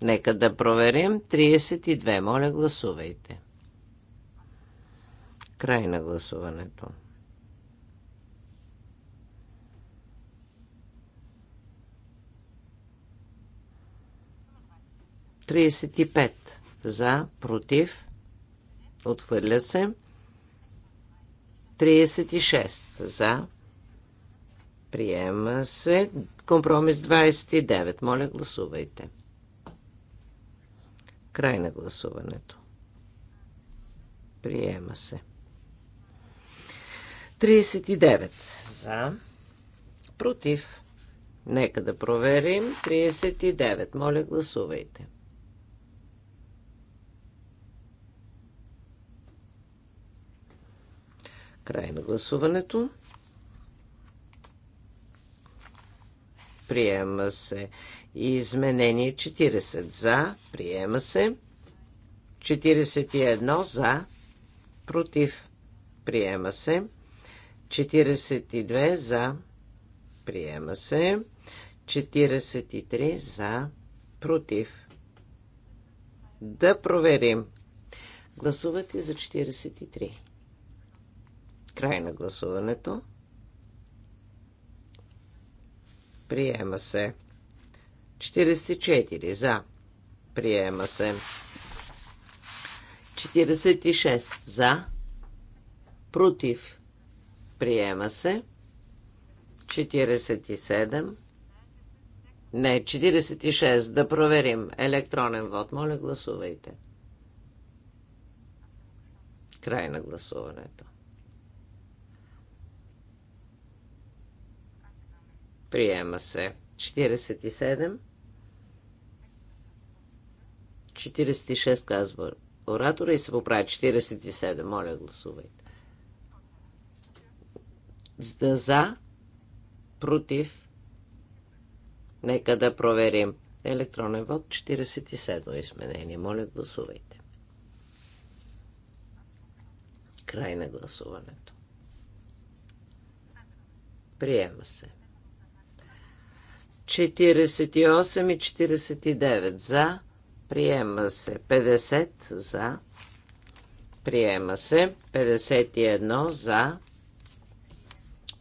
Нека да проверим. 32. Моля, гласувайте. Край на гласуването. 35 за, против, отхвърля се. 36 за, приема се. Компромис 29. Моля, гласувайте. Край на гласуването. Приема се. 39 за, против. Нека да проверим. 39. Моля, гласувайте. 39. Край на гласуването. Приема се. Изменение 40 за. Приема се. 41 за. Против. Приема се. 42 за. Приема се. 43 за. Против. Да проверим. Гласувате за 43. Край на гласуването. Приема се. 44 за. Приема се. 46 за. Против. Приема се. 47. Не, 46. Да проверим. Електронен вод. Моля, гласувайте. Край на гласуването. Приема се. 47. 46 казва оратора и се поправя. 47. Моля, гласувайте. За, за, против. Нека да проверим. Електронен вод 47 изменение. Моля, гласувайте. Край на гласуването. Приема се. 48 и 49 за. Приема се 50 за. Приема се 51 за.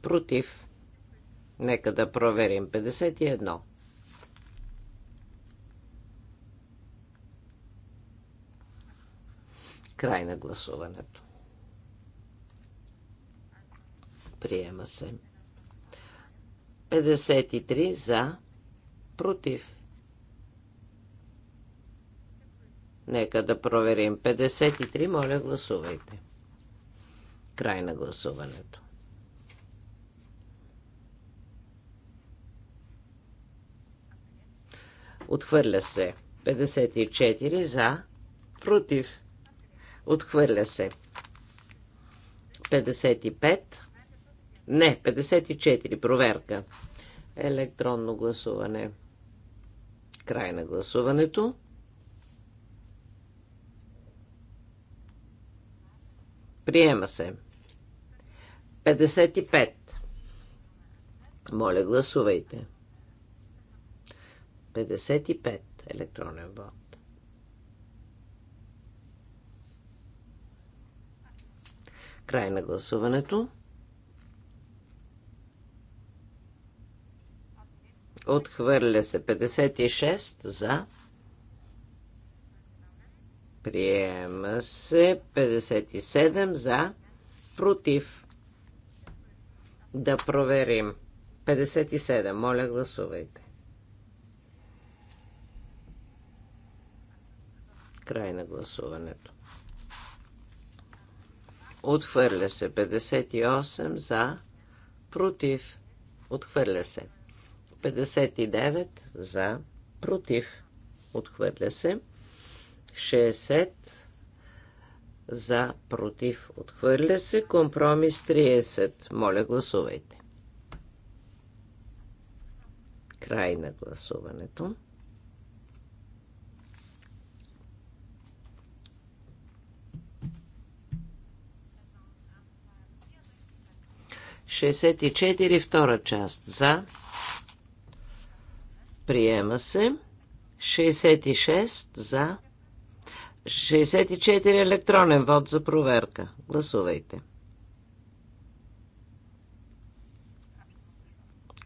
Против. Нека да проверим 51. Край на гласуването. Приема се. 53 за, против. Нека да проверим. 53, моля, гласувайте. Край на гласуването. Отхвърля се. 54 за, против. Отхвърля се. 55 не, 54. Проверка. Електронно гласуване. Край на гласуването. Приема се. 55. Моля, гласувайте. 55. Електронен вод. Край на гласуването. Отхвърля се 56 за. Приема се 57 за. Против. Да проверим. 57. Моля, гласувайте. Край на гласуването. Отхвърля се 58 за. Против. Отхвърля се. 59 за, против, отхвърля се. 60 за, против, отхвърля се. Компромис 30. Моля, гласувайте. Край на гласуването. Шестдесет и четири, втора част за, Приема се. 66 за. 64 електронен вод за проверка. Гласувайте.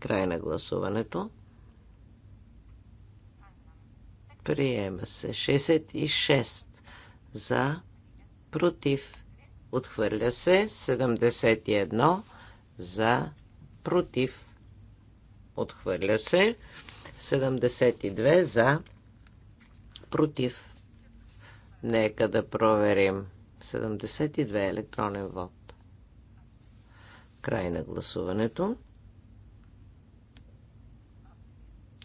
Край на гласуването. Приема се. 66 за. Против. Отхвърля се. 71 за. Против. Отхвърля се. 72 за, против. Нека да проверим. 72 електронен вод. Край на гласуването.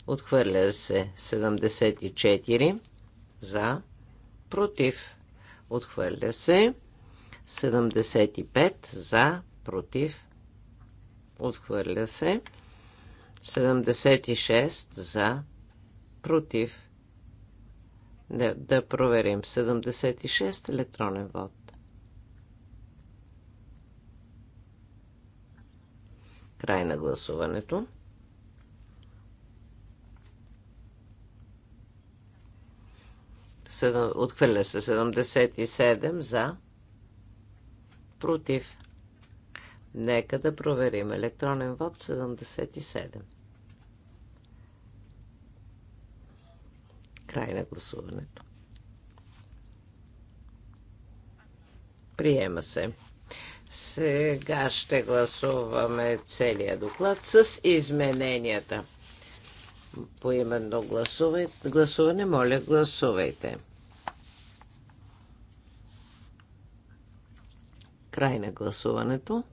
Отхвърля се 74 за, против. Отхвърля се 75 за, против. Отхвърля се 76 за, против. Да, да проверим. 76 електронен вод. Край на гласуването. Отхвърля се 77 за. Против. Нека да проверим. Електронен вод 77. Край на гласуването. Приема се. Сега ще гласуваме целия доклад с измененията. По именно гласуване, моля, гласувайте. Край на гласуването.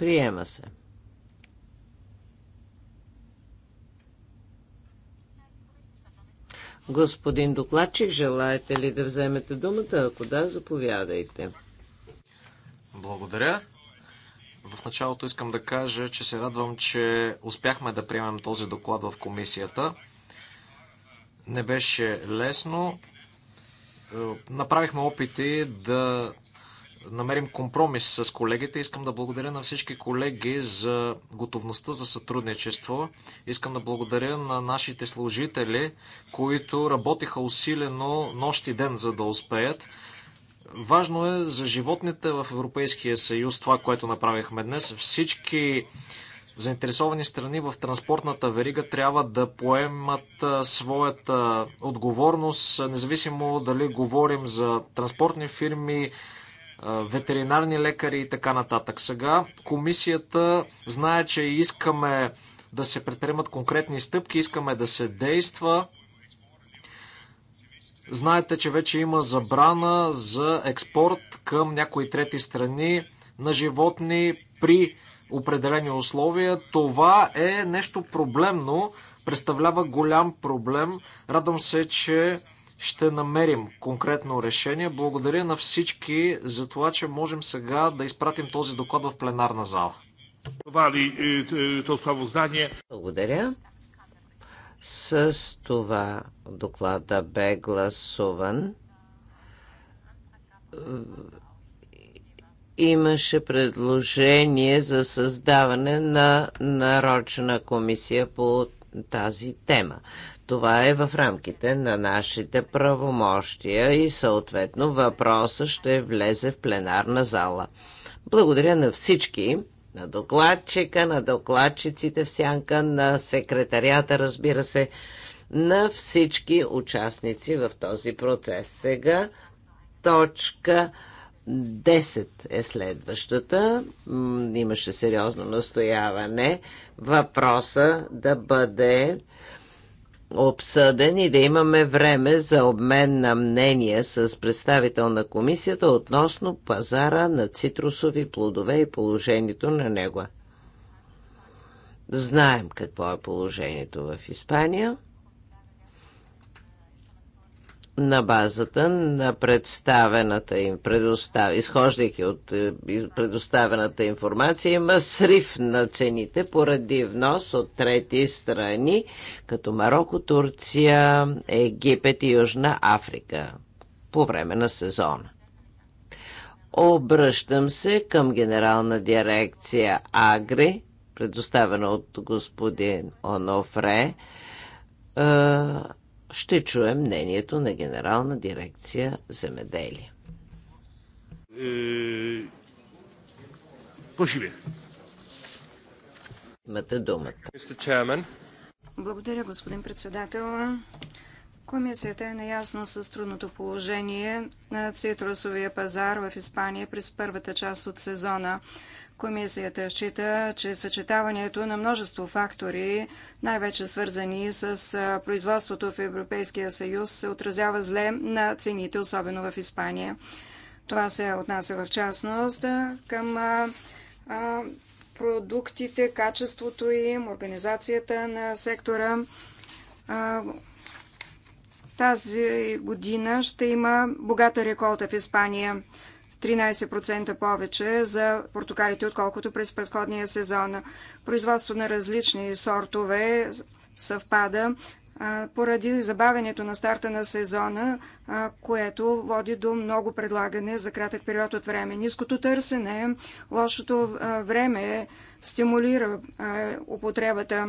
Приема се. Господин докладчик, желаете ли да вземете думата? Ако да, заповядайте. Благодаря. В началото искам да кажа, че се радвам, че успяхме да приемем този доклад в комисията. Не беше лесно. Направихме опити да намерим компромис с колегите. Искам да благодаря на всички колеги за готовността за сътрудничество. Искам да благодаря на нашите служители, които работиха усилено нощ и ден, за да успеят. Важно е за животните в Европейския съюз това, което направихме днес. Всички заинтересовани страни в транспортната верига трябва да поемат своята отговорност, независимо дали говорим за транспортни фирми, ветеринарни лекари и така нататък. Сега комисията знае, че искаме да се предприемат конкретни стъпки, искаме да се действа. Знаете, че вече има забрана за експорт към някои трети страни на животни при определени условия. Това е нещо проблемно, представлява голям проблем. Радвам се, че ще намерим конкретно решение. Благодаря на всички за това, че можем сега да изпратим този доклад в пленарна зала. Е, е, Благодаря. С това доклада бе гласуван. Имаше предложение за създаване на нарочна комисия по тази тема. Това е в рамките на нашите правомощия и съответно въпроса ще влезе в пленарна зала. Благодаря на всички, на докладчика, на докладчиците в сянка, на секретарията, разбира се, на всички участници в този процес. Сега точка 10 е следващата. Имаше сериозно настояване въпроса да бъде обсъден и да имаме време за обмен на мнение с представител на комисията относно пазара на цитрусови плодове и положението на него. Знаем какво е положението в Испания – на базата на представената им, предостав... изхождайки от е, предоставената информация, има срив на цените поради внос от трети страни, като Марокко, Турция, Египет и Южна Африка по време на сезона. Обръщам се към генерална дирекция Агри, предоставена от господин Онофре, е, ще чуем мнението на Генерална дирекция Земеделие. Е, поживе. Имате думата. Благодаря, господин председател. Комисията е наясно с трудното положение на цитрусовия пазар в Испания през първата част от сезона. Комисията счита, че съчетаването на множество фактори, най-вече свързани с производството в Европейския съюз, се отразява зле на цените, особено в Испания. Това се отнася в частност към продуктите, качеството им, организацията на сектора. Тази година ще има богата реколта в Испания. 13% повече за портокалите, отколкото през предходния сезон. Производство на различни сортове съвпада поради забавянето на старта на сезона, което води до много предлагане за кратък период от време. Ниското търсене, лошото време стимулира употребата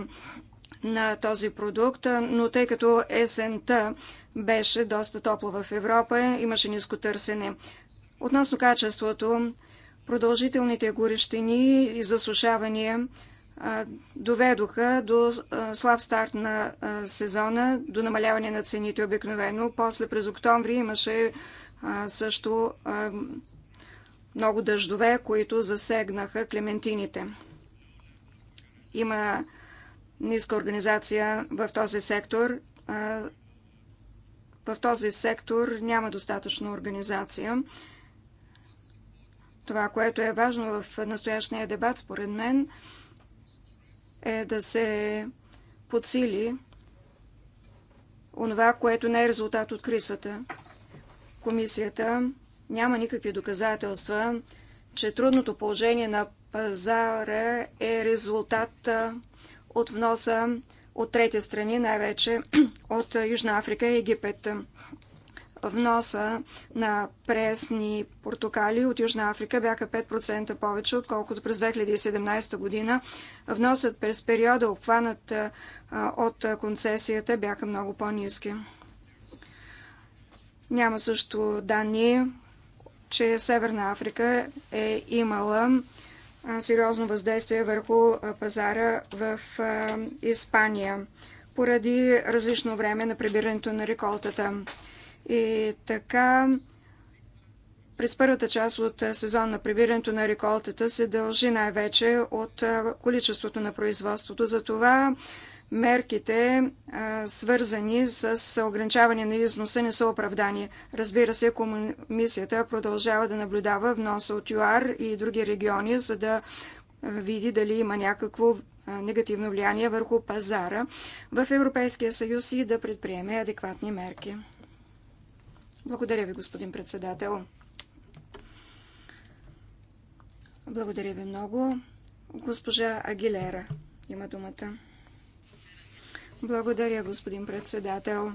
на този продукт, но тъй като есента беше доста топла в Европа, имаше ниско търсене. Относно качеството, продължителните горещини и засушавания доведоха до слаб старт на сезона, до намаляване на цените обикновено. После през октомври имаше също много дъждове, които засегнаха клементините. Има ниска организация в този сектор. В този сектор няма достатъчно организация. Това, което е важно в настоящия дебат, според мен, е да се подсили онова, което не е резултат от крисата. Комисията няма никакви доказателства, че трудното положение на пазара е резултат от вноса от трети страни, най-вече [CLEARS THROAT] от Южна Африка и Египет вноса на пресни портокали от Южна Африка бяха 5% повече, отколкото през 2017 година. Вносът през периода, обхванат от концесията, бяха много по-низки. Няма също данни, че Северна Африка е имала сериозно въздействие върху пазара в Испания поради различно време на прибирането на реколтата. И така, през първата част от е, сезон на прибирането на реколтата се дължи най-вече от е, количеството на производството. Затова мерките, е, свързани с ограничаване на износа, не са оправдани. Разбира се, комисията продължава да наблюдава вноса от ЮАР и други региони, за да види дали има някакво негативно влияние върху пазара в Европейския съюз и да предприеме адекватни мерки. Благодаря ви, господин председател. Благодаря ви много. Госпожа Агилера има думата. Благодаря, господин председател.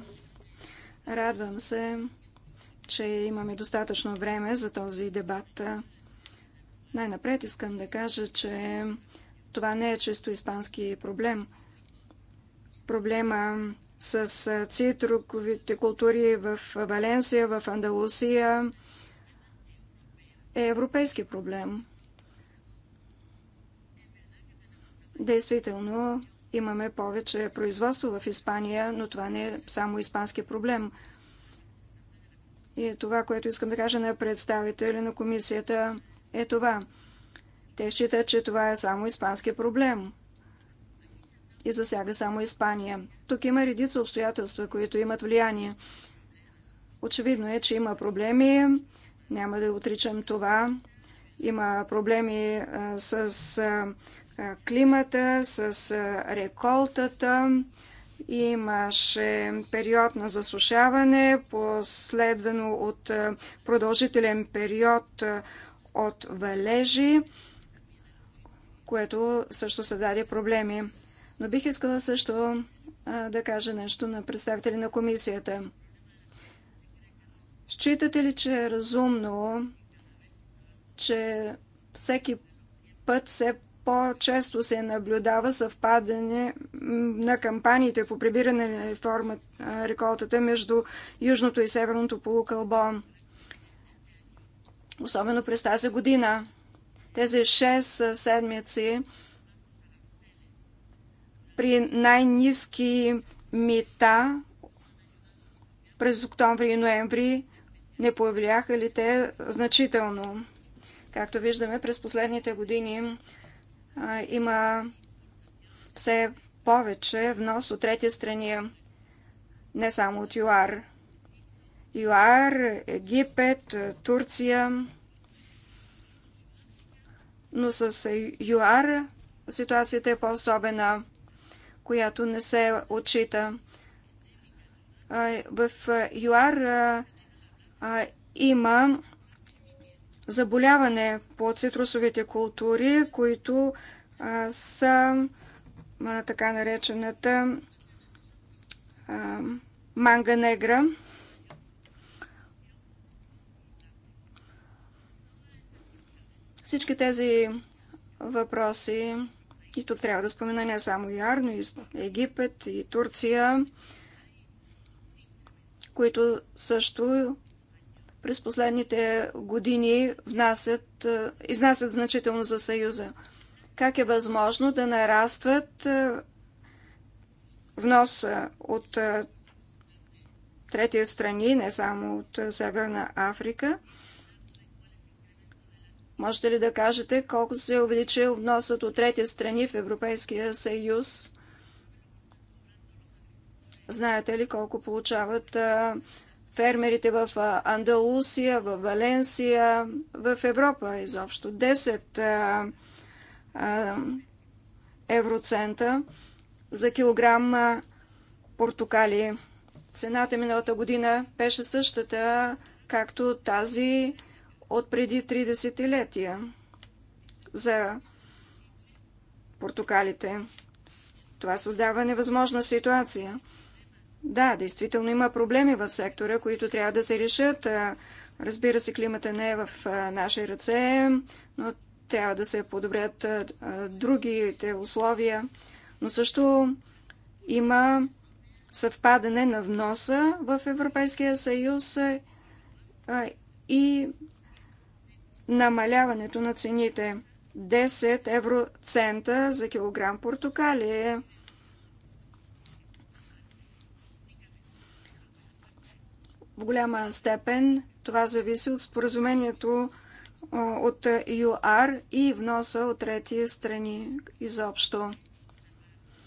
Радвам се, че имаме достатъчно време за този дебат. Най-напред искам да кажа, че това не е чисто испански проблем. Проблема с цитруковите култури в Валенсия, в Андалусия, е европейски проблем. Действително, имаме повече производство в Испания, но това не е само испански проблем. И е това, което искам да кажа на представители на комисията, е това. Те считат, че това е само испански проблем и засяга само Испания. Тук има редица обстоятелства, които имат влияние. Очевидно е, че има проблеми, няма да отричам това. Има проблеми а, с а, климата, с а, реколтата. Имаше период на засушаване, последвано от а, продължителен период а, от валежи, което също създаде проблеми. Но бих искала също да кажа нещо на представители на комисията. Считате ли, че е разумно, че всеки път все по-често се наблюдава съвпадане на кампаниите по прибиране на реформа, реколтата между Южното и Северното полукълбо. Особено през тази година. Тези 6 седмици при най-низки мита през октомври и ноември не появляха ли те значително. Както виждаме, през последните години а, има все повече внос от трети страни, не само от ЮАР. ЮАР, Египет, Турция. Но с ЮАР ситуацията е по-особена която не се отчита. В ЮАР има заболяване по цитрусовите култури, които са така наречената манга негра. Всички тези въпроси и тук трябва да спомена не само ИАР, но и Египет, и Турция, които също през последните години внасят, е, изнасят значително за Съюза. Как е възможно да нарастват е, вноса от е, третия страни, не само от Северна Африка – Можете ли да кажете колко се е увеличил вносът от трети страни в Европейския съюз? Знаете ли колко получават фермерите в Андалусия, в Валенсия, в Европа изобщо? 10 евроцента за килограм портокали. Цената миналата година беше същата, както тази от преди три десетилетия за портокалите. Това създава невъзможна ситуация. Да, действително има проблеми в сектора, които трябва да се решат. Разбира се, климата не е в наши ръце, но трябва да се подобрят другите условия. Но също има съвпадане на вноса в Европейския съюз и намаляването на цените. 10 евро цента за килограм портокали. В голяма степен това зависи от споразумението от ЮАР и вноса от трети страни изобщо.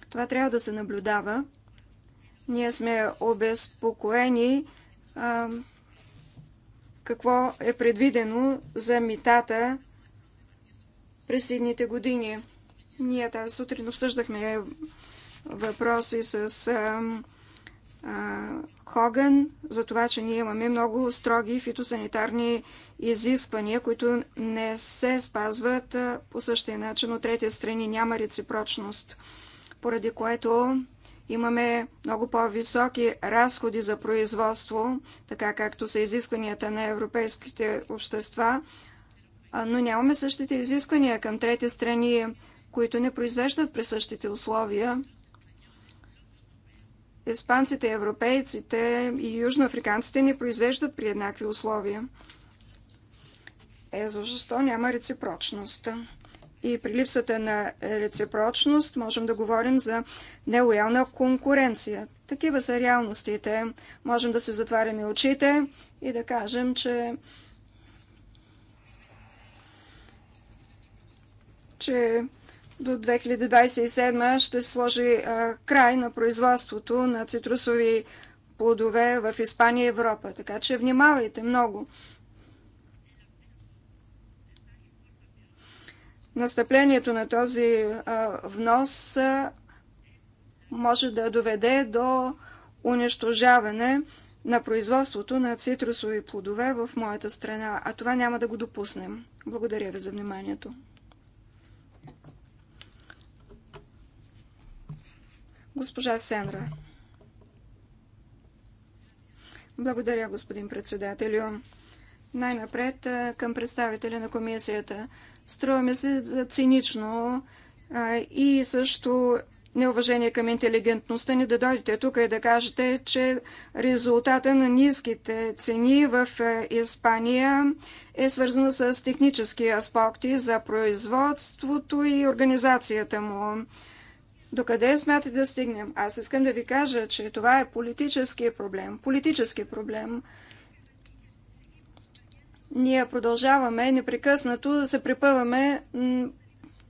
Това трябва да се наблюдава. Ние сме обезпокоени какво е предвидено за митата през едните години. Ние тази сутрин обсъждахме въпроси с а, а, Хоган за това, че ние имаме много строги фитосанитарни изисквания, които не се спазват по същия начин от трети страни. Няма реципрочност, поради което Имаме много по-високи разходи за производство, така както са изискванията на европейските общества, но нямаме същите изисквания към трети страни, които не произвеждат при същите условия. Испанците, европейците и южноафриканците не произвеждат при еднакви условия. Е, защо няма реципрочност? и при липсата на реципрочност можем да говорим за нелоялна конкуренция. Такива са реалностите. Можем да се затваряме очите и да кажем, че че до 2027 ще се сложи а, край на производството на цитрусови плодове в Испания и Европа. Така че внимавайте много. Настъплението на този внос може да доведе до унищожаване на производството на цитрусови плодове в моята страна, а това няма да го допуснем. Благодаря ви за вниманието. Госпожа Сенра. Благодаря, господин председателю. Най-напред към представителя на комисията. Струва ми се цинично и също неуважение към интелигентността ни да дойдете тук и да кажете, че резултата на ниските цени в Испания е свързано с технически аспекти за производството и организацията му. Докъде смятате да стигнем? Аз искам да ви кажа, че това е политически проблем. Политически проблем ние продължаваме непрекъснато да се препъваме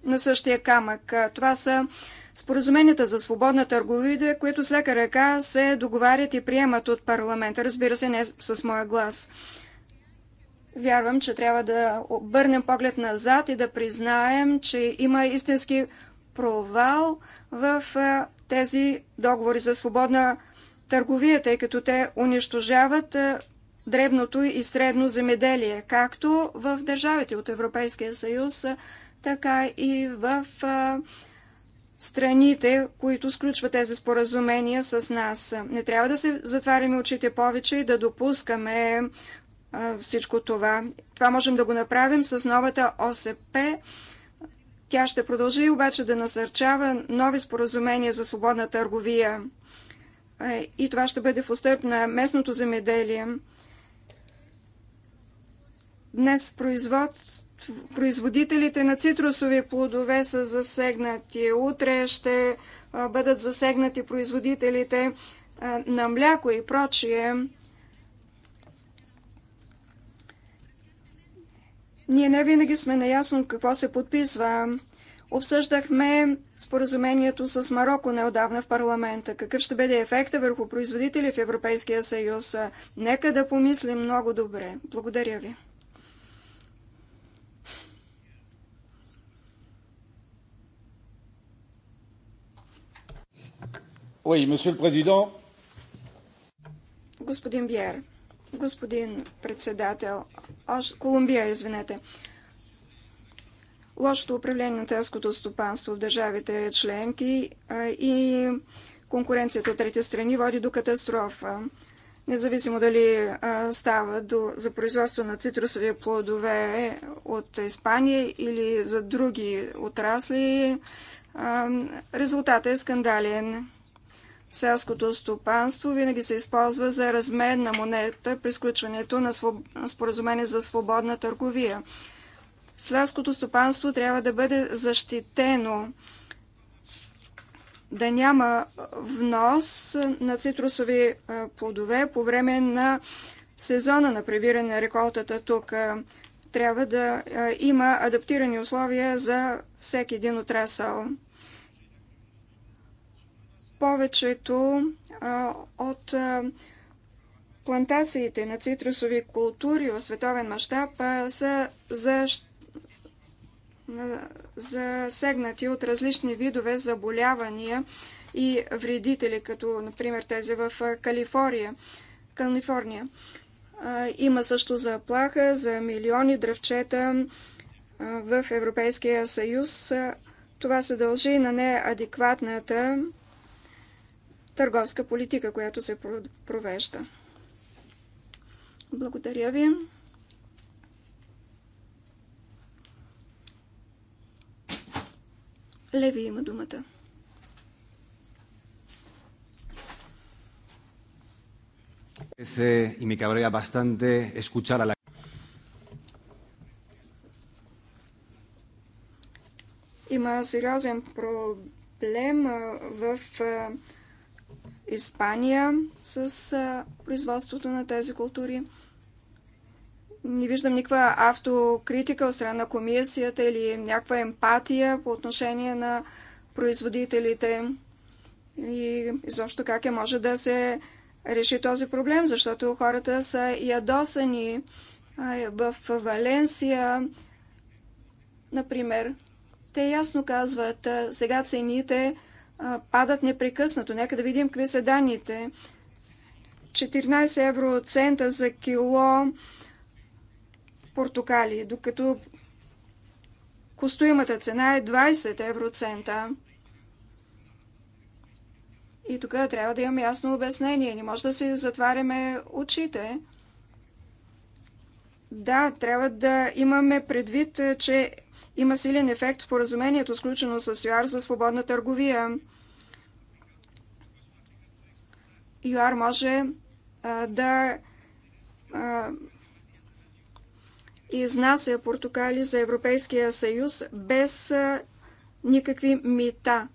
на същия камък. Това са споразуменията за свободна търговия, които с лека ръка се договарят и приемат от парламента. Разбира се, не с моя глас. Вярвам, че трябва да обърнем поглед назад и да признаем, че има истински провал в тези договори за свободна търговия, тъй като те унищожават дребното и средно земеделие, както в държавите от Европейския съюз, така и в страните, които сключват тези споразумения с нас. Не трябва да се затваряме очите повече и да допускаме всичко това. Това можем да го направим с новата ОСП. Тя ще продължи обаче да насърчава нови споразумения за свободна търговия. Е, и това ще бъде в устърп на местното земеделие. Днес производителите на цитрусови плодове са засегнати. Утре ще бъдат засегнати производителите на мляко и прочие. Ние не винаги сме наясно какво се подписва. Обсъждахме споразумението с Марокко неодавна в парламента. Какъв ще бъде ефекта върху производители в Европейския съюз? Нека да помислим много добре. Благодаря ви. Oui, monsieur le président. Господин Биер, господин председател, още Колумбия, извинете. Лошото управление на селското стопанство в държавите членки и конкуренцията от трети страни води до катастрофа. Независимо дали става до, за производство на цитрусови плодове от Испания или за други отрасли, резултатът е скандален селското стопанство винаги се използва за размен на монета при сключването на своб... споразумение за свободна търговия. Селското стопанство трябва да бъде защитено да няма внос на цитрусови плодове по време на сезона на прибиране на реколтата тук. Трябва да има адаптирани условия за всеки един отрасъл. Повечето от плантациите на цитрусови култури в световен мащаб са за засегнати от различни видове заболявания и вредители, като например тези в Калифорния. Калифорния. Има също заплаха за милиони дръвчета в Европейския съюз. Това се дължи на неадекватната търговска политика, която се провежда. Благодаря ви. Леви има думата. y me cabrea bastante escuchar a la... Има сериозен проблем в Испания с производството на тези култури. Не виждам никаква автокритика от страна на комисията или някаква емпатия по отношение на производителите и изобщо как е може да се реши този проблем, защото хората са ядосани в Валенсия, например. Те ясно казват, сега цените падат непрекъснато. Нека да видим какви са данните. 14 евро цента за кило портокали, докато костоимата цена е 20 евро цента, И тук трябва да имаме ясно обяснение. Не може да си затваряме очите. Да, трябва да имаме предвид, че има силен ефект в поразумението, сключено с ЮАР за свободна търговия. ЮАР може а, да а, изнася портокали за Европейския съюз без а, никакви мита.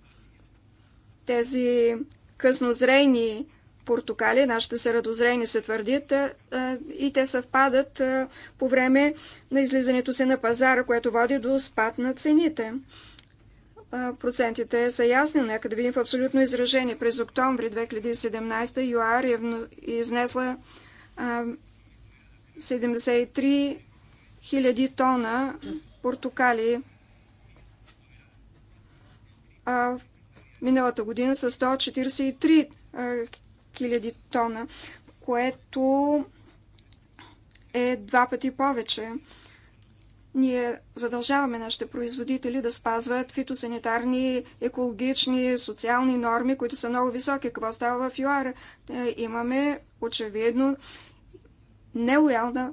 Тези къснозрени портокали, нашите средозрени се твърдят, и те съвпадат по време на излизането си на пазара, което води до спад на цените. Процентите са ясни, но нека да видим в абсолютно изражение. През октомври 2017 ЮАР е изнесла 73 000 тона портокали. А миналата година са 143 000 тона, което е два пъти повече. Ние задължаваме нашите производители да спазват фитосанитарни, екологични, социални норми, които са много високи. Какво става в ЮАР? Е, имаме очевидно нелоялна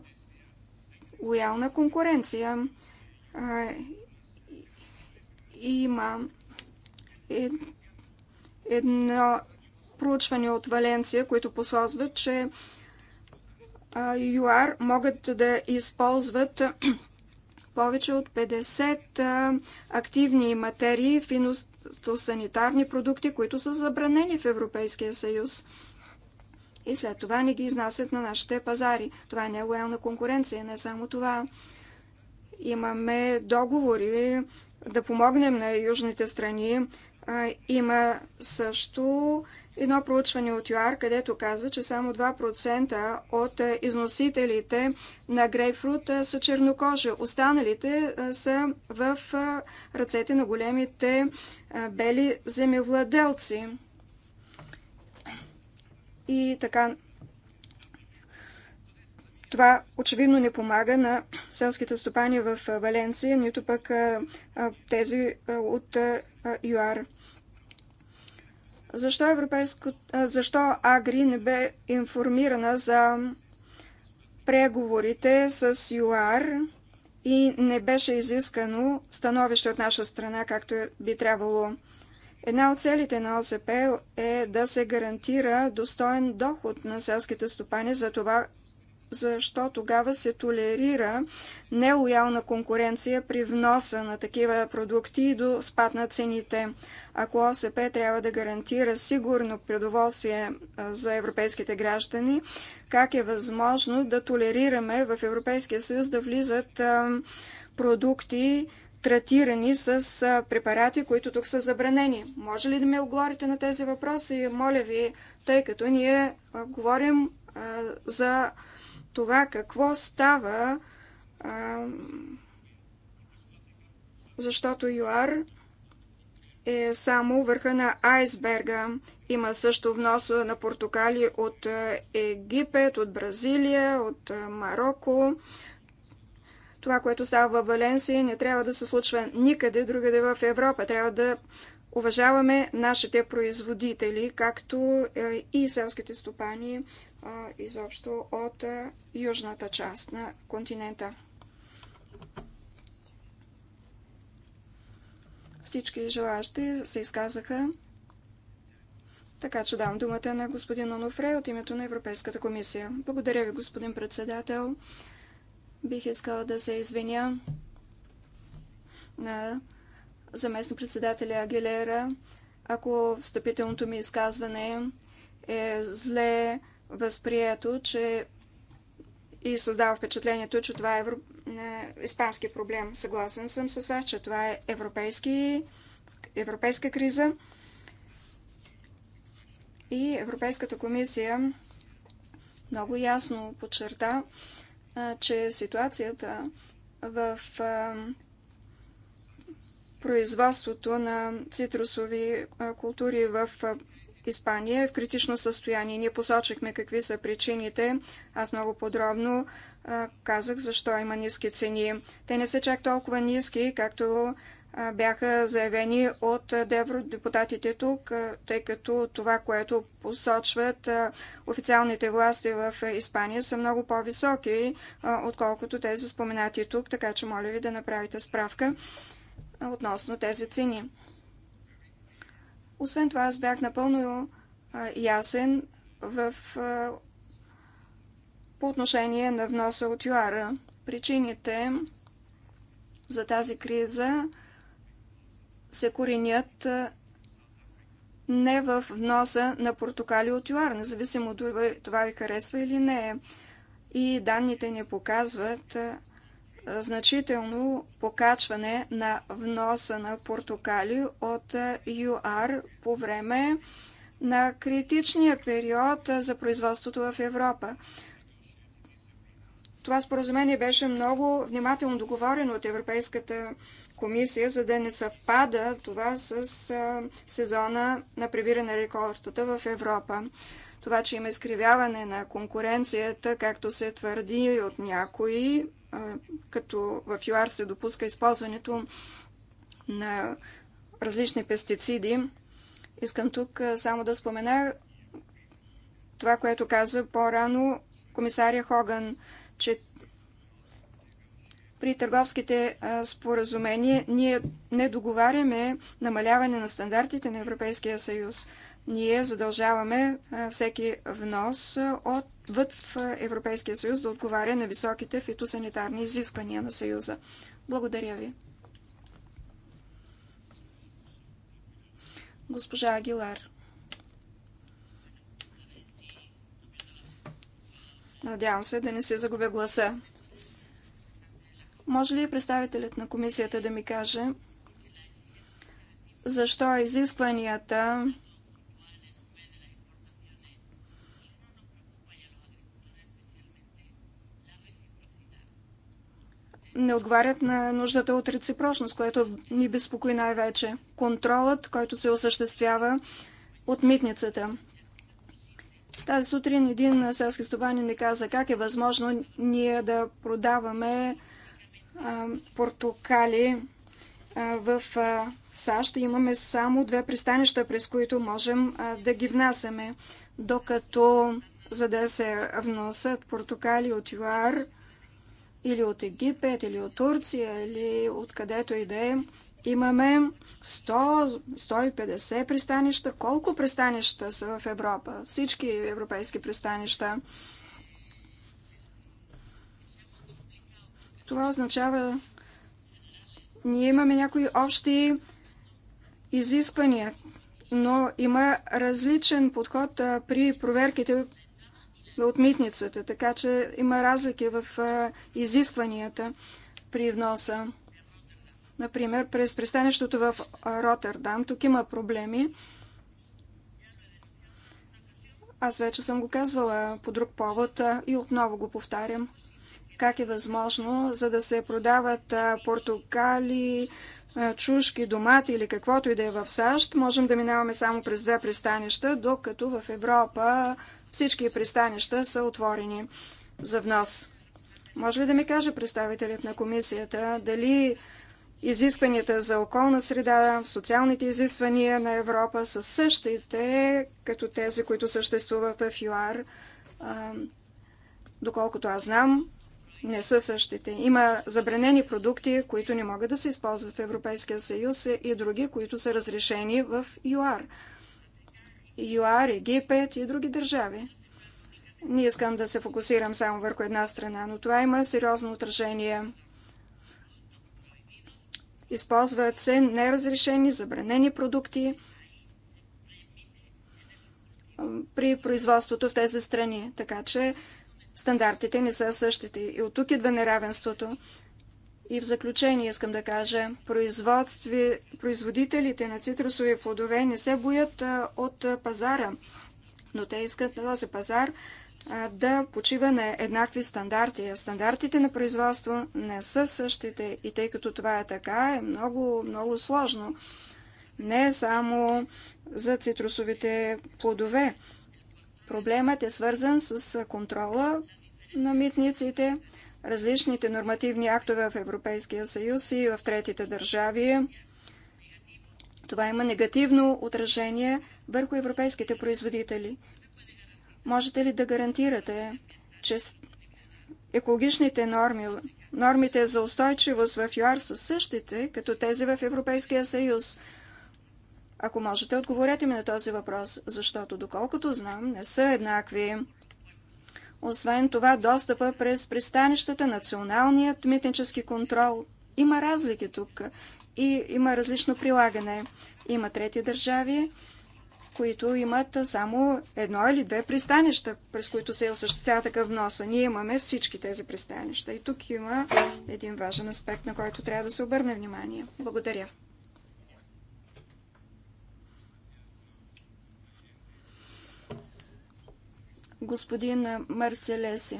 лоялна конкуренция. Има е, едно, проучвания от Валенция, които посозват, че ЮАР могат да използват [CLEARS THROAT] повече от 50 активни материи, фитосанитарни продукти, които са забранени в Европейския съюз. И след това не ги изнасят на нашите пазари. Това е нелоялна конкуренция, не само това. Имаме договори да помогнем на южните страни. Има също едно проучване от ЮАР, където казва, че само 2% от е, износителите на грейпфрут е, са чернокожи. Останалите е, са в ръцете на големите бели земевладелци. И така, това очевидно не помага на селските стопани в Валенция, нито пък тези от ЮАР. Защо, европейско... Защо Агри не бе информирана за преговорите с ЮАР и не беше изискано становище от наша страна, както би трябвало? Една от целите на ОСП е, е да се гарантира достоен доход на селските стопани за това защо тогава се толерира нелоялна конкуренция при вноса на такива продукти и до спад на цените. Ако ОСП трябва да гарантира сигурно предоволствие за европейските граждани, как е възможно да толерираме в Европейския съюз да влизат продукти, тратирани с препарати, които тук са забранени. Може ли да ме оговорите на тези въпроси? Моля ви, тъй като ние говорим за това какво става, а, защото ЮАР е само върха на айсберга. Има също вноса на портокали от Египет, от Бразилия, от Марокко. Това, което става във Валенсия, не трябва да се случва никъде другаде в Европа. Трябва да уважаваме нашите производители, както е, и селските стопани изобщо от южната част на континента. Всички желащи се изказаха, така че дам думата на господин Онофре от името на Европейската комисия. Благодаря ви, господин председател. Бих искала да се извиня на заместно председателя Агилера, ако встъпителното ми изказване е зле възприето, че и създава впечатлението, че това е евро... Е, испански проблем. Съгласен съм с вас, че това е европейски... европейска криза. И Европейската комисия много ясно подчерта, е, че ситуацията в е, производството на цитрусови култури в Испания е в критично състояние. Ние посочихме какви са причините. Аз много подробно а, казах защо има ниски цени. Те не са чак толкова ниски, както а, бяха заявени от евродепутатите тук, а, тъй като това, което посочват а, официалните власти в Испания, са много по-високи, отколкото тези споменати тук, така че моля ви да направите справка относно тези цени. Освен това, аз бях напълно ясен в, по отношение на вноса от ЮАРа. Причините за тази криза се коренят не в вноса на портокали от ЮАР, независимо от това ви харесва или не. И данните ни показват, значително покачване на вноса на портокали от ЮАР по време на критичния период за производството в Европа. Това споразумение беше много внимателно договорено от Европейската комисия, за да не съвпада това с сезона на прибиране на рекордата в Европа. Това, че има изкривяване на конкуренцията, както се твърди от някои, като в ЮАР се допуска използването на различни пестициди. Искам тук само да спомена това, което каза по-рано комисаря Хоган, че при търговските споразумения ние не договаряме намаляване на стандартите на Европейския съюз ние задължаваме всеки внос от въд в Европейския съюз да отговаря на високите фитосанитарни изисквания на съюза. Благодаря ви. Госпожа Агилар. Надявам се да не се загубя гласа. Може ли представителят на комисията да ми каже защо изискванията не отговарят на нуждата от реципрочност, което ни безпокои най-вече. Контролът, който се осъществява от митницата. Тази сутрин един селски стопанин ми каза как е възможно ние да продаваме а, портокали а, в а, САЩ. Имаме само две пристанища, през които можем а, да ги внасяме. Докато за да се вносят портокали от ЮАР, или от Египет, или от Турция, или откъдето и да е, имаме 100-150 пристанища. Колко пристанища са в Европа? Всички европейски пристанища. Това означава, ние имаме някои общи изисквания, но има различен подход при проверките от митницата, така че има разлики в изискванията при вноса. Например, през пристанището в Ротърдам, тук има проблеми. Аз вече съм го казвала по друг повод и отново го повтарям. Как е възможно, за да се продават портокали, чушки, домати или каквото и да е в САЩ, можем да минаваме само през две пристанища, докато в Европа всички пристанища са отворени за внос. Може ли да ми каже представителят на комисията дали изискванията за околна среда, социалните изисквания на Европа са същите, като тези, които съществуват в ЮАР? Доколкото аз знам, не са същите. Има забранени продукти, които не могат да се използват в Европейския съюз и други, които са разрешени в ЮАР. ЮАР, Египет и други държави. Не искам да се фокусирам само върху една страна, но това има сериозно отражение. Използват се неразрешени, забранени продукти при производството в тези страни, така че стандартите не са същите. И от тук идва неравенството. И в заключение искам да кажа, производителите на цитрусови плодове не се боят от пазара, но те искат на този пазар да почива на еднакви стандарти. Стандартите на производство не са същите и тъй като това е така, е много, много сложно. Не е само за цитрусовите плодове. Проблемът е свързан с контрола на митниците, различните нормативни актове в Европейския съюз и в третите държави. Това има негативно отражение върху европейските производители. Можете ли да гарантирате, че екологичните норми, нормите за устойчивост в ЮАР са същите, като тези в Европейския съюз? Ако можете, отговорете ми на този въпрос, защото, доколкото знам, не са еднакви. Освен това, достъпа през пристанищата, националният митнически контрол. Има разлики тук и има различно прилагане. Има трети държави, които имат само едно или две пристанища, през които се осъществява такъв внос. А ние имаме всички тези пристанища. И тук има един важен аспект, на който трябва да се обърне внимание. Благодаря. господин Марселеси.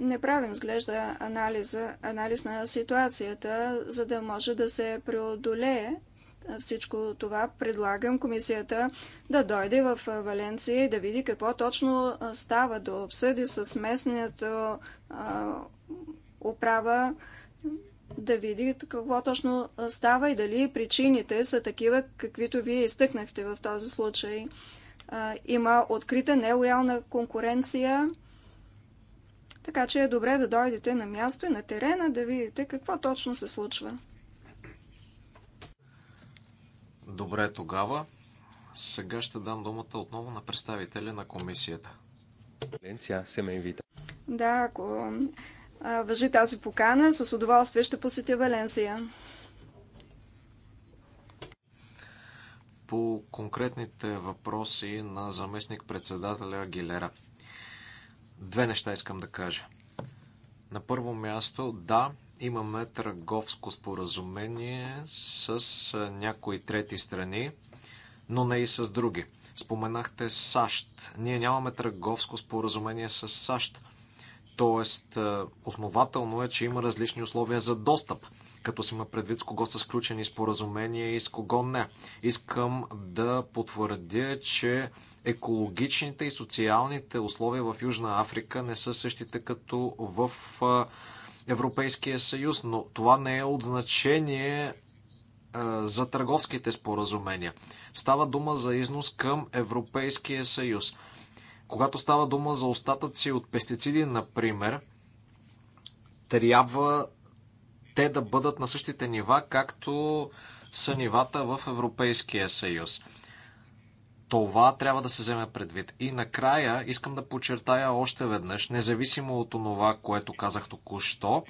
Не правим, изглежда, анализа, анализ на ситуацията, за да може да се преодолее всичко това. Предлагам комисията да дойде в Валенция и да види какво точно става, да обсъди с местното управа да види какво точно става и дали причините са такива, каквито вие изтъкнахте в този случай. Има открита нелоялна конкуренция, така че е добре да дойдете на място и на терена да видите какво точно се случва. Добре, тогава сега ще дам думата отново на представителя на комисията. Да, ако въжи тази покана. С удоволствие ще посетя Валенсия. По конкретните въпроси на заместник-председателя Гилера. Две неща искам да кажа. На първо място, да, имаме търговско споразумение с някои трети страни, но не и с други. Споменахте САЩ. Ние нямаме търговско споразумение с САЩ. Тоест, е, основателно е, че има различни условия за достъп, като си има предвид с кого са сключени споразумения и с кого не. Искам да потвърдя, че екологичните и социалните условия в Южна Африка не са същите като в е, Европейския съюз, но това не е от значение е, за търговските споразумения. Става дума за износ към Европейския съюз. Когато става дума за остатъци от пестициди, например, трябва те да бъдат на същите нива, както са нивата в Европейския съюз. Това трябва да се вземе предвид. И накрая искам да подчертая още веднъж, независимо от това, което казах току-що,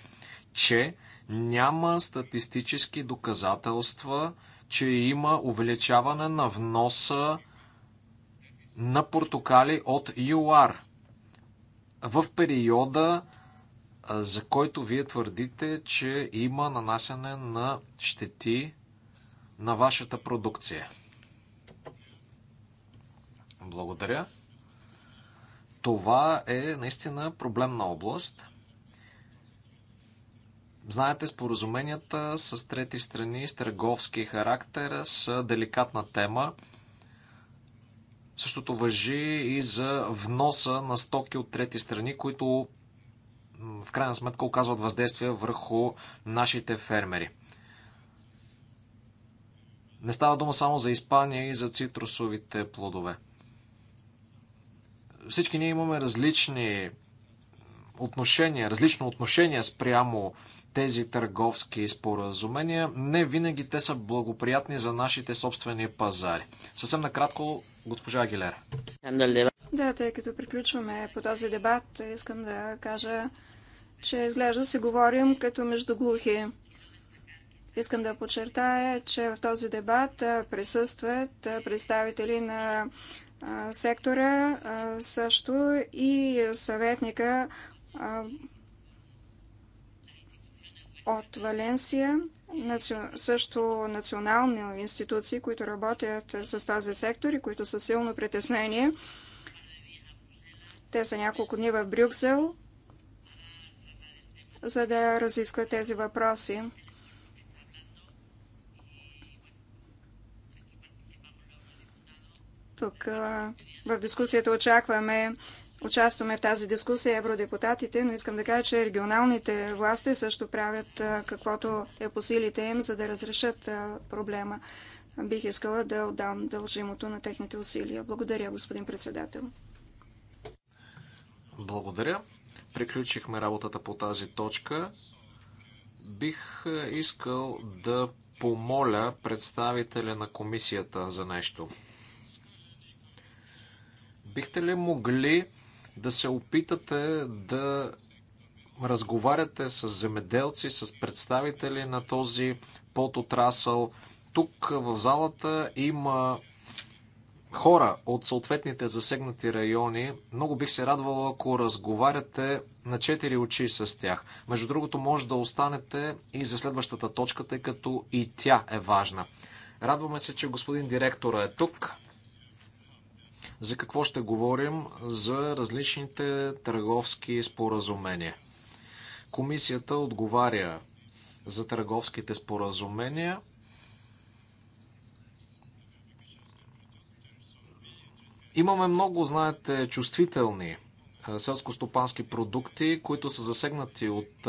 че няма статистически доказателства, че има увеличаване на вноса на портокали от ЮАР в периода, за който вие твърдите, че има нанасяне на щети на вашата продукция. Благодаря. Това е наистина проблемна област. Знаете, споразуменията с трети страни с търговски характер са деликатна тема. Същото въжи и за вноса на стоки от трети страни, които в крайна сметка оказват въздействие върху нашите фермери. Не става дума само за Испания и за цитрусовите плодове. Всички ние имаме различни отношения, различно отношение спрямо тези търговски споразумения. Не винаги те са благоприятни за нашите собствени пазари. Съвсем накратко Госпожа Агилера. Да, тъй като приключваме по този дебат, искам да кажа, че изглежда се говорим като между глухи. Искам да подчертая, че в този дебат присъстват представители на сектора, също и съветника от Валенсия също национални институции, които работят с този сектор и които са силно притеснени. Те са няколко дни в Брюксел, за да разискват тези въпроси. Тук в дискусията очакваме участваме в тази дискусия евродепутатите, но искам да кажа, че регионалните власти също правят каквото е по силите им, за да разрешат проблема. Бих искала да отдам дължимото на техните усилия. Благодаря, господин председател. Благодаря. Приключихме работата по тази точка. Бих искал да помоля представителя на комисията за нещо. Бихте ли могли да се опитате да разговаряте с земеделци, с представители на този подотрасъл. Тук в залата има хора от съответните засегнати райони. Много бих се радвала, ако разговаряте на четири очи с тях. Между другото, може да останете и за следващата точка, тъй като и тя е важна. Радваме се, че господин директора е тук за какво ще говорим за различните търговски споразумения. Комисията отговаря за търговските споразумения. Имаме много, знаете, чувствителни селско-стопански продукти, които са засегнати от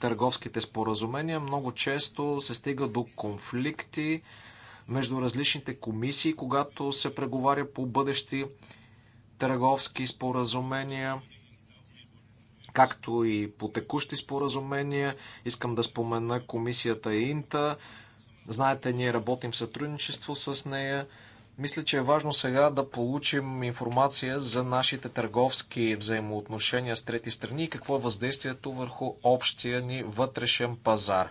търговските споразумения. Много често се стига до конфликти, между различните комисии, когато се преговаря по бъдещи търговски споразумения, както и по текущи споразумения. Искам да спомена комисията Инта. Знаете, ние работим в сътрудничество с нея. Мисля, че е важно сега да получим информация за нашите търговски взаимоотношения с трети страни и какво е въздействието върху общия ни вътрешен пазар.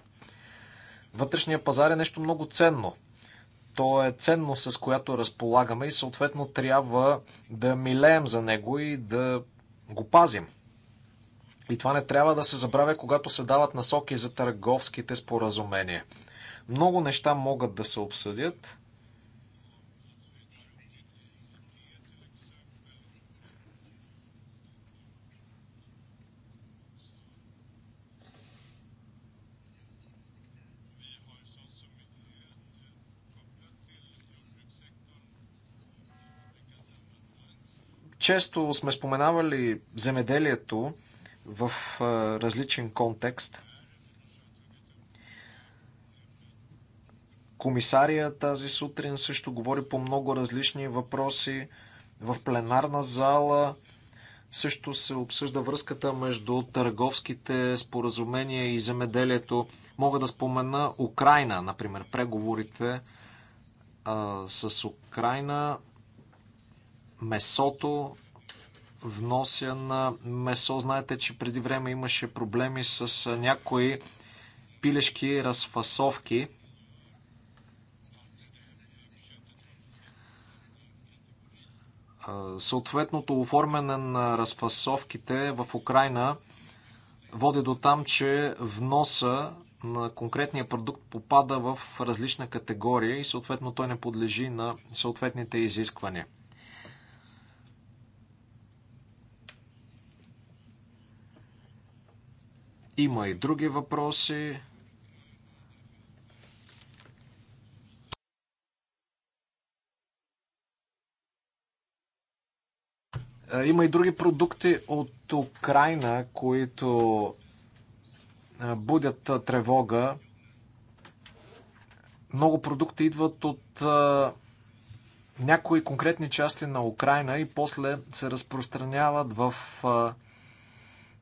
Вътрешният пазар е нещо много ценно. То е ценност, с която разполагаме и съответно трябва да милеем за него и да го пазим. И това не трябва да се забравя, когато се дават насоки за търговските споразумения. Много неща могат да се обсъдят. Често сме споменавали земеделието в различен контекст. Комисария тази сутрин също говори по много различни въпроси. В пленарна зала също се обсъжда връзката между търговските споразумения и земеделието. Мога да спомена Украина, например, преговорите а, с Украина месото, внося на месо. Знаете, че преди време имаше проблеми с някои пилешки разфасовки. Съответното оформяне на разфасовките в Украина води до там, че вноса на конкретния продукт попада в различна категория и съответно той не подлежи на съответните изисквания. Има и други въпроси. Е, има и други продукти от Украина, които е, будят е, тревога. Много продукти идват от някои конкретни части на Украина и после се разпространяват в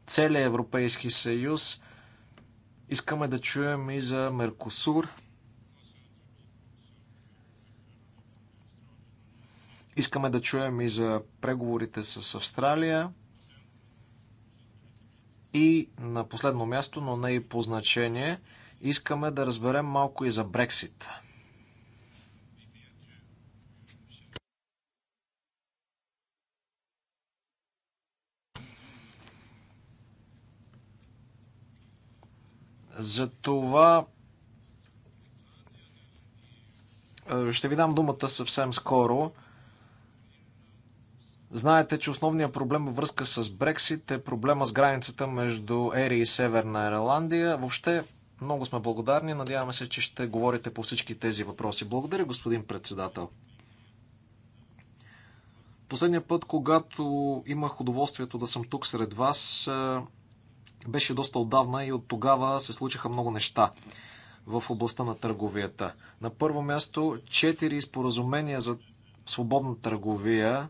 целия Европейски съюз. Искаме да чуем и за Меркосур. Искаме да чуем и за преговорите с Австралия. И на последно място, но не и по значение, искаме да разберем малко и за Брексит. За това е, ще ви дам думата съвсем скоро. Знаете, че основният проблем във връзка с Брексит е проблема с границата между Ери и Северна Ирландия. Въобще много сме благодарни. Надяваме се, че ще говорите по всички тези въпроси. Благодаря, господин председател. Последния път, когато имах удоволствието да съм тук сред вас, е, беше доста отдавна и от тогава се случиха много неща в областта на търговията. На първо място, четири споразумения за свободна търговия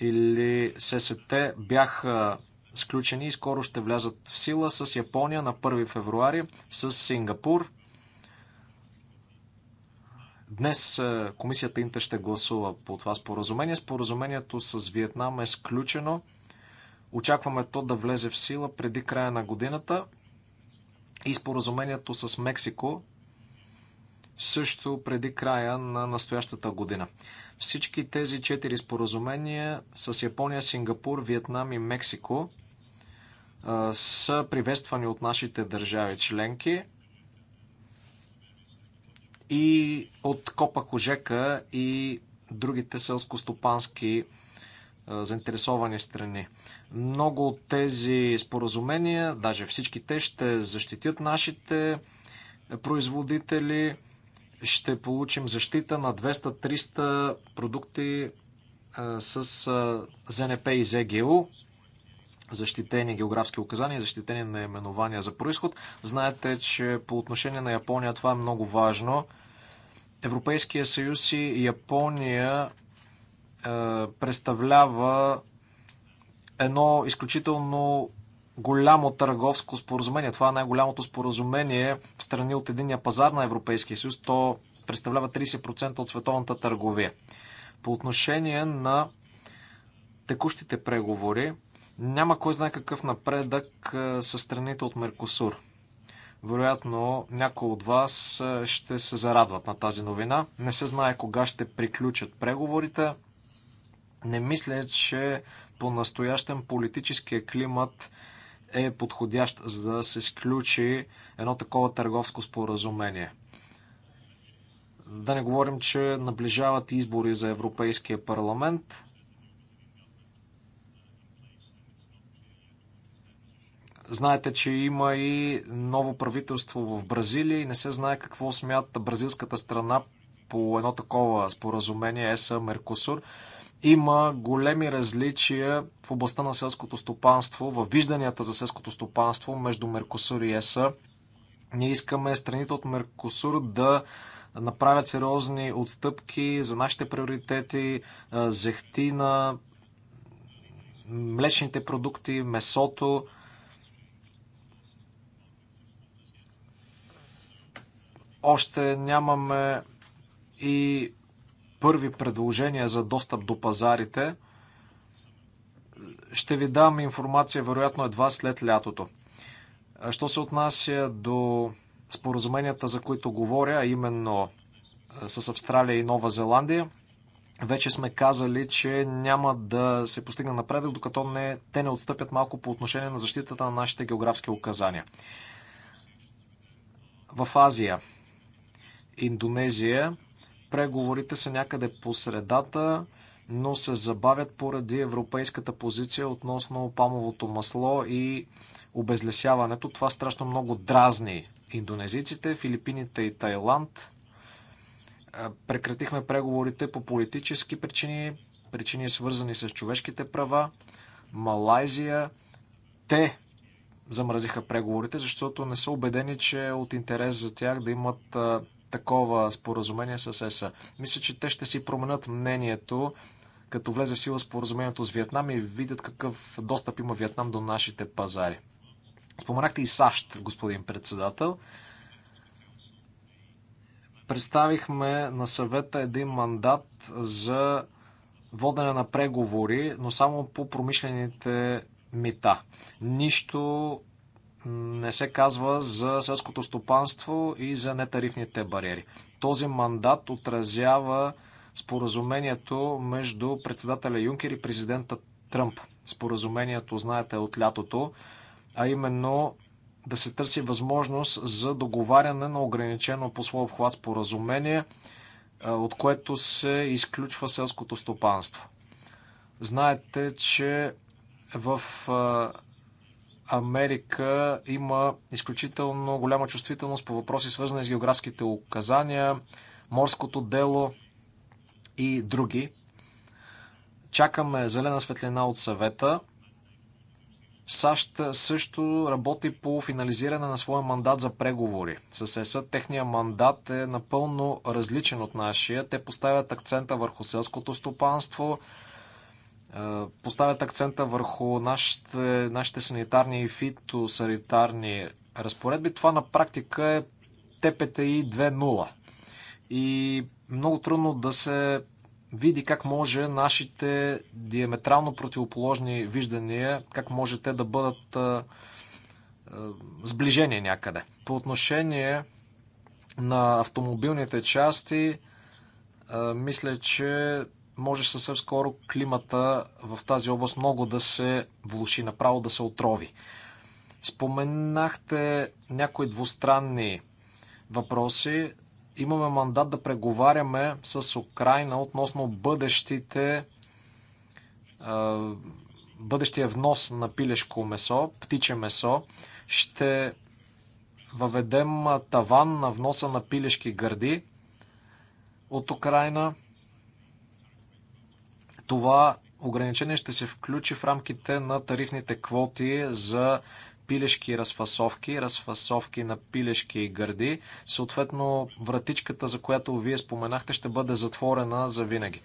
или ССТ бяха сключени и скоро ще влязат в сила с Япония на 1 февруари, с Сингапур. Днес е, комисията Инта ще гласува по това споразумение. Споразумението с Виетнам е сключено. Очакваме то да влезе в сила преди края на годината и споразумението с Мексико също преди края на настоящата година. Всички тези четири споразумения с Япония, Сингапур, Виетнам и Мексико са приветствани от нашите държави членки и от Копа Кожека и другите селско-стопански заинтересовани страни. Много от тези споразумения, даже всички те, ще защитят нашите производители. Ще получим защита на 200-300 продукти с ЗНП и ЗГУ защитени географски указания, защитени наименования за происход. Знаете, че по отношение на Япония това е много важно. Европейския съюз и Япония представлява едно изключително голямо търговско споразумение. Това е най-голямото споразумение в страни от единия пазар на Европейския съюз. То представлява 30% от световната търговия. По отношение на текущите преговори, няма кой знае какъв напредък с страните от Меркосур. Вероятно, някои от вас ще се зарадват на тази новина. Не се знае кога ще приключат преговорите. Не мисля, че по-настоящен политическия климат е подходящ за да се сключи едно такова търговско споразумение. Да не говорим, че наближават избори за Европейския парламент. Знаете, че има и ново правителство в Бразилия и не се знае какво смята бразилската страна по едно такова споразумение ЕСА Меркосур има големи различия в областта на селското стопанство, във вижданията за селското стопанство между Меркосур и ЕСА. Ние искаме страните от Меркосур да направят сериозни отстъпки за нашите приоритети, зехтина, млечните продукти, месото. Още нямаме и първи предложения за достъп до пазарите. Ще ви дам информация, вероятно, едва след лятото. Що се отнася до споразуменията, за които говоря, а именно с Австралия и Нова Зеландия, вече сме казали, че няма да се постигне напредък, докато не, те не отстъпят малко по отношение на защитата на нашите географски указания. В Азия, Индонезия, Преговорите са някъде по средата, но се забавят поради европейската позиция относно памовото масло и обезлесяването. Това страшно много дразни индонезиците, филипините и Тайланд. Е, прекратихме преговорите по политически причини, причини свързани с човешките права. Малайзия, те замразиха преговорите, защото не са убедени, че е от интерес за тях да имат е, такова споразумение с ЕСА. Мисля, че те ще си променят мнението, като влезе в сила споразумението с Виетнам и видят какъв достъп има Виетнам до нашите пазари. Споменахте и САЩ, господин председател. Представихме на съвета един мандат за водене на преговори, но само по промишлените мита. Нищо не се казва за селското стопанство и за нетарифните бариери. Този мандат отразява споразумението между председателя Юнкер и президента Тръмп. Споразумението, знаете, е от лятото, а именно да се търси възможност за договаряне на ограничено по своя обхват споразумение, от което се изключва селското стопанство. Знаете, че в Америка има изключително голяма чувствителност по въпроси, свързани с географските указания, морското дело и други. Чакаме зелена светлина от съвета. САЩ също работи по финализиране на своя мандат за преговори с ЕС. Техният мандат е напълно различен от нашия. Те поставят акцента върху селското стопанство, е, поставят акцента върху нашите, нашите санитарни и фитосанитарни разпоредби. Това на практика е ТПТИ 2.0. И много трудно да се види как може нашите диаметрално противоположни виждания, как може те да бъдат а, е, а, е, сближени някъде. По отношение на автомобилните части, а, мисля, че може съвсем скоро климата в тази област много да се влуши, направо да се отрови. Споменахте някои двустранни въпроси. Имаме мандат да преговаряме с Украина относно бъдещите бъдещия внос на пилешко месо, птиче месо. Ще въведем таван на вноса на пилешки гърди от Украина – това ограничение ще се включи в рамките на тарифните квоти за пилешки разфасовки, разфасовки на пилешки и гърди. Съответно, вратичката, за която вие споменахте, ще бъде затворена за винаги.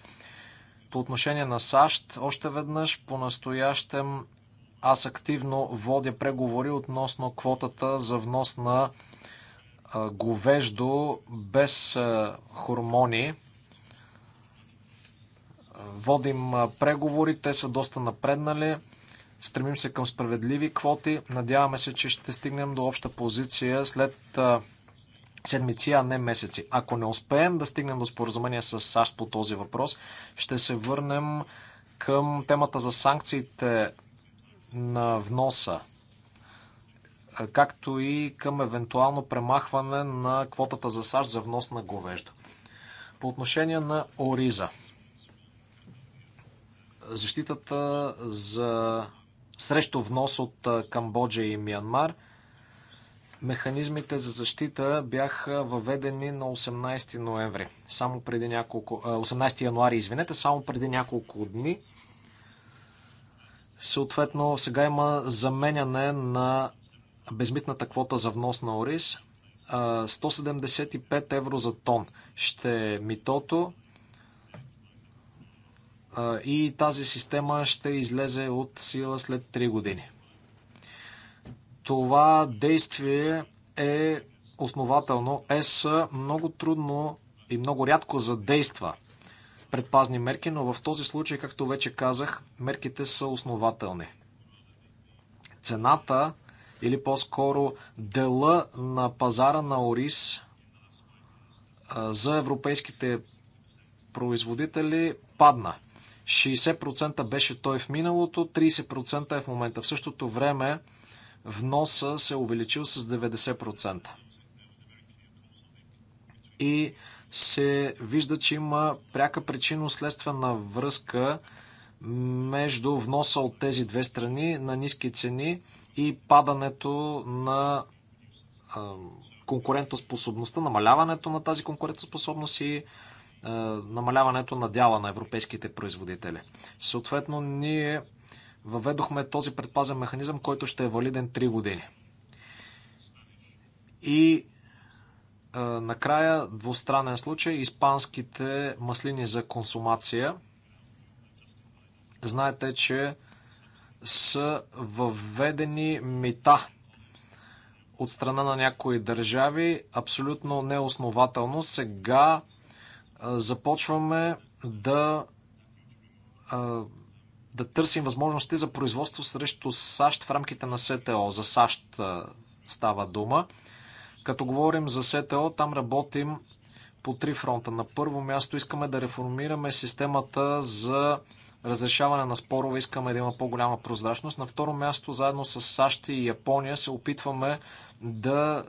По отношение на САЩ, още веднъж, по-настоящем аз активно водя преговори относно квотата за внос на говеждо без хормони водим преговори, те са доста напреднали. Стремим се към справедливи квоти. Надяваме се, че ще стигнем до обща позиция след седмици, а не месеци. Ако не успеем да стигнем до споразумение с САЩ по този въпрос, ще се върнем към темата за санкциите на вноса, както и към евентуално премахване на квотата за САЩ за внос на говеждо. По отношение на Ориза – защитата за срещу внос от Камбоджа и Миянмар. Механизмите за защита бяха въведени на 18 ноември, само преди няколко, 18 януари, извинете, само преди няколко дни. Съответно, сега има заменяне на безмитната квота за внос на ориз. 175 евро за тон ще е митото, и тази система ще излезе от сила след 3 години. Това действие е основателно. ЕС много трудно и много рядко задейства предпазни мерки, но в този случай, както вече казах, мерките са основателни. Цената или по-скоро дела на пазара на Орис за европейските производители падна 60% беше той в миналото, 30% е в момента. В същото време вноса се е увеличил с 90%. И се вижда, че има пряка причинно-следствена връзка между вноса от тези две страни на ниски цени и падането на конкурентоспособността, намаляването на тази конкурентоспособност и е, намаляването на дяла на европейските производители. Съответно, ние въведохме този предпазен механизъм, който ще е валиден 3 години. И а, е, накрая, двустранен случай, испанските маслини за консумация. Знаете, че са въведени мита от страна на някои държави, абсолютно неоснователно. Сега започваме да, да търсим възможности за производство срещу САЩ в рамките на СТО. За САЩ става дума. Като говорим за СТО, там работим по три фронта. На първо място искаме да реформираме системата за разрешаване на спорове, искаме да има по-голяма прозрачност. На второ място, заедно с САЩ и Япония, се опитваме да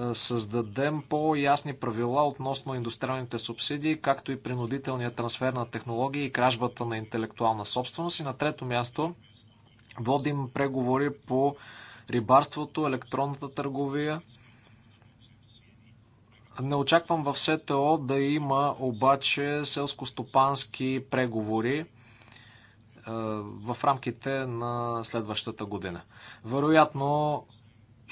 е, създадем по-ясни правила относно индустриалните субсидии, както и принудителния трансфер на технологии и кражбата на интелектуална собственост. И на трето място водим преговори по рибарството, електронната търговия. Не очаквам в СТО да има обаче селско-стопански преговори е, в рамките на следващата година. Вероятно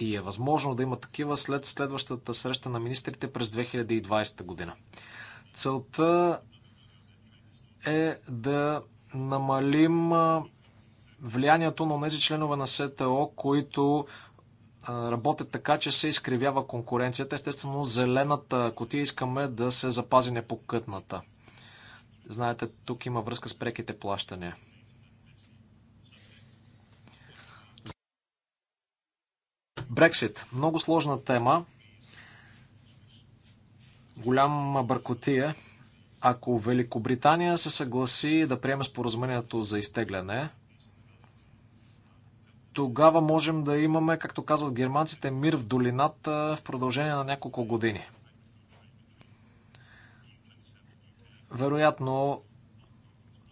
и е възможно да има такива след следващата среща на министрите през 2020 година. Целта е да намалим влиянието на тези членове на СТО, които работят така, че се изкривява конкуренцията. Естествено, зелената котия искаме да се запази непокътната. Знаете, тук има връзка с преките плащания. Брексит. Много сложна тема. Голяма бъркотия. Ако Великобритания се съгласи да приеме споразумението за изтегляне, тогава можем да имаме, както казват германците, мир в долината в продължение на няколко години. Вероятно,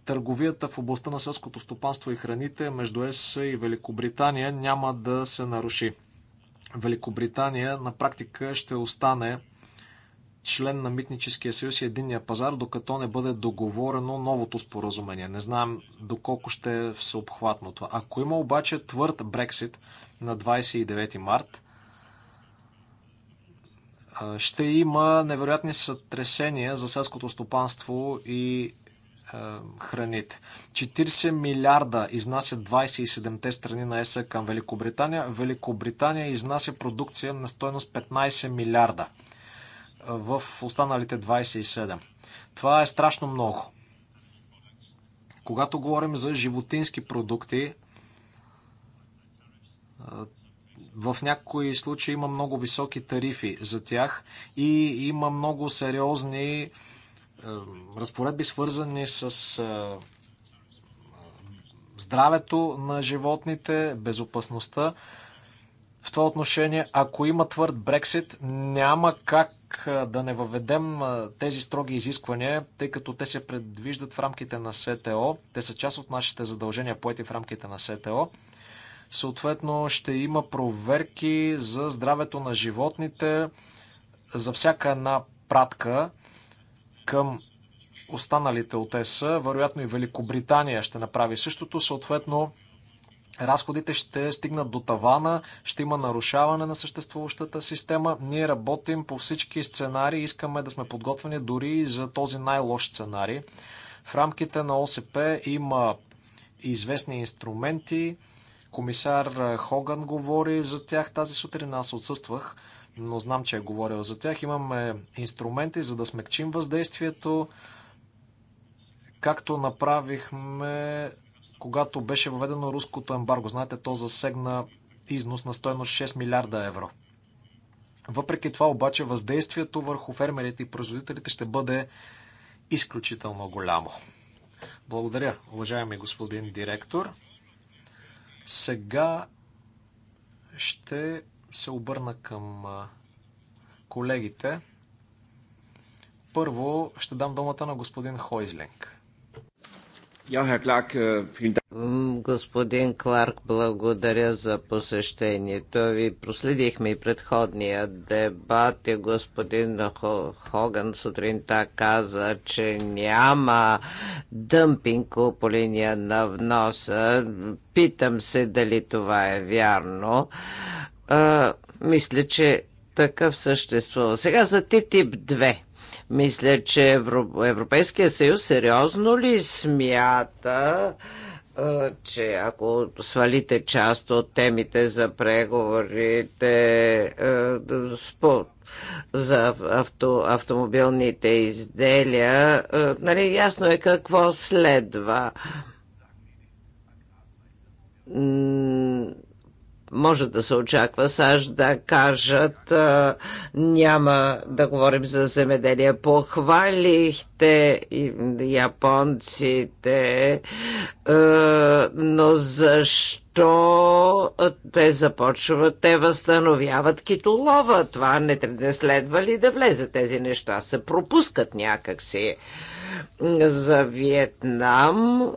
търговията в областта на селското стопанство и храните между ЕС и Великобритания няма да се наруши. Великобритания на практика ще остане член на Митническия съюз и единния пазар, докато не бъде договорено новото споразумение. Не знаем доколко ще е всеобхватно това. Ако има обаче твърд Брексит на 29 март, ще има невероятни сътресения за селското стопанство и храните. 40 милиарда изнасят 27-те страни на ЕСА към Великобритания. Великобритания изнася продукция на стоеност 15 милиарда в останалите 27. Това е страшно много. Когато говорим за животински продукти, в някои случаи има много високи тарифи за тях и има много сериозни разпоредби, свързани с е, здравето на животните, безопасността. В това отношение, ако има твърд Брексит, няма как е, да не въведем е, тези строги изисквания, тъй като те се предвиждат в рамките на СТО. Те са част от нашите задължения, поети в рамките на СТО. Съответно, ще има проверки за здравето на животните за всяка една пратка към останалите от ЕС, вероятно и Великобритания ще направи същото, съответно разходите ще стигнат до тавана, ще има нарушаване на съществуващата система. Ние работим по всички сценарии, искаме да сме подготвени дори и за този най-лош сценарий. В рамките на ОСП има известни инструменти. Комисар Хоган говори за тях тази сутрин, аз отсъствах но знам, че е говорил за тях. Имаме инструменти, за да смекчим въздействието, както направихме, когато беше въведено руското ембарго. Знаете, то засегна износ на стоеност 6 милиарда евро. Въпреки това обаче въздействието върху фермерите и производителите ще бъде изключително голямо. Благодаря, уважаеми господин директор. Сега ще се обърна към колегите. Първо ще дам думата на господин Хойзлинг. Е, господин Кларк, благодаря за посещението ви. Проследихме и предходния дебат и господин Хоган сутринта каза, че няма дъмпинг по линия на вноса. Питам се дали това е вярно а, мисля, че такъв съществува. Сега за ТТИП 2. Мисля, че Европейския съюз сериозно ли смята че ако свалите част от темите за преговорите за авто, автомобилните изделия, нали, ясно е какво следва може да се очаква САЩ да кажат а, няма да говорим за земеделие. Похвалихте японците, а, но защо то те започват, те възстановяват китолова. Това не, следва ли да влезе? Тези неща се пропускат някакси. си за Виетнам.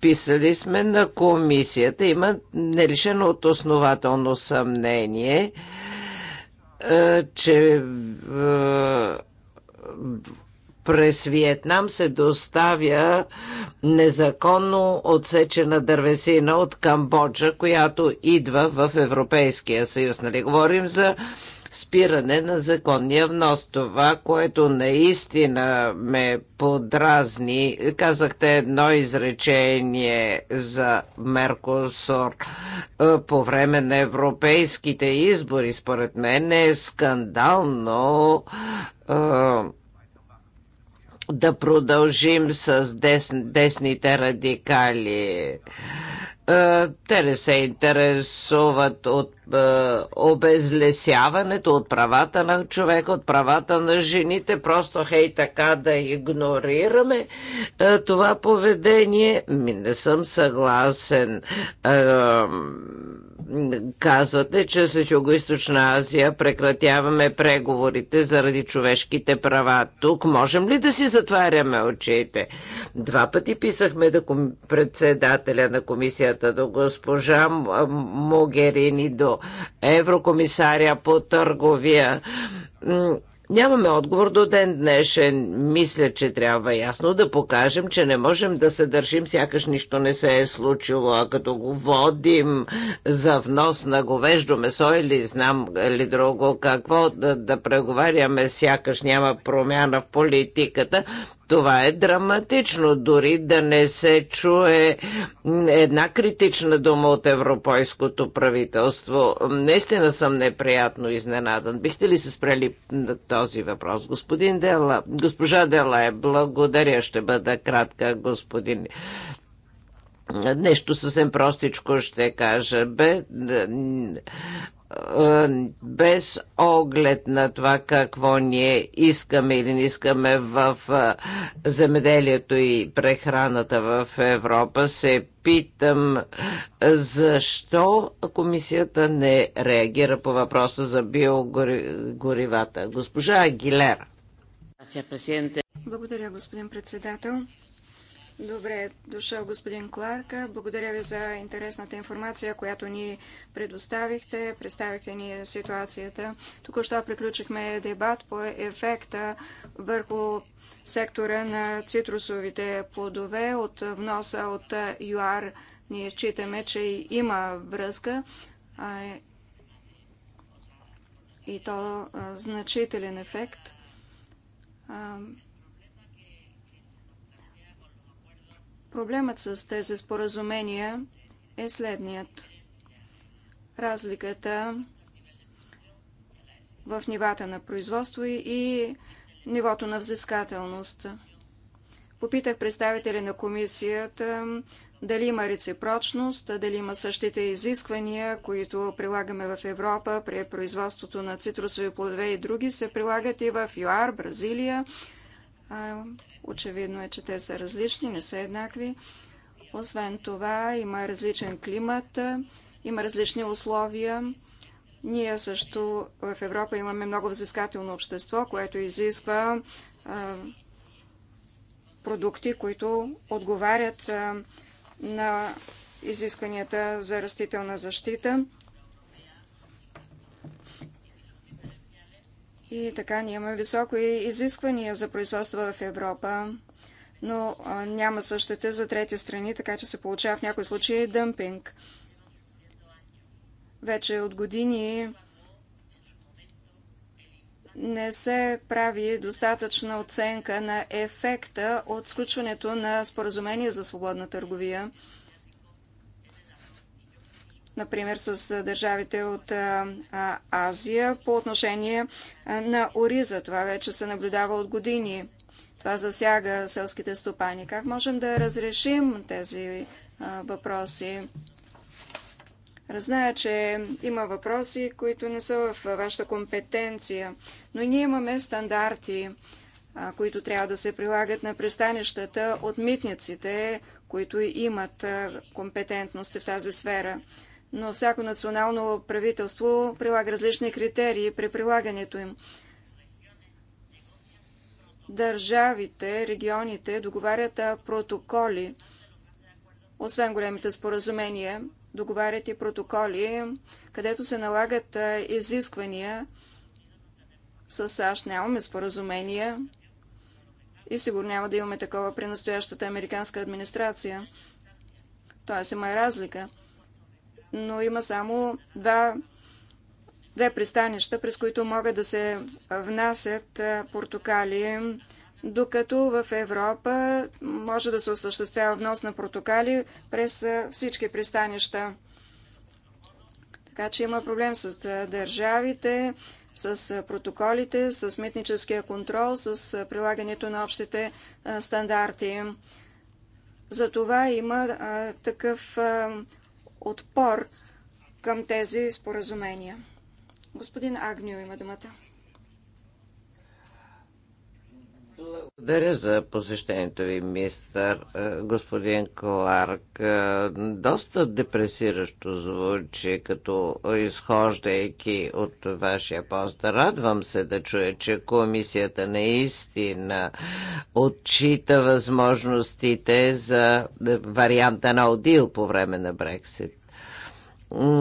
Писали сме на комисията. Има нерешено от основателно съмнение, че през Виетнам се доставя незаконно отсечена дървесина от Камбоджа, която идва в Европейския съюз. Нали? Говорим за спиране на законния внос. Това, което наистина ме подразни, казахте едно изречение за Меркосор е, по време на европейските избори. Според мен е скандално е, да продължим с десните радикали. Е, те не се интересуват от е, обезлесяването, от правата на човека, от правата на жените. Просто хей така да игнорираме е, това поведение. Ми не съм съгласен. Е, Казвате, че с Юго-Источна Азия прекратяваме преговорите заради човешките права. Тук можем ли да си затваряме очите? Два пъти писахме до ком... председателя на комисията, до госпожа Могерини, до еврокомисаря по търговия Нямаме отговор до ден днешен. Мисля, че трябва ясно да покажем, че не можем да се държим сякаш нищо не се е случило, а като го водим за внос на говеждо месо или знам ли друго какво, да, да преговаряме сякаш няма промяна в политиката, това е драматично, дори да не се чуе една критична дума от европейското правителство. Наистина съм неприятно изненадан. Бихте ли се спрели на този въпрос? Господин Дела, госпожа Дела е благодаря, ще бъда кратка, господин Нещо съвсем простичко ще кажа. Бе, е, без оглед на това какво ние искаме или не искаме в е, земеделието и прехраната в Европа, се питам защо комисията не реагира по въпроса за биогоривата. Госпожа Агилера. Благодаря, господин председател. Добре дошъл, господин Кларк. Благодаря ви за интересната информация, която ни предоставихте. Представихте ни ситуацията. Току-що приключихме дебат по ефекта върху сектора на цитрусовите плодове от вноса от ЮАР. Ние считаме, че има връзка и то значителен ефект Проблемът с тези споразумения е следният. Разликата в нивата на производство и нивото на взискателност. Попитах представители на комисията дали има реципрочност, дали има същите изисквания, които прилагаме в Европа при производството на цитрусови плодове и други, се прилагат и в ЮАР, Бразилия. Очевидно е, че те са различни, не са еднакви. Освен това, има различен климат, има различни условия. Ние също в Европа имаме много взискателно общество, което изисква продукти, които отговарят на изискванията за растителна защита. И така ние имаме високо изисквания за производство в Европа, но няма същите за трети страни, така че се получава в някои случаи дъмпинг. Вече от години не се прави достатъчна оценка на ефекта от сключването на споразумение за свободна търговия например с държавите от Азия по отношение на ориза. Това вече се наблюдава от години. Това засяга селските стопани. Как можем да разрешим тези въпроси? Зная, че има въпроси, които не са в вашата компетенция, но ние имаме стандарти, които трябва да се прилагат на пристанищата от митниците, които имат компетентности в тази сфера но всяко национално правителство прилага различни критерии при прилагането им. Държавите, регионите договарят протоколи, освен големите споразумения, договарят и протоколи, където се налагат изисквания. С САЩ нямаме споразумения и сигурно няма да имаме такова при настоящата американска администрация. Тоест има разлика но има само два, две пристанища, през които могат да се внасят портокали, докато в Европа може да се осъществява внос на портокали през всички пристанища. Така че има проблем с държавите, с протоколите, с митническия контрол, с прилагането на общите стандарти. За това има такъв отпор към тези споразумения. Господин Агнио има думата. Благодаря за посещението ви, мистър е, господин Кларк. Е, доста депресиращо звучи, като изхождайки от вашия пост. Радвам се да чуя, че комисията наистина отчита възможностите за варианта на Одил по време на Брексит.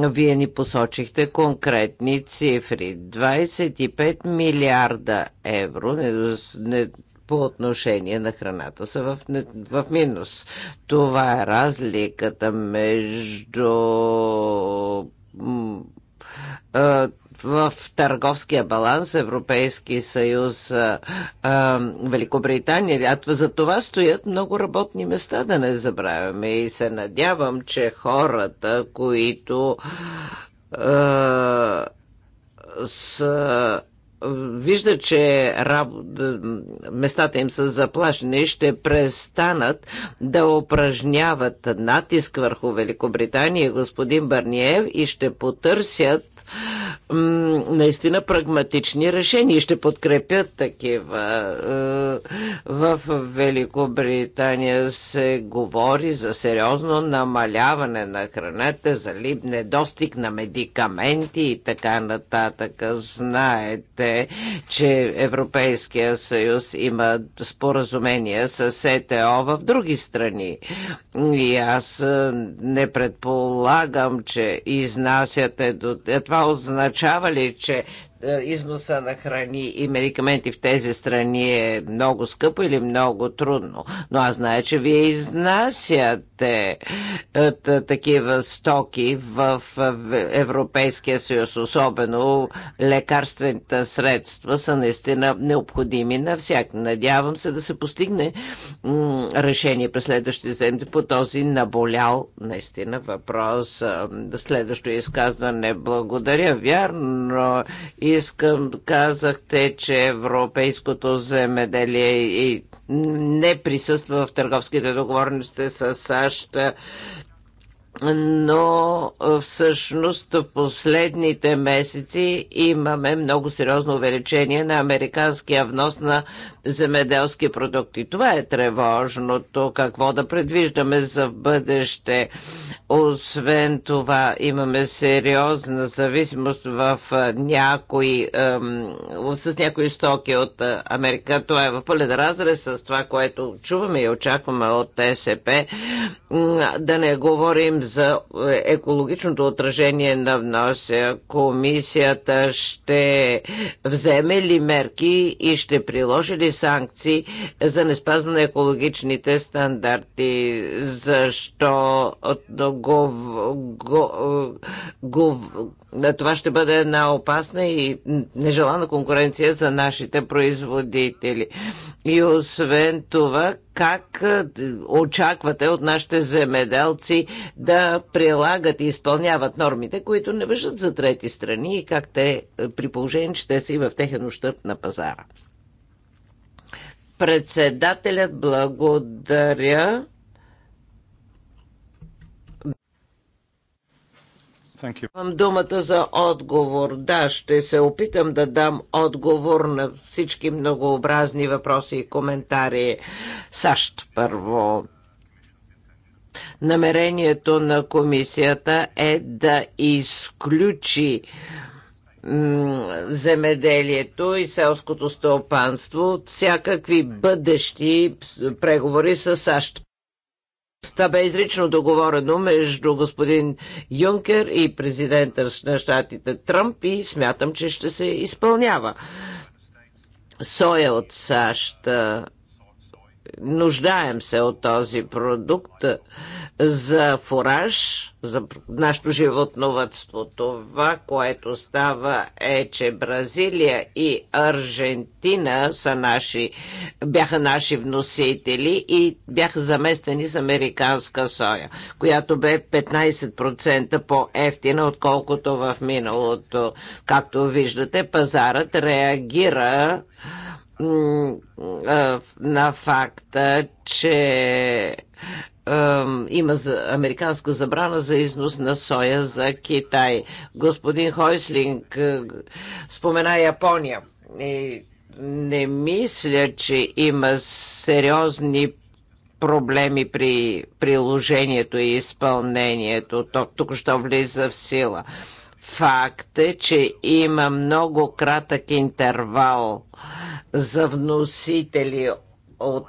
Вие ни посочихте конкретни цифри. 25 милиарда евро не, не, по отношение на храната са в, не, в минус. Това е разликата между в търговския баланс Европейски съюз а, а, Великобритания. А за това стоят много работни места, да не забравяме. И се надявам, че хората, които а, са виждат, че раб... местата им са заплашени, ще престанат да упражняват натиск върху Великобритания и господин Барниев и ще потърсят наистина прагматични решения и ще подкрепят такива. Е, в Великобритания се говори за сериозно намаляване на храната, за недостиг на медикаменти и така нататък. Знаете, че Европейския съюз има споразумения с СТО в други страни. И аз е, не предполагам, че изнасяте до... Това означава ли, че е, износа на храни и медикаменти в тези страни е много скъпо или много трудно. Но аз знае, че вие изнасяте е, такива стоки в Европейския съюз, особено лекарствените средства са наистина необходими всяк. Надявам се да се постигне решение през следващите седмици по този наболял наистина въпрос. Е, следващо изказване. Благодаря. Вярно и Искам, казахте, че европейското земеделие и не присъства в търговските договорности с САЩ но всъщност в последните месеци имаме много сериозно увеличение на американския внос на земеделски продукти. Това е тревожното, какво да предвиждаме за бъдеще. Освен това, имаме сериозна зависимост в някои, ем, с някои стоки от Америка. Това е в пълен разрез с това, което чуваме и очакваме от ТСП. Да не говорим за е, екологичното отражение на вноса. Комисията ще вземе ли мерки и ще приложи ли санкции за неспазване на екологичните стандарти? Защо гов, гов, гов, това ще бъде една опасна и нежелана конкуренция за нашите производители. И освен това, как очаквате от нашите земеделци да прилагат и изпълняват нормите, които не въжат за трети страни и как те при положение, че те са и в техен ущърп на пазара. Председателят благодаря. Имам думата за отговор. Да, ще се опитам да дам отговор на всички многообразни въпроси и коментари. САЩ първо. Намерението на комисията е да изключи земеделието и селското стопанство от всякакви бъдещи преговори с САЩ. Това бе изрично договорено между господин Юнкер и президента на щатите Тръмп и смятам, че ще се изпълнява. Соя от САЩ нуждаем се от този продукт за фураж, за нашето животновътство. Това, което става е, че Бразилия и Аржентина са наши, бяха наши вносители и бяха заместени с американска соя, която бе 15% по-ефтина, отколкото в миналото. Както виждате, пазарът реагира на факта, че има американска забрана за износ на соя за Китай. Господин Хойслинг спомена Япония. Не мисля, че има сериозни проблеми при приложението и изпълнението. То тук що влиза в сила. Факт е, че има много кратък интервал за вносители от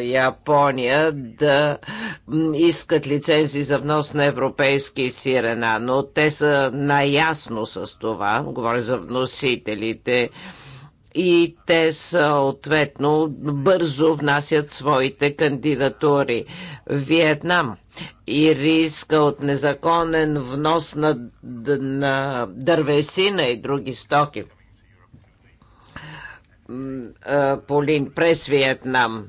Япония да искат лицензии за внос на европейски сирена, но те са наясно с това, говоря за вносителите, и те съответно бързо внасят своите кандидатури. Виетнам и риска от незаконен внос на, на дървесина и други стоки – Полин през Виетнам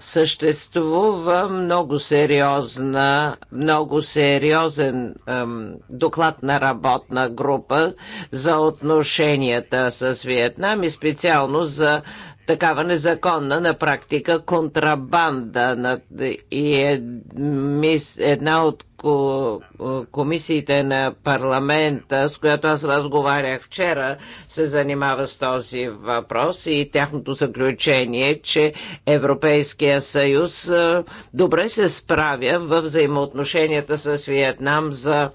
съществува много сериозна, много сериозен ем, доклад на работна група за отношенията с Виетнам и специално за такава незаконна на практика контрабанда и е, мис, една от комисиите на парламента, с която аз разговарях вчера, се занимава с този въпрос и тяхното заключение, че Европейския съюз е, добре се справя в взаимоотношенията с Виетнам за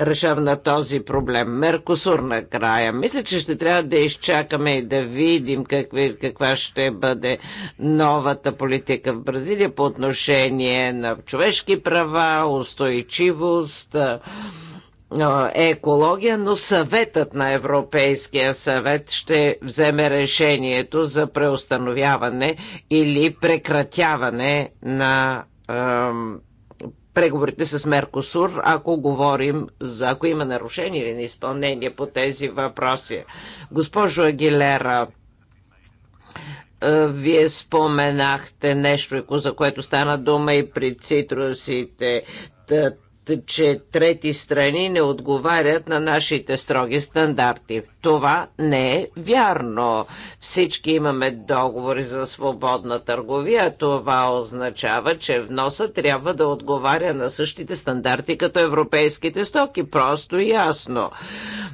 решав на този проблем. Меркосур накрая. Мисля, че ще трябва да изчакаме и да видим какви, каква ще бъде новата политика в Бразилия по отношение на човешки права, устойчивост устойчивост, е екология, но съветът на Европейския съвет ще вземе решението за преустановяване или прекратяване на е, преговорите с Меркосур, ако говорим за ако има нарушение или неизпълнение по тези въпроси. Госпожо Агилера, вие споменахте нещо, за което стана дума и при цитрусите. Е, че трети страни не отговарят на нашите строги стандарти. Това не е вярно. Всички имаме договори за свободна търговия. Това означава, че вноса трябва да отговаря на същите стандарти като европейските стоки. Просто и ясно.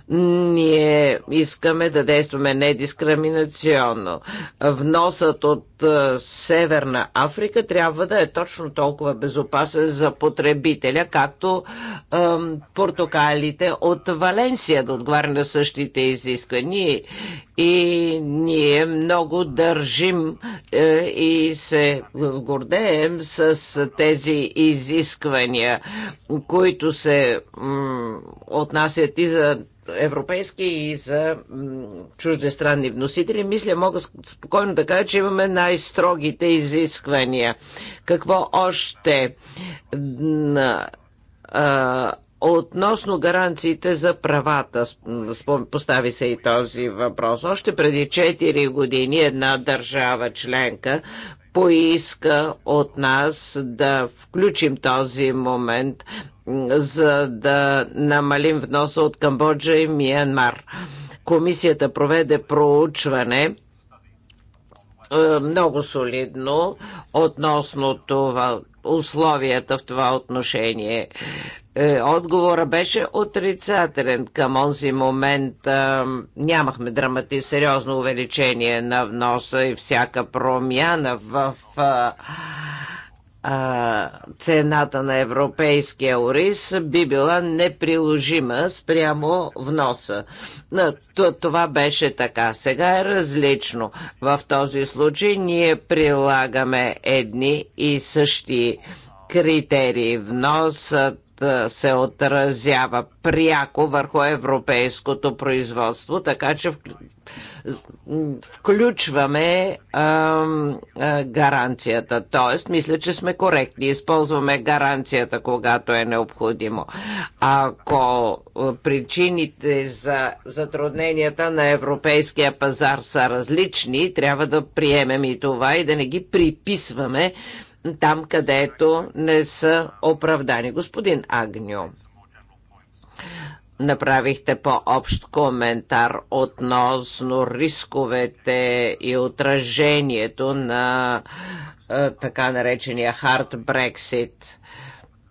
Ние искаме да действаме недискриминационно. Вносът от е, Северна Африка трябва да е точно толкова безопасен за потребителя, както ем, портокалите от Валенсия да отговаря на същите изисквания изисквания и ние много държим е, и се гордеем с тези изисквания, които се отнасят и за европейски и за чуждестранни вносители. Мисля, мога спокойно да кажа, че имаме най-строгите изисквания. Какво още? Относно гаранциите за правата, постави се и този въпрос. Още преди 4 години една държава членка поиска от нас да включим този момент, за да намалим вноса от Камбоджа и Миянмар. Комисията проведе проучване е, много солидно относно това, условията в това отношение. Е, отговора беше отрицателен. Към онзи момент а, е, нямахме драмати, сериозно увеличение на вноса и всяка промяна в а, а, цената на европейския ориз би била неприложима спрямо вноса. Това беше така. Сега е различно. В този случай ние прилагаме едни и същи критерии. Вносът се отразява пряко върху европейското производство, така че в включваме а, а, гаранцията. Тоест, мисля, че сме коректни. Използваме гаранцията, когато е необходимо. Ако причините за затрудненията на европейския пазар са различни, трябва да приемем и това и да не ги приписваме там, където не са оправдани. Господин Агньо направихте по-общ коментар относно рисковете и отражението на е, така наречения хард Брексит.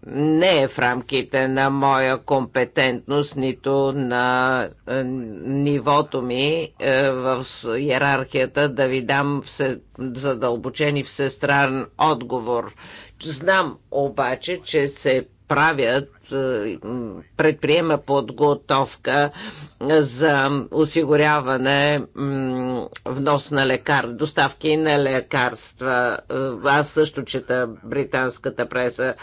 Не е в рамките на моя компетентност, нито на е, нивото ми е, в иерархията да ви дам все, задълбочен и всестран отговор. Знам обаче, че се правят, е, предприема подготовка е, за осигуряване внос на лекар, доставки на лекарства. Е, аз също чета британската преса.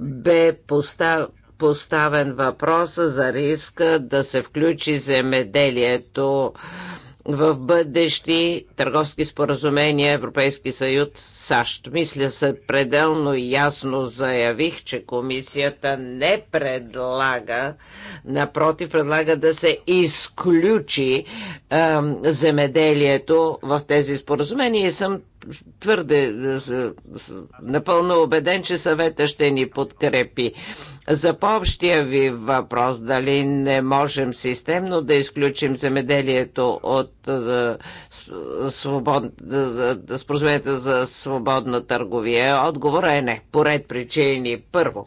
Бе постав, поставен въпроса за риска да се включи земеделието в бъдещи търговски споразумения Европейски съюз САЩ. Мисля се пределно ясно заявих, че комисията не предлага, напротив, предлага да се изключи а, земеделието в тези споразумения и съм твърде напълно убеден, че съвета ще ни подкрепи. За по-общия ви въпрос, дали не можем системно да изключим земеделието от е, свобод... споразумението за свободна търговия, отговора е не. Поред причини. Първо,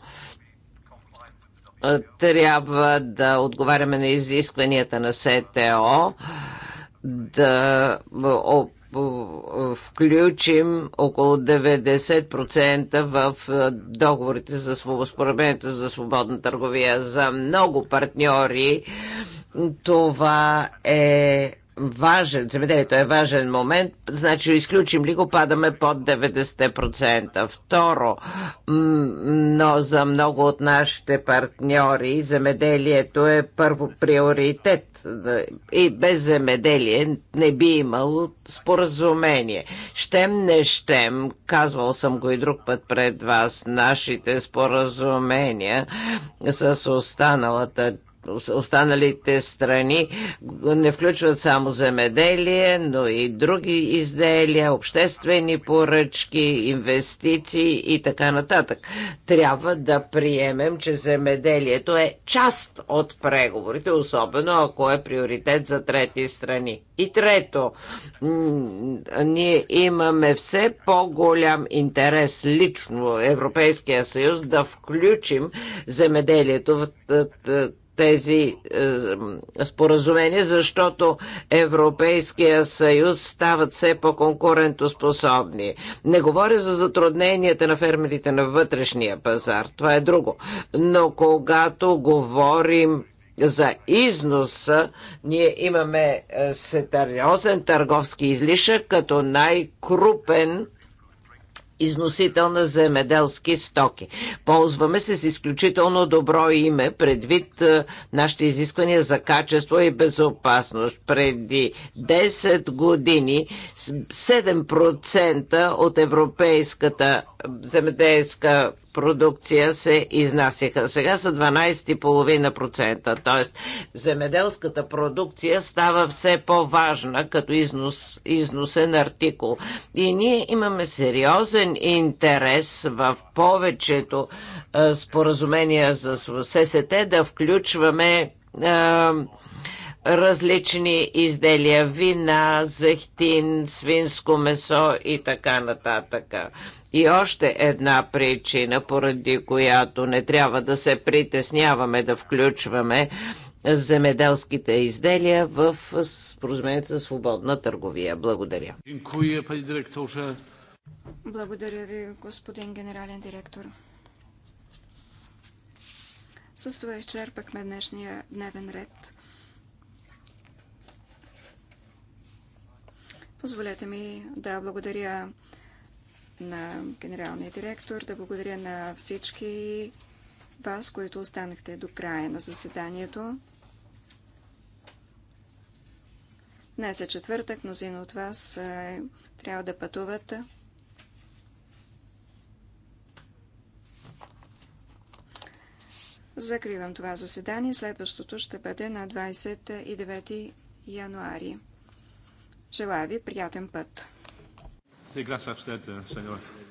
е, трябва да отговаряме на изискванията на СТО, да е, включим около 90% в е, договорите за споразумението за свободна търговия. За много партньори това е важен, земеделието е важен момент, значи изключим ли го, падаме под 90%. Второ, но за много от нашите партньори земеделието е първо приоритет и без земеделие не би имало споразумение. Щем не щем, казвал съм го и друг път пред вас, нашите споразумения с останалата останалите страни не включват само земеделие, но и други изделия, обществени поръчки, инвестиции и така нататък. Трябва да приемем, че земеделието е част от преговорите, особено ако е приоритет за трети страни. И трето, ние имаме все по-голям интерес лично Европейския съюз да включим земеделието в тези е, споразумения, защото Европейския съюз стават все по-конкурентоспособни. Не говоря за затрудненията на фермерите на вътрешния пазар, това е друго. Но когато говорим за износа, ние имаме е, сериозен търговски излишък като най-крупен износител на земеделски стоки. Ползваме се с изключително добро име предвид е, нашите изисквания за качество и безопасност. Преди 10 години 7% от европейската земеделска продукция се изнасяха. Сега са 12,5%. т.е. земеделската продукция става все по-важна като износ, износен артикул. И ние имаме сериозен интерес в повечето а, споразумения за ССТ да включваме а, различни изделия, вина, зехтин, свинско месо и така нататък. И още една причина, поради която не трябва да се притесняваме да включваме земеделските изделия в споразумението за свободна търговия. Благодаря. Благодаря ви, господин генерален директор. С това изчерпахме днешния дневен ред. Позволете ми да благодаря на генералния директор, да благодаря на всички вас, които останахте до края на заседанието. Днес е четвъртък, мнозина от вас е, трябва да пътуват. Закривам това заседание. Следващото ще бъде на 29 януари. Желая ви приятен път! Sí, gracias a usted, señor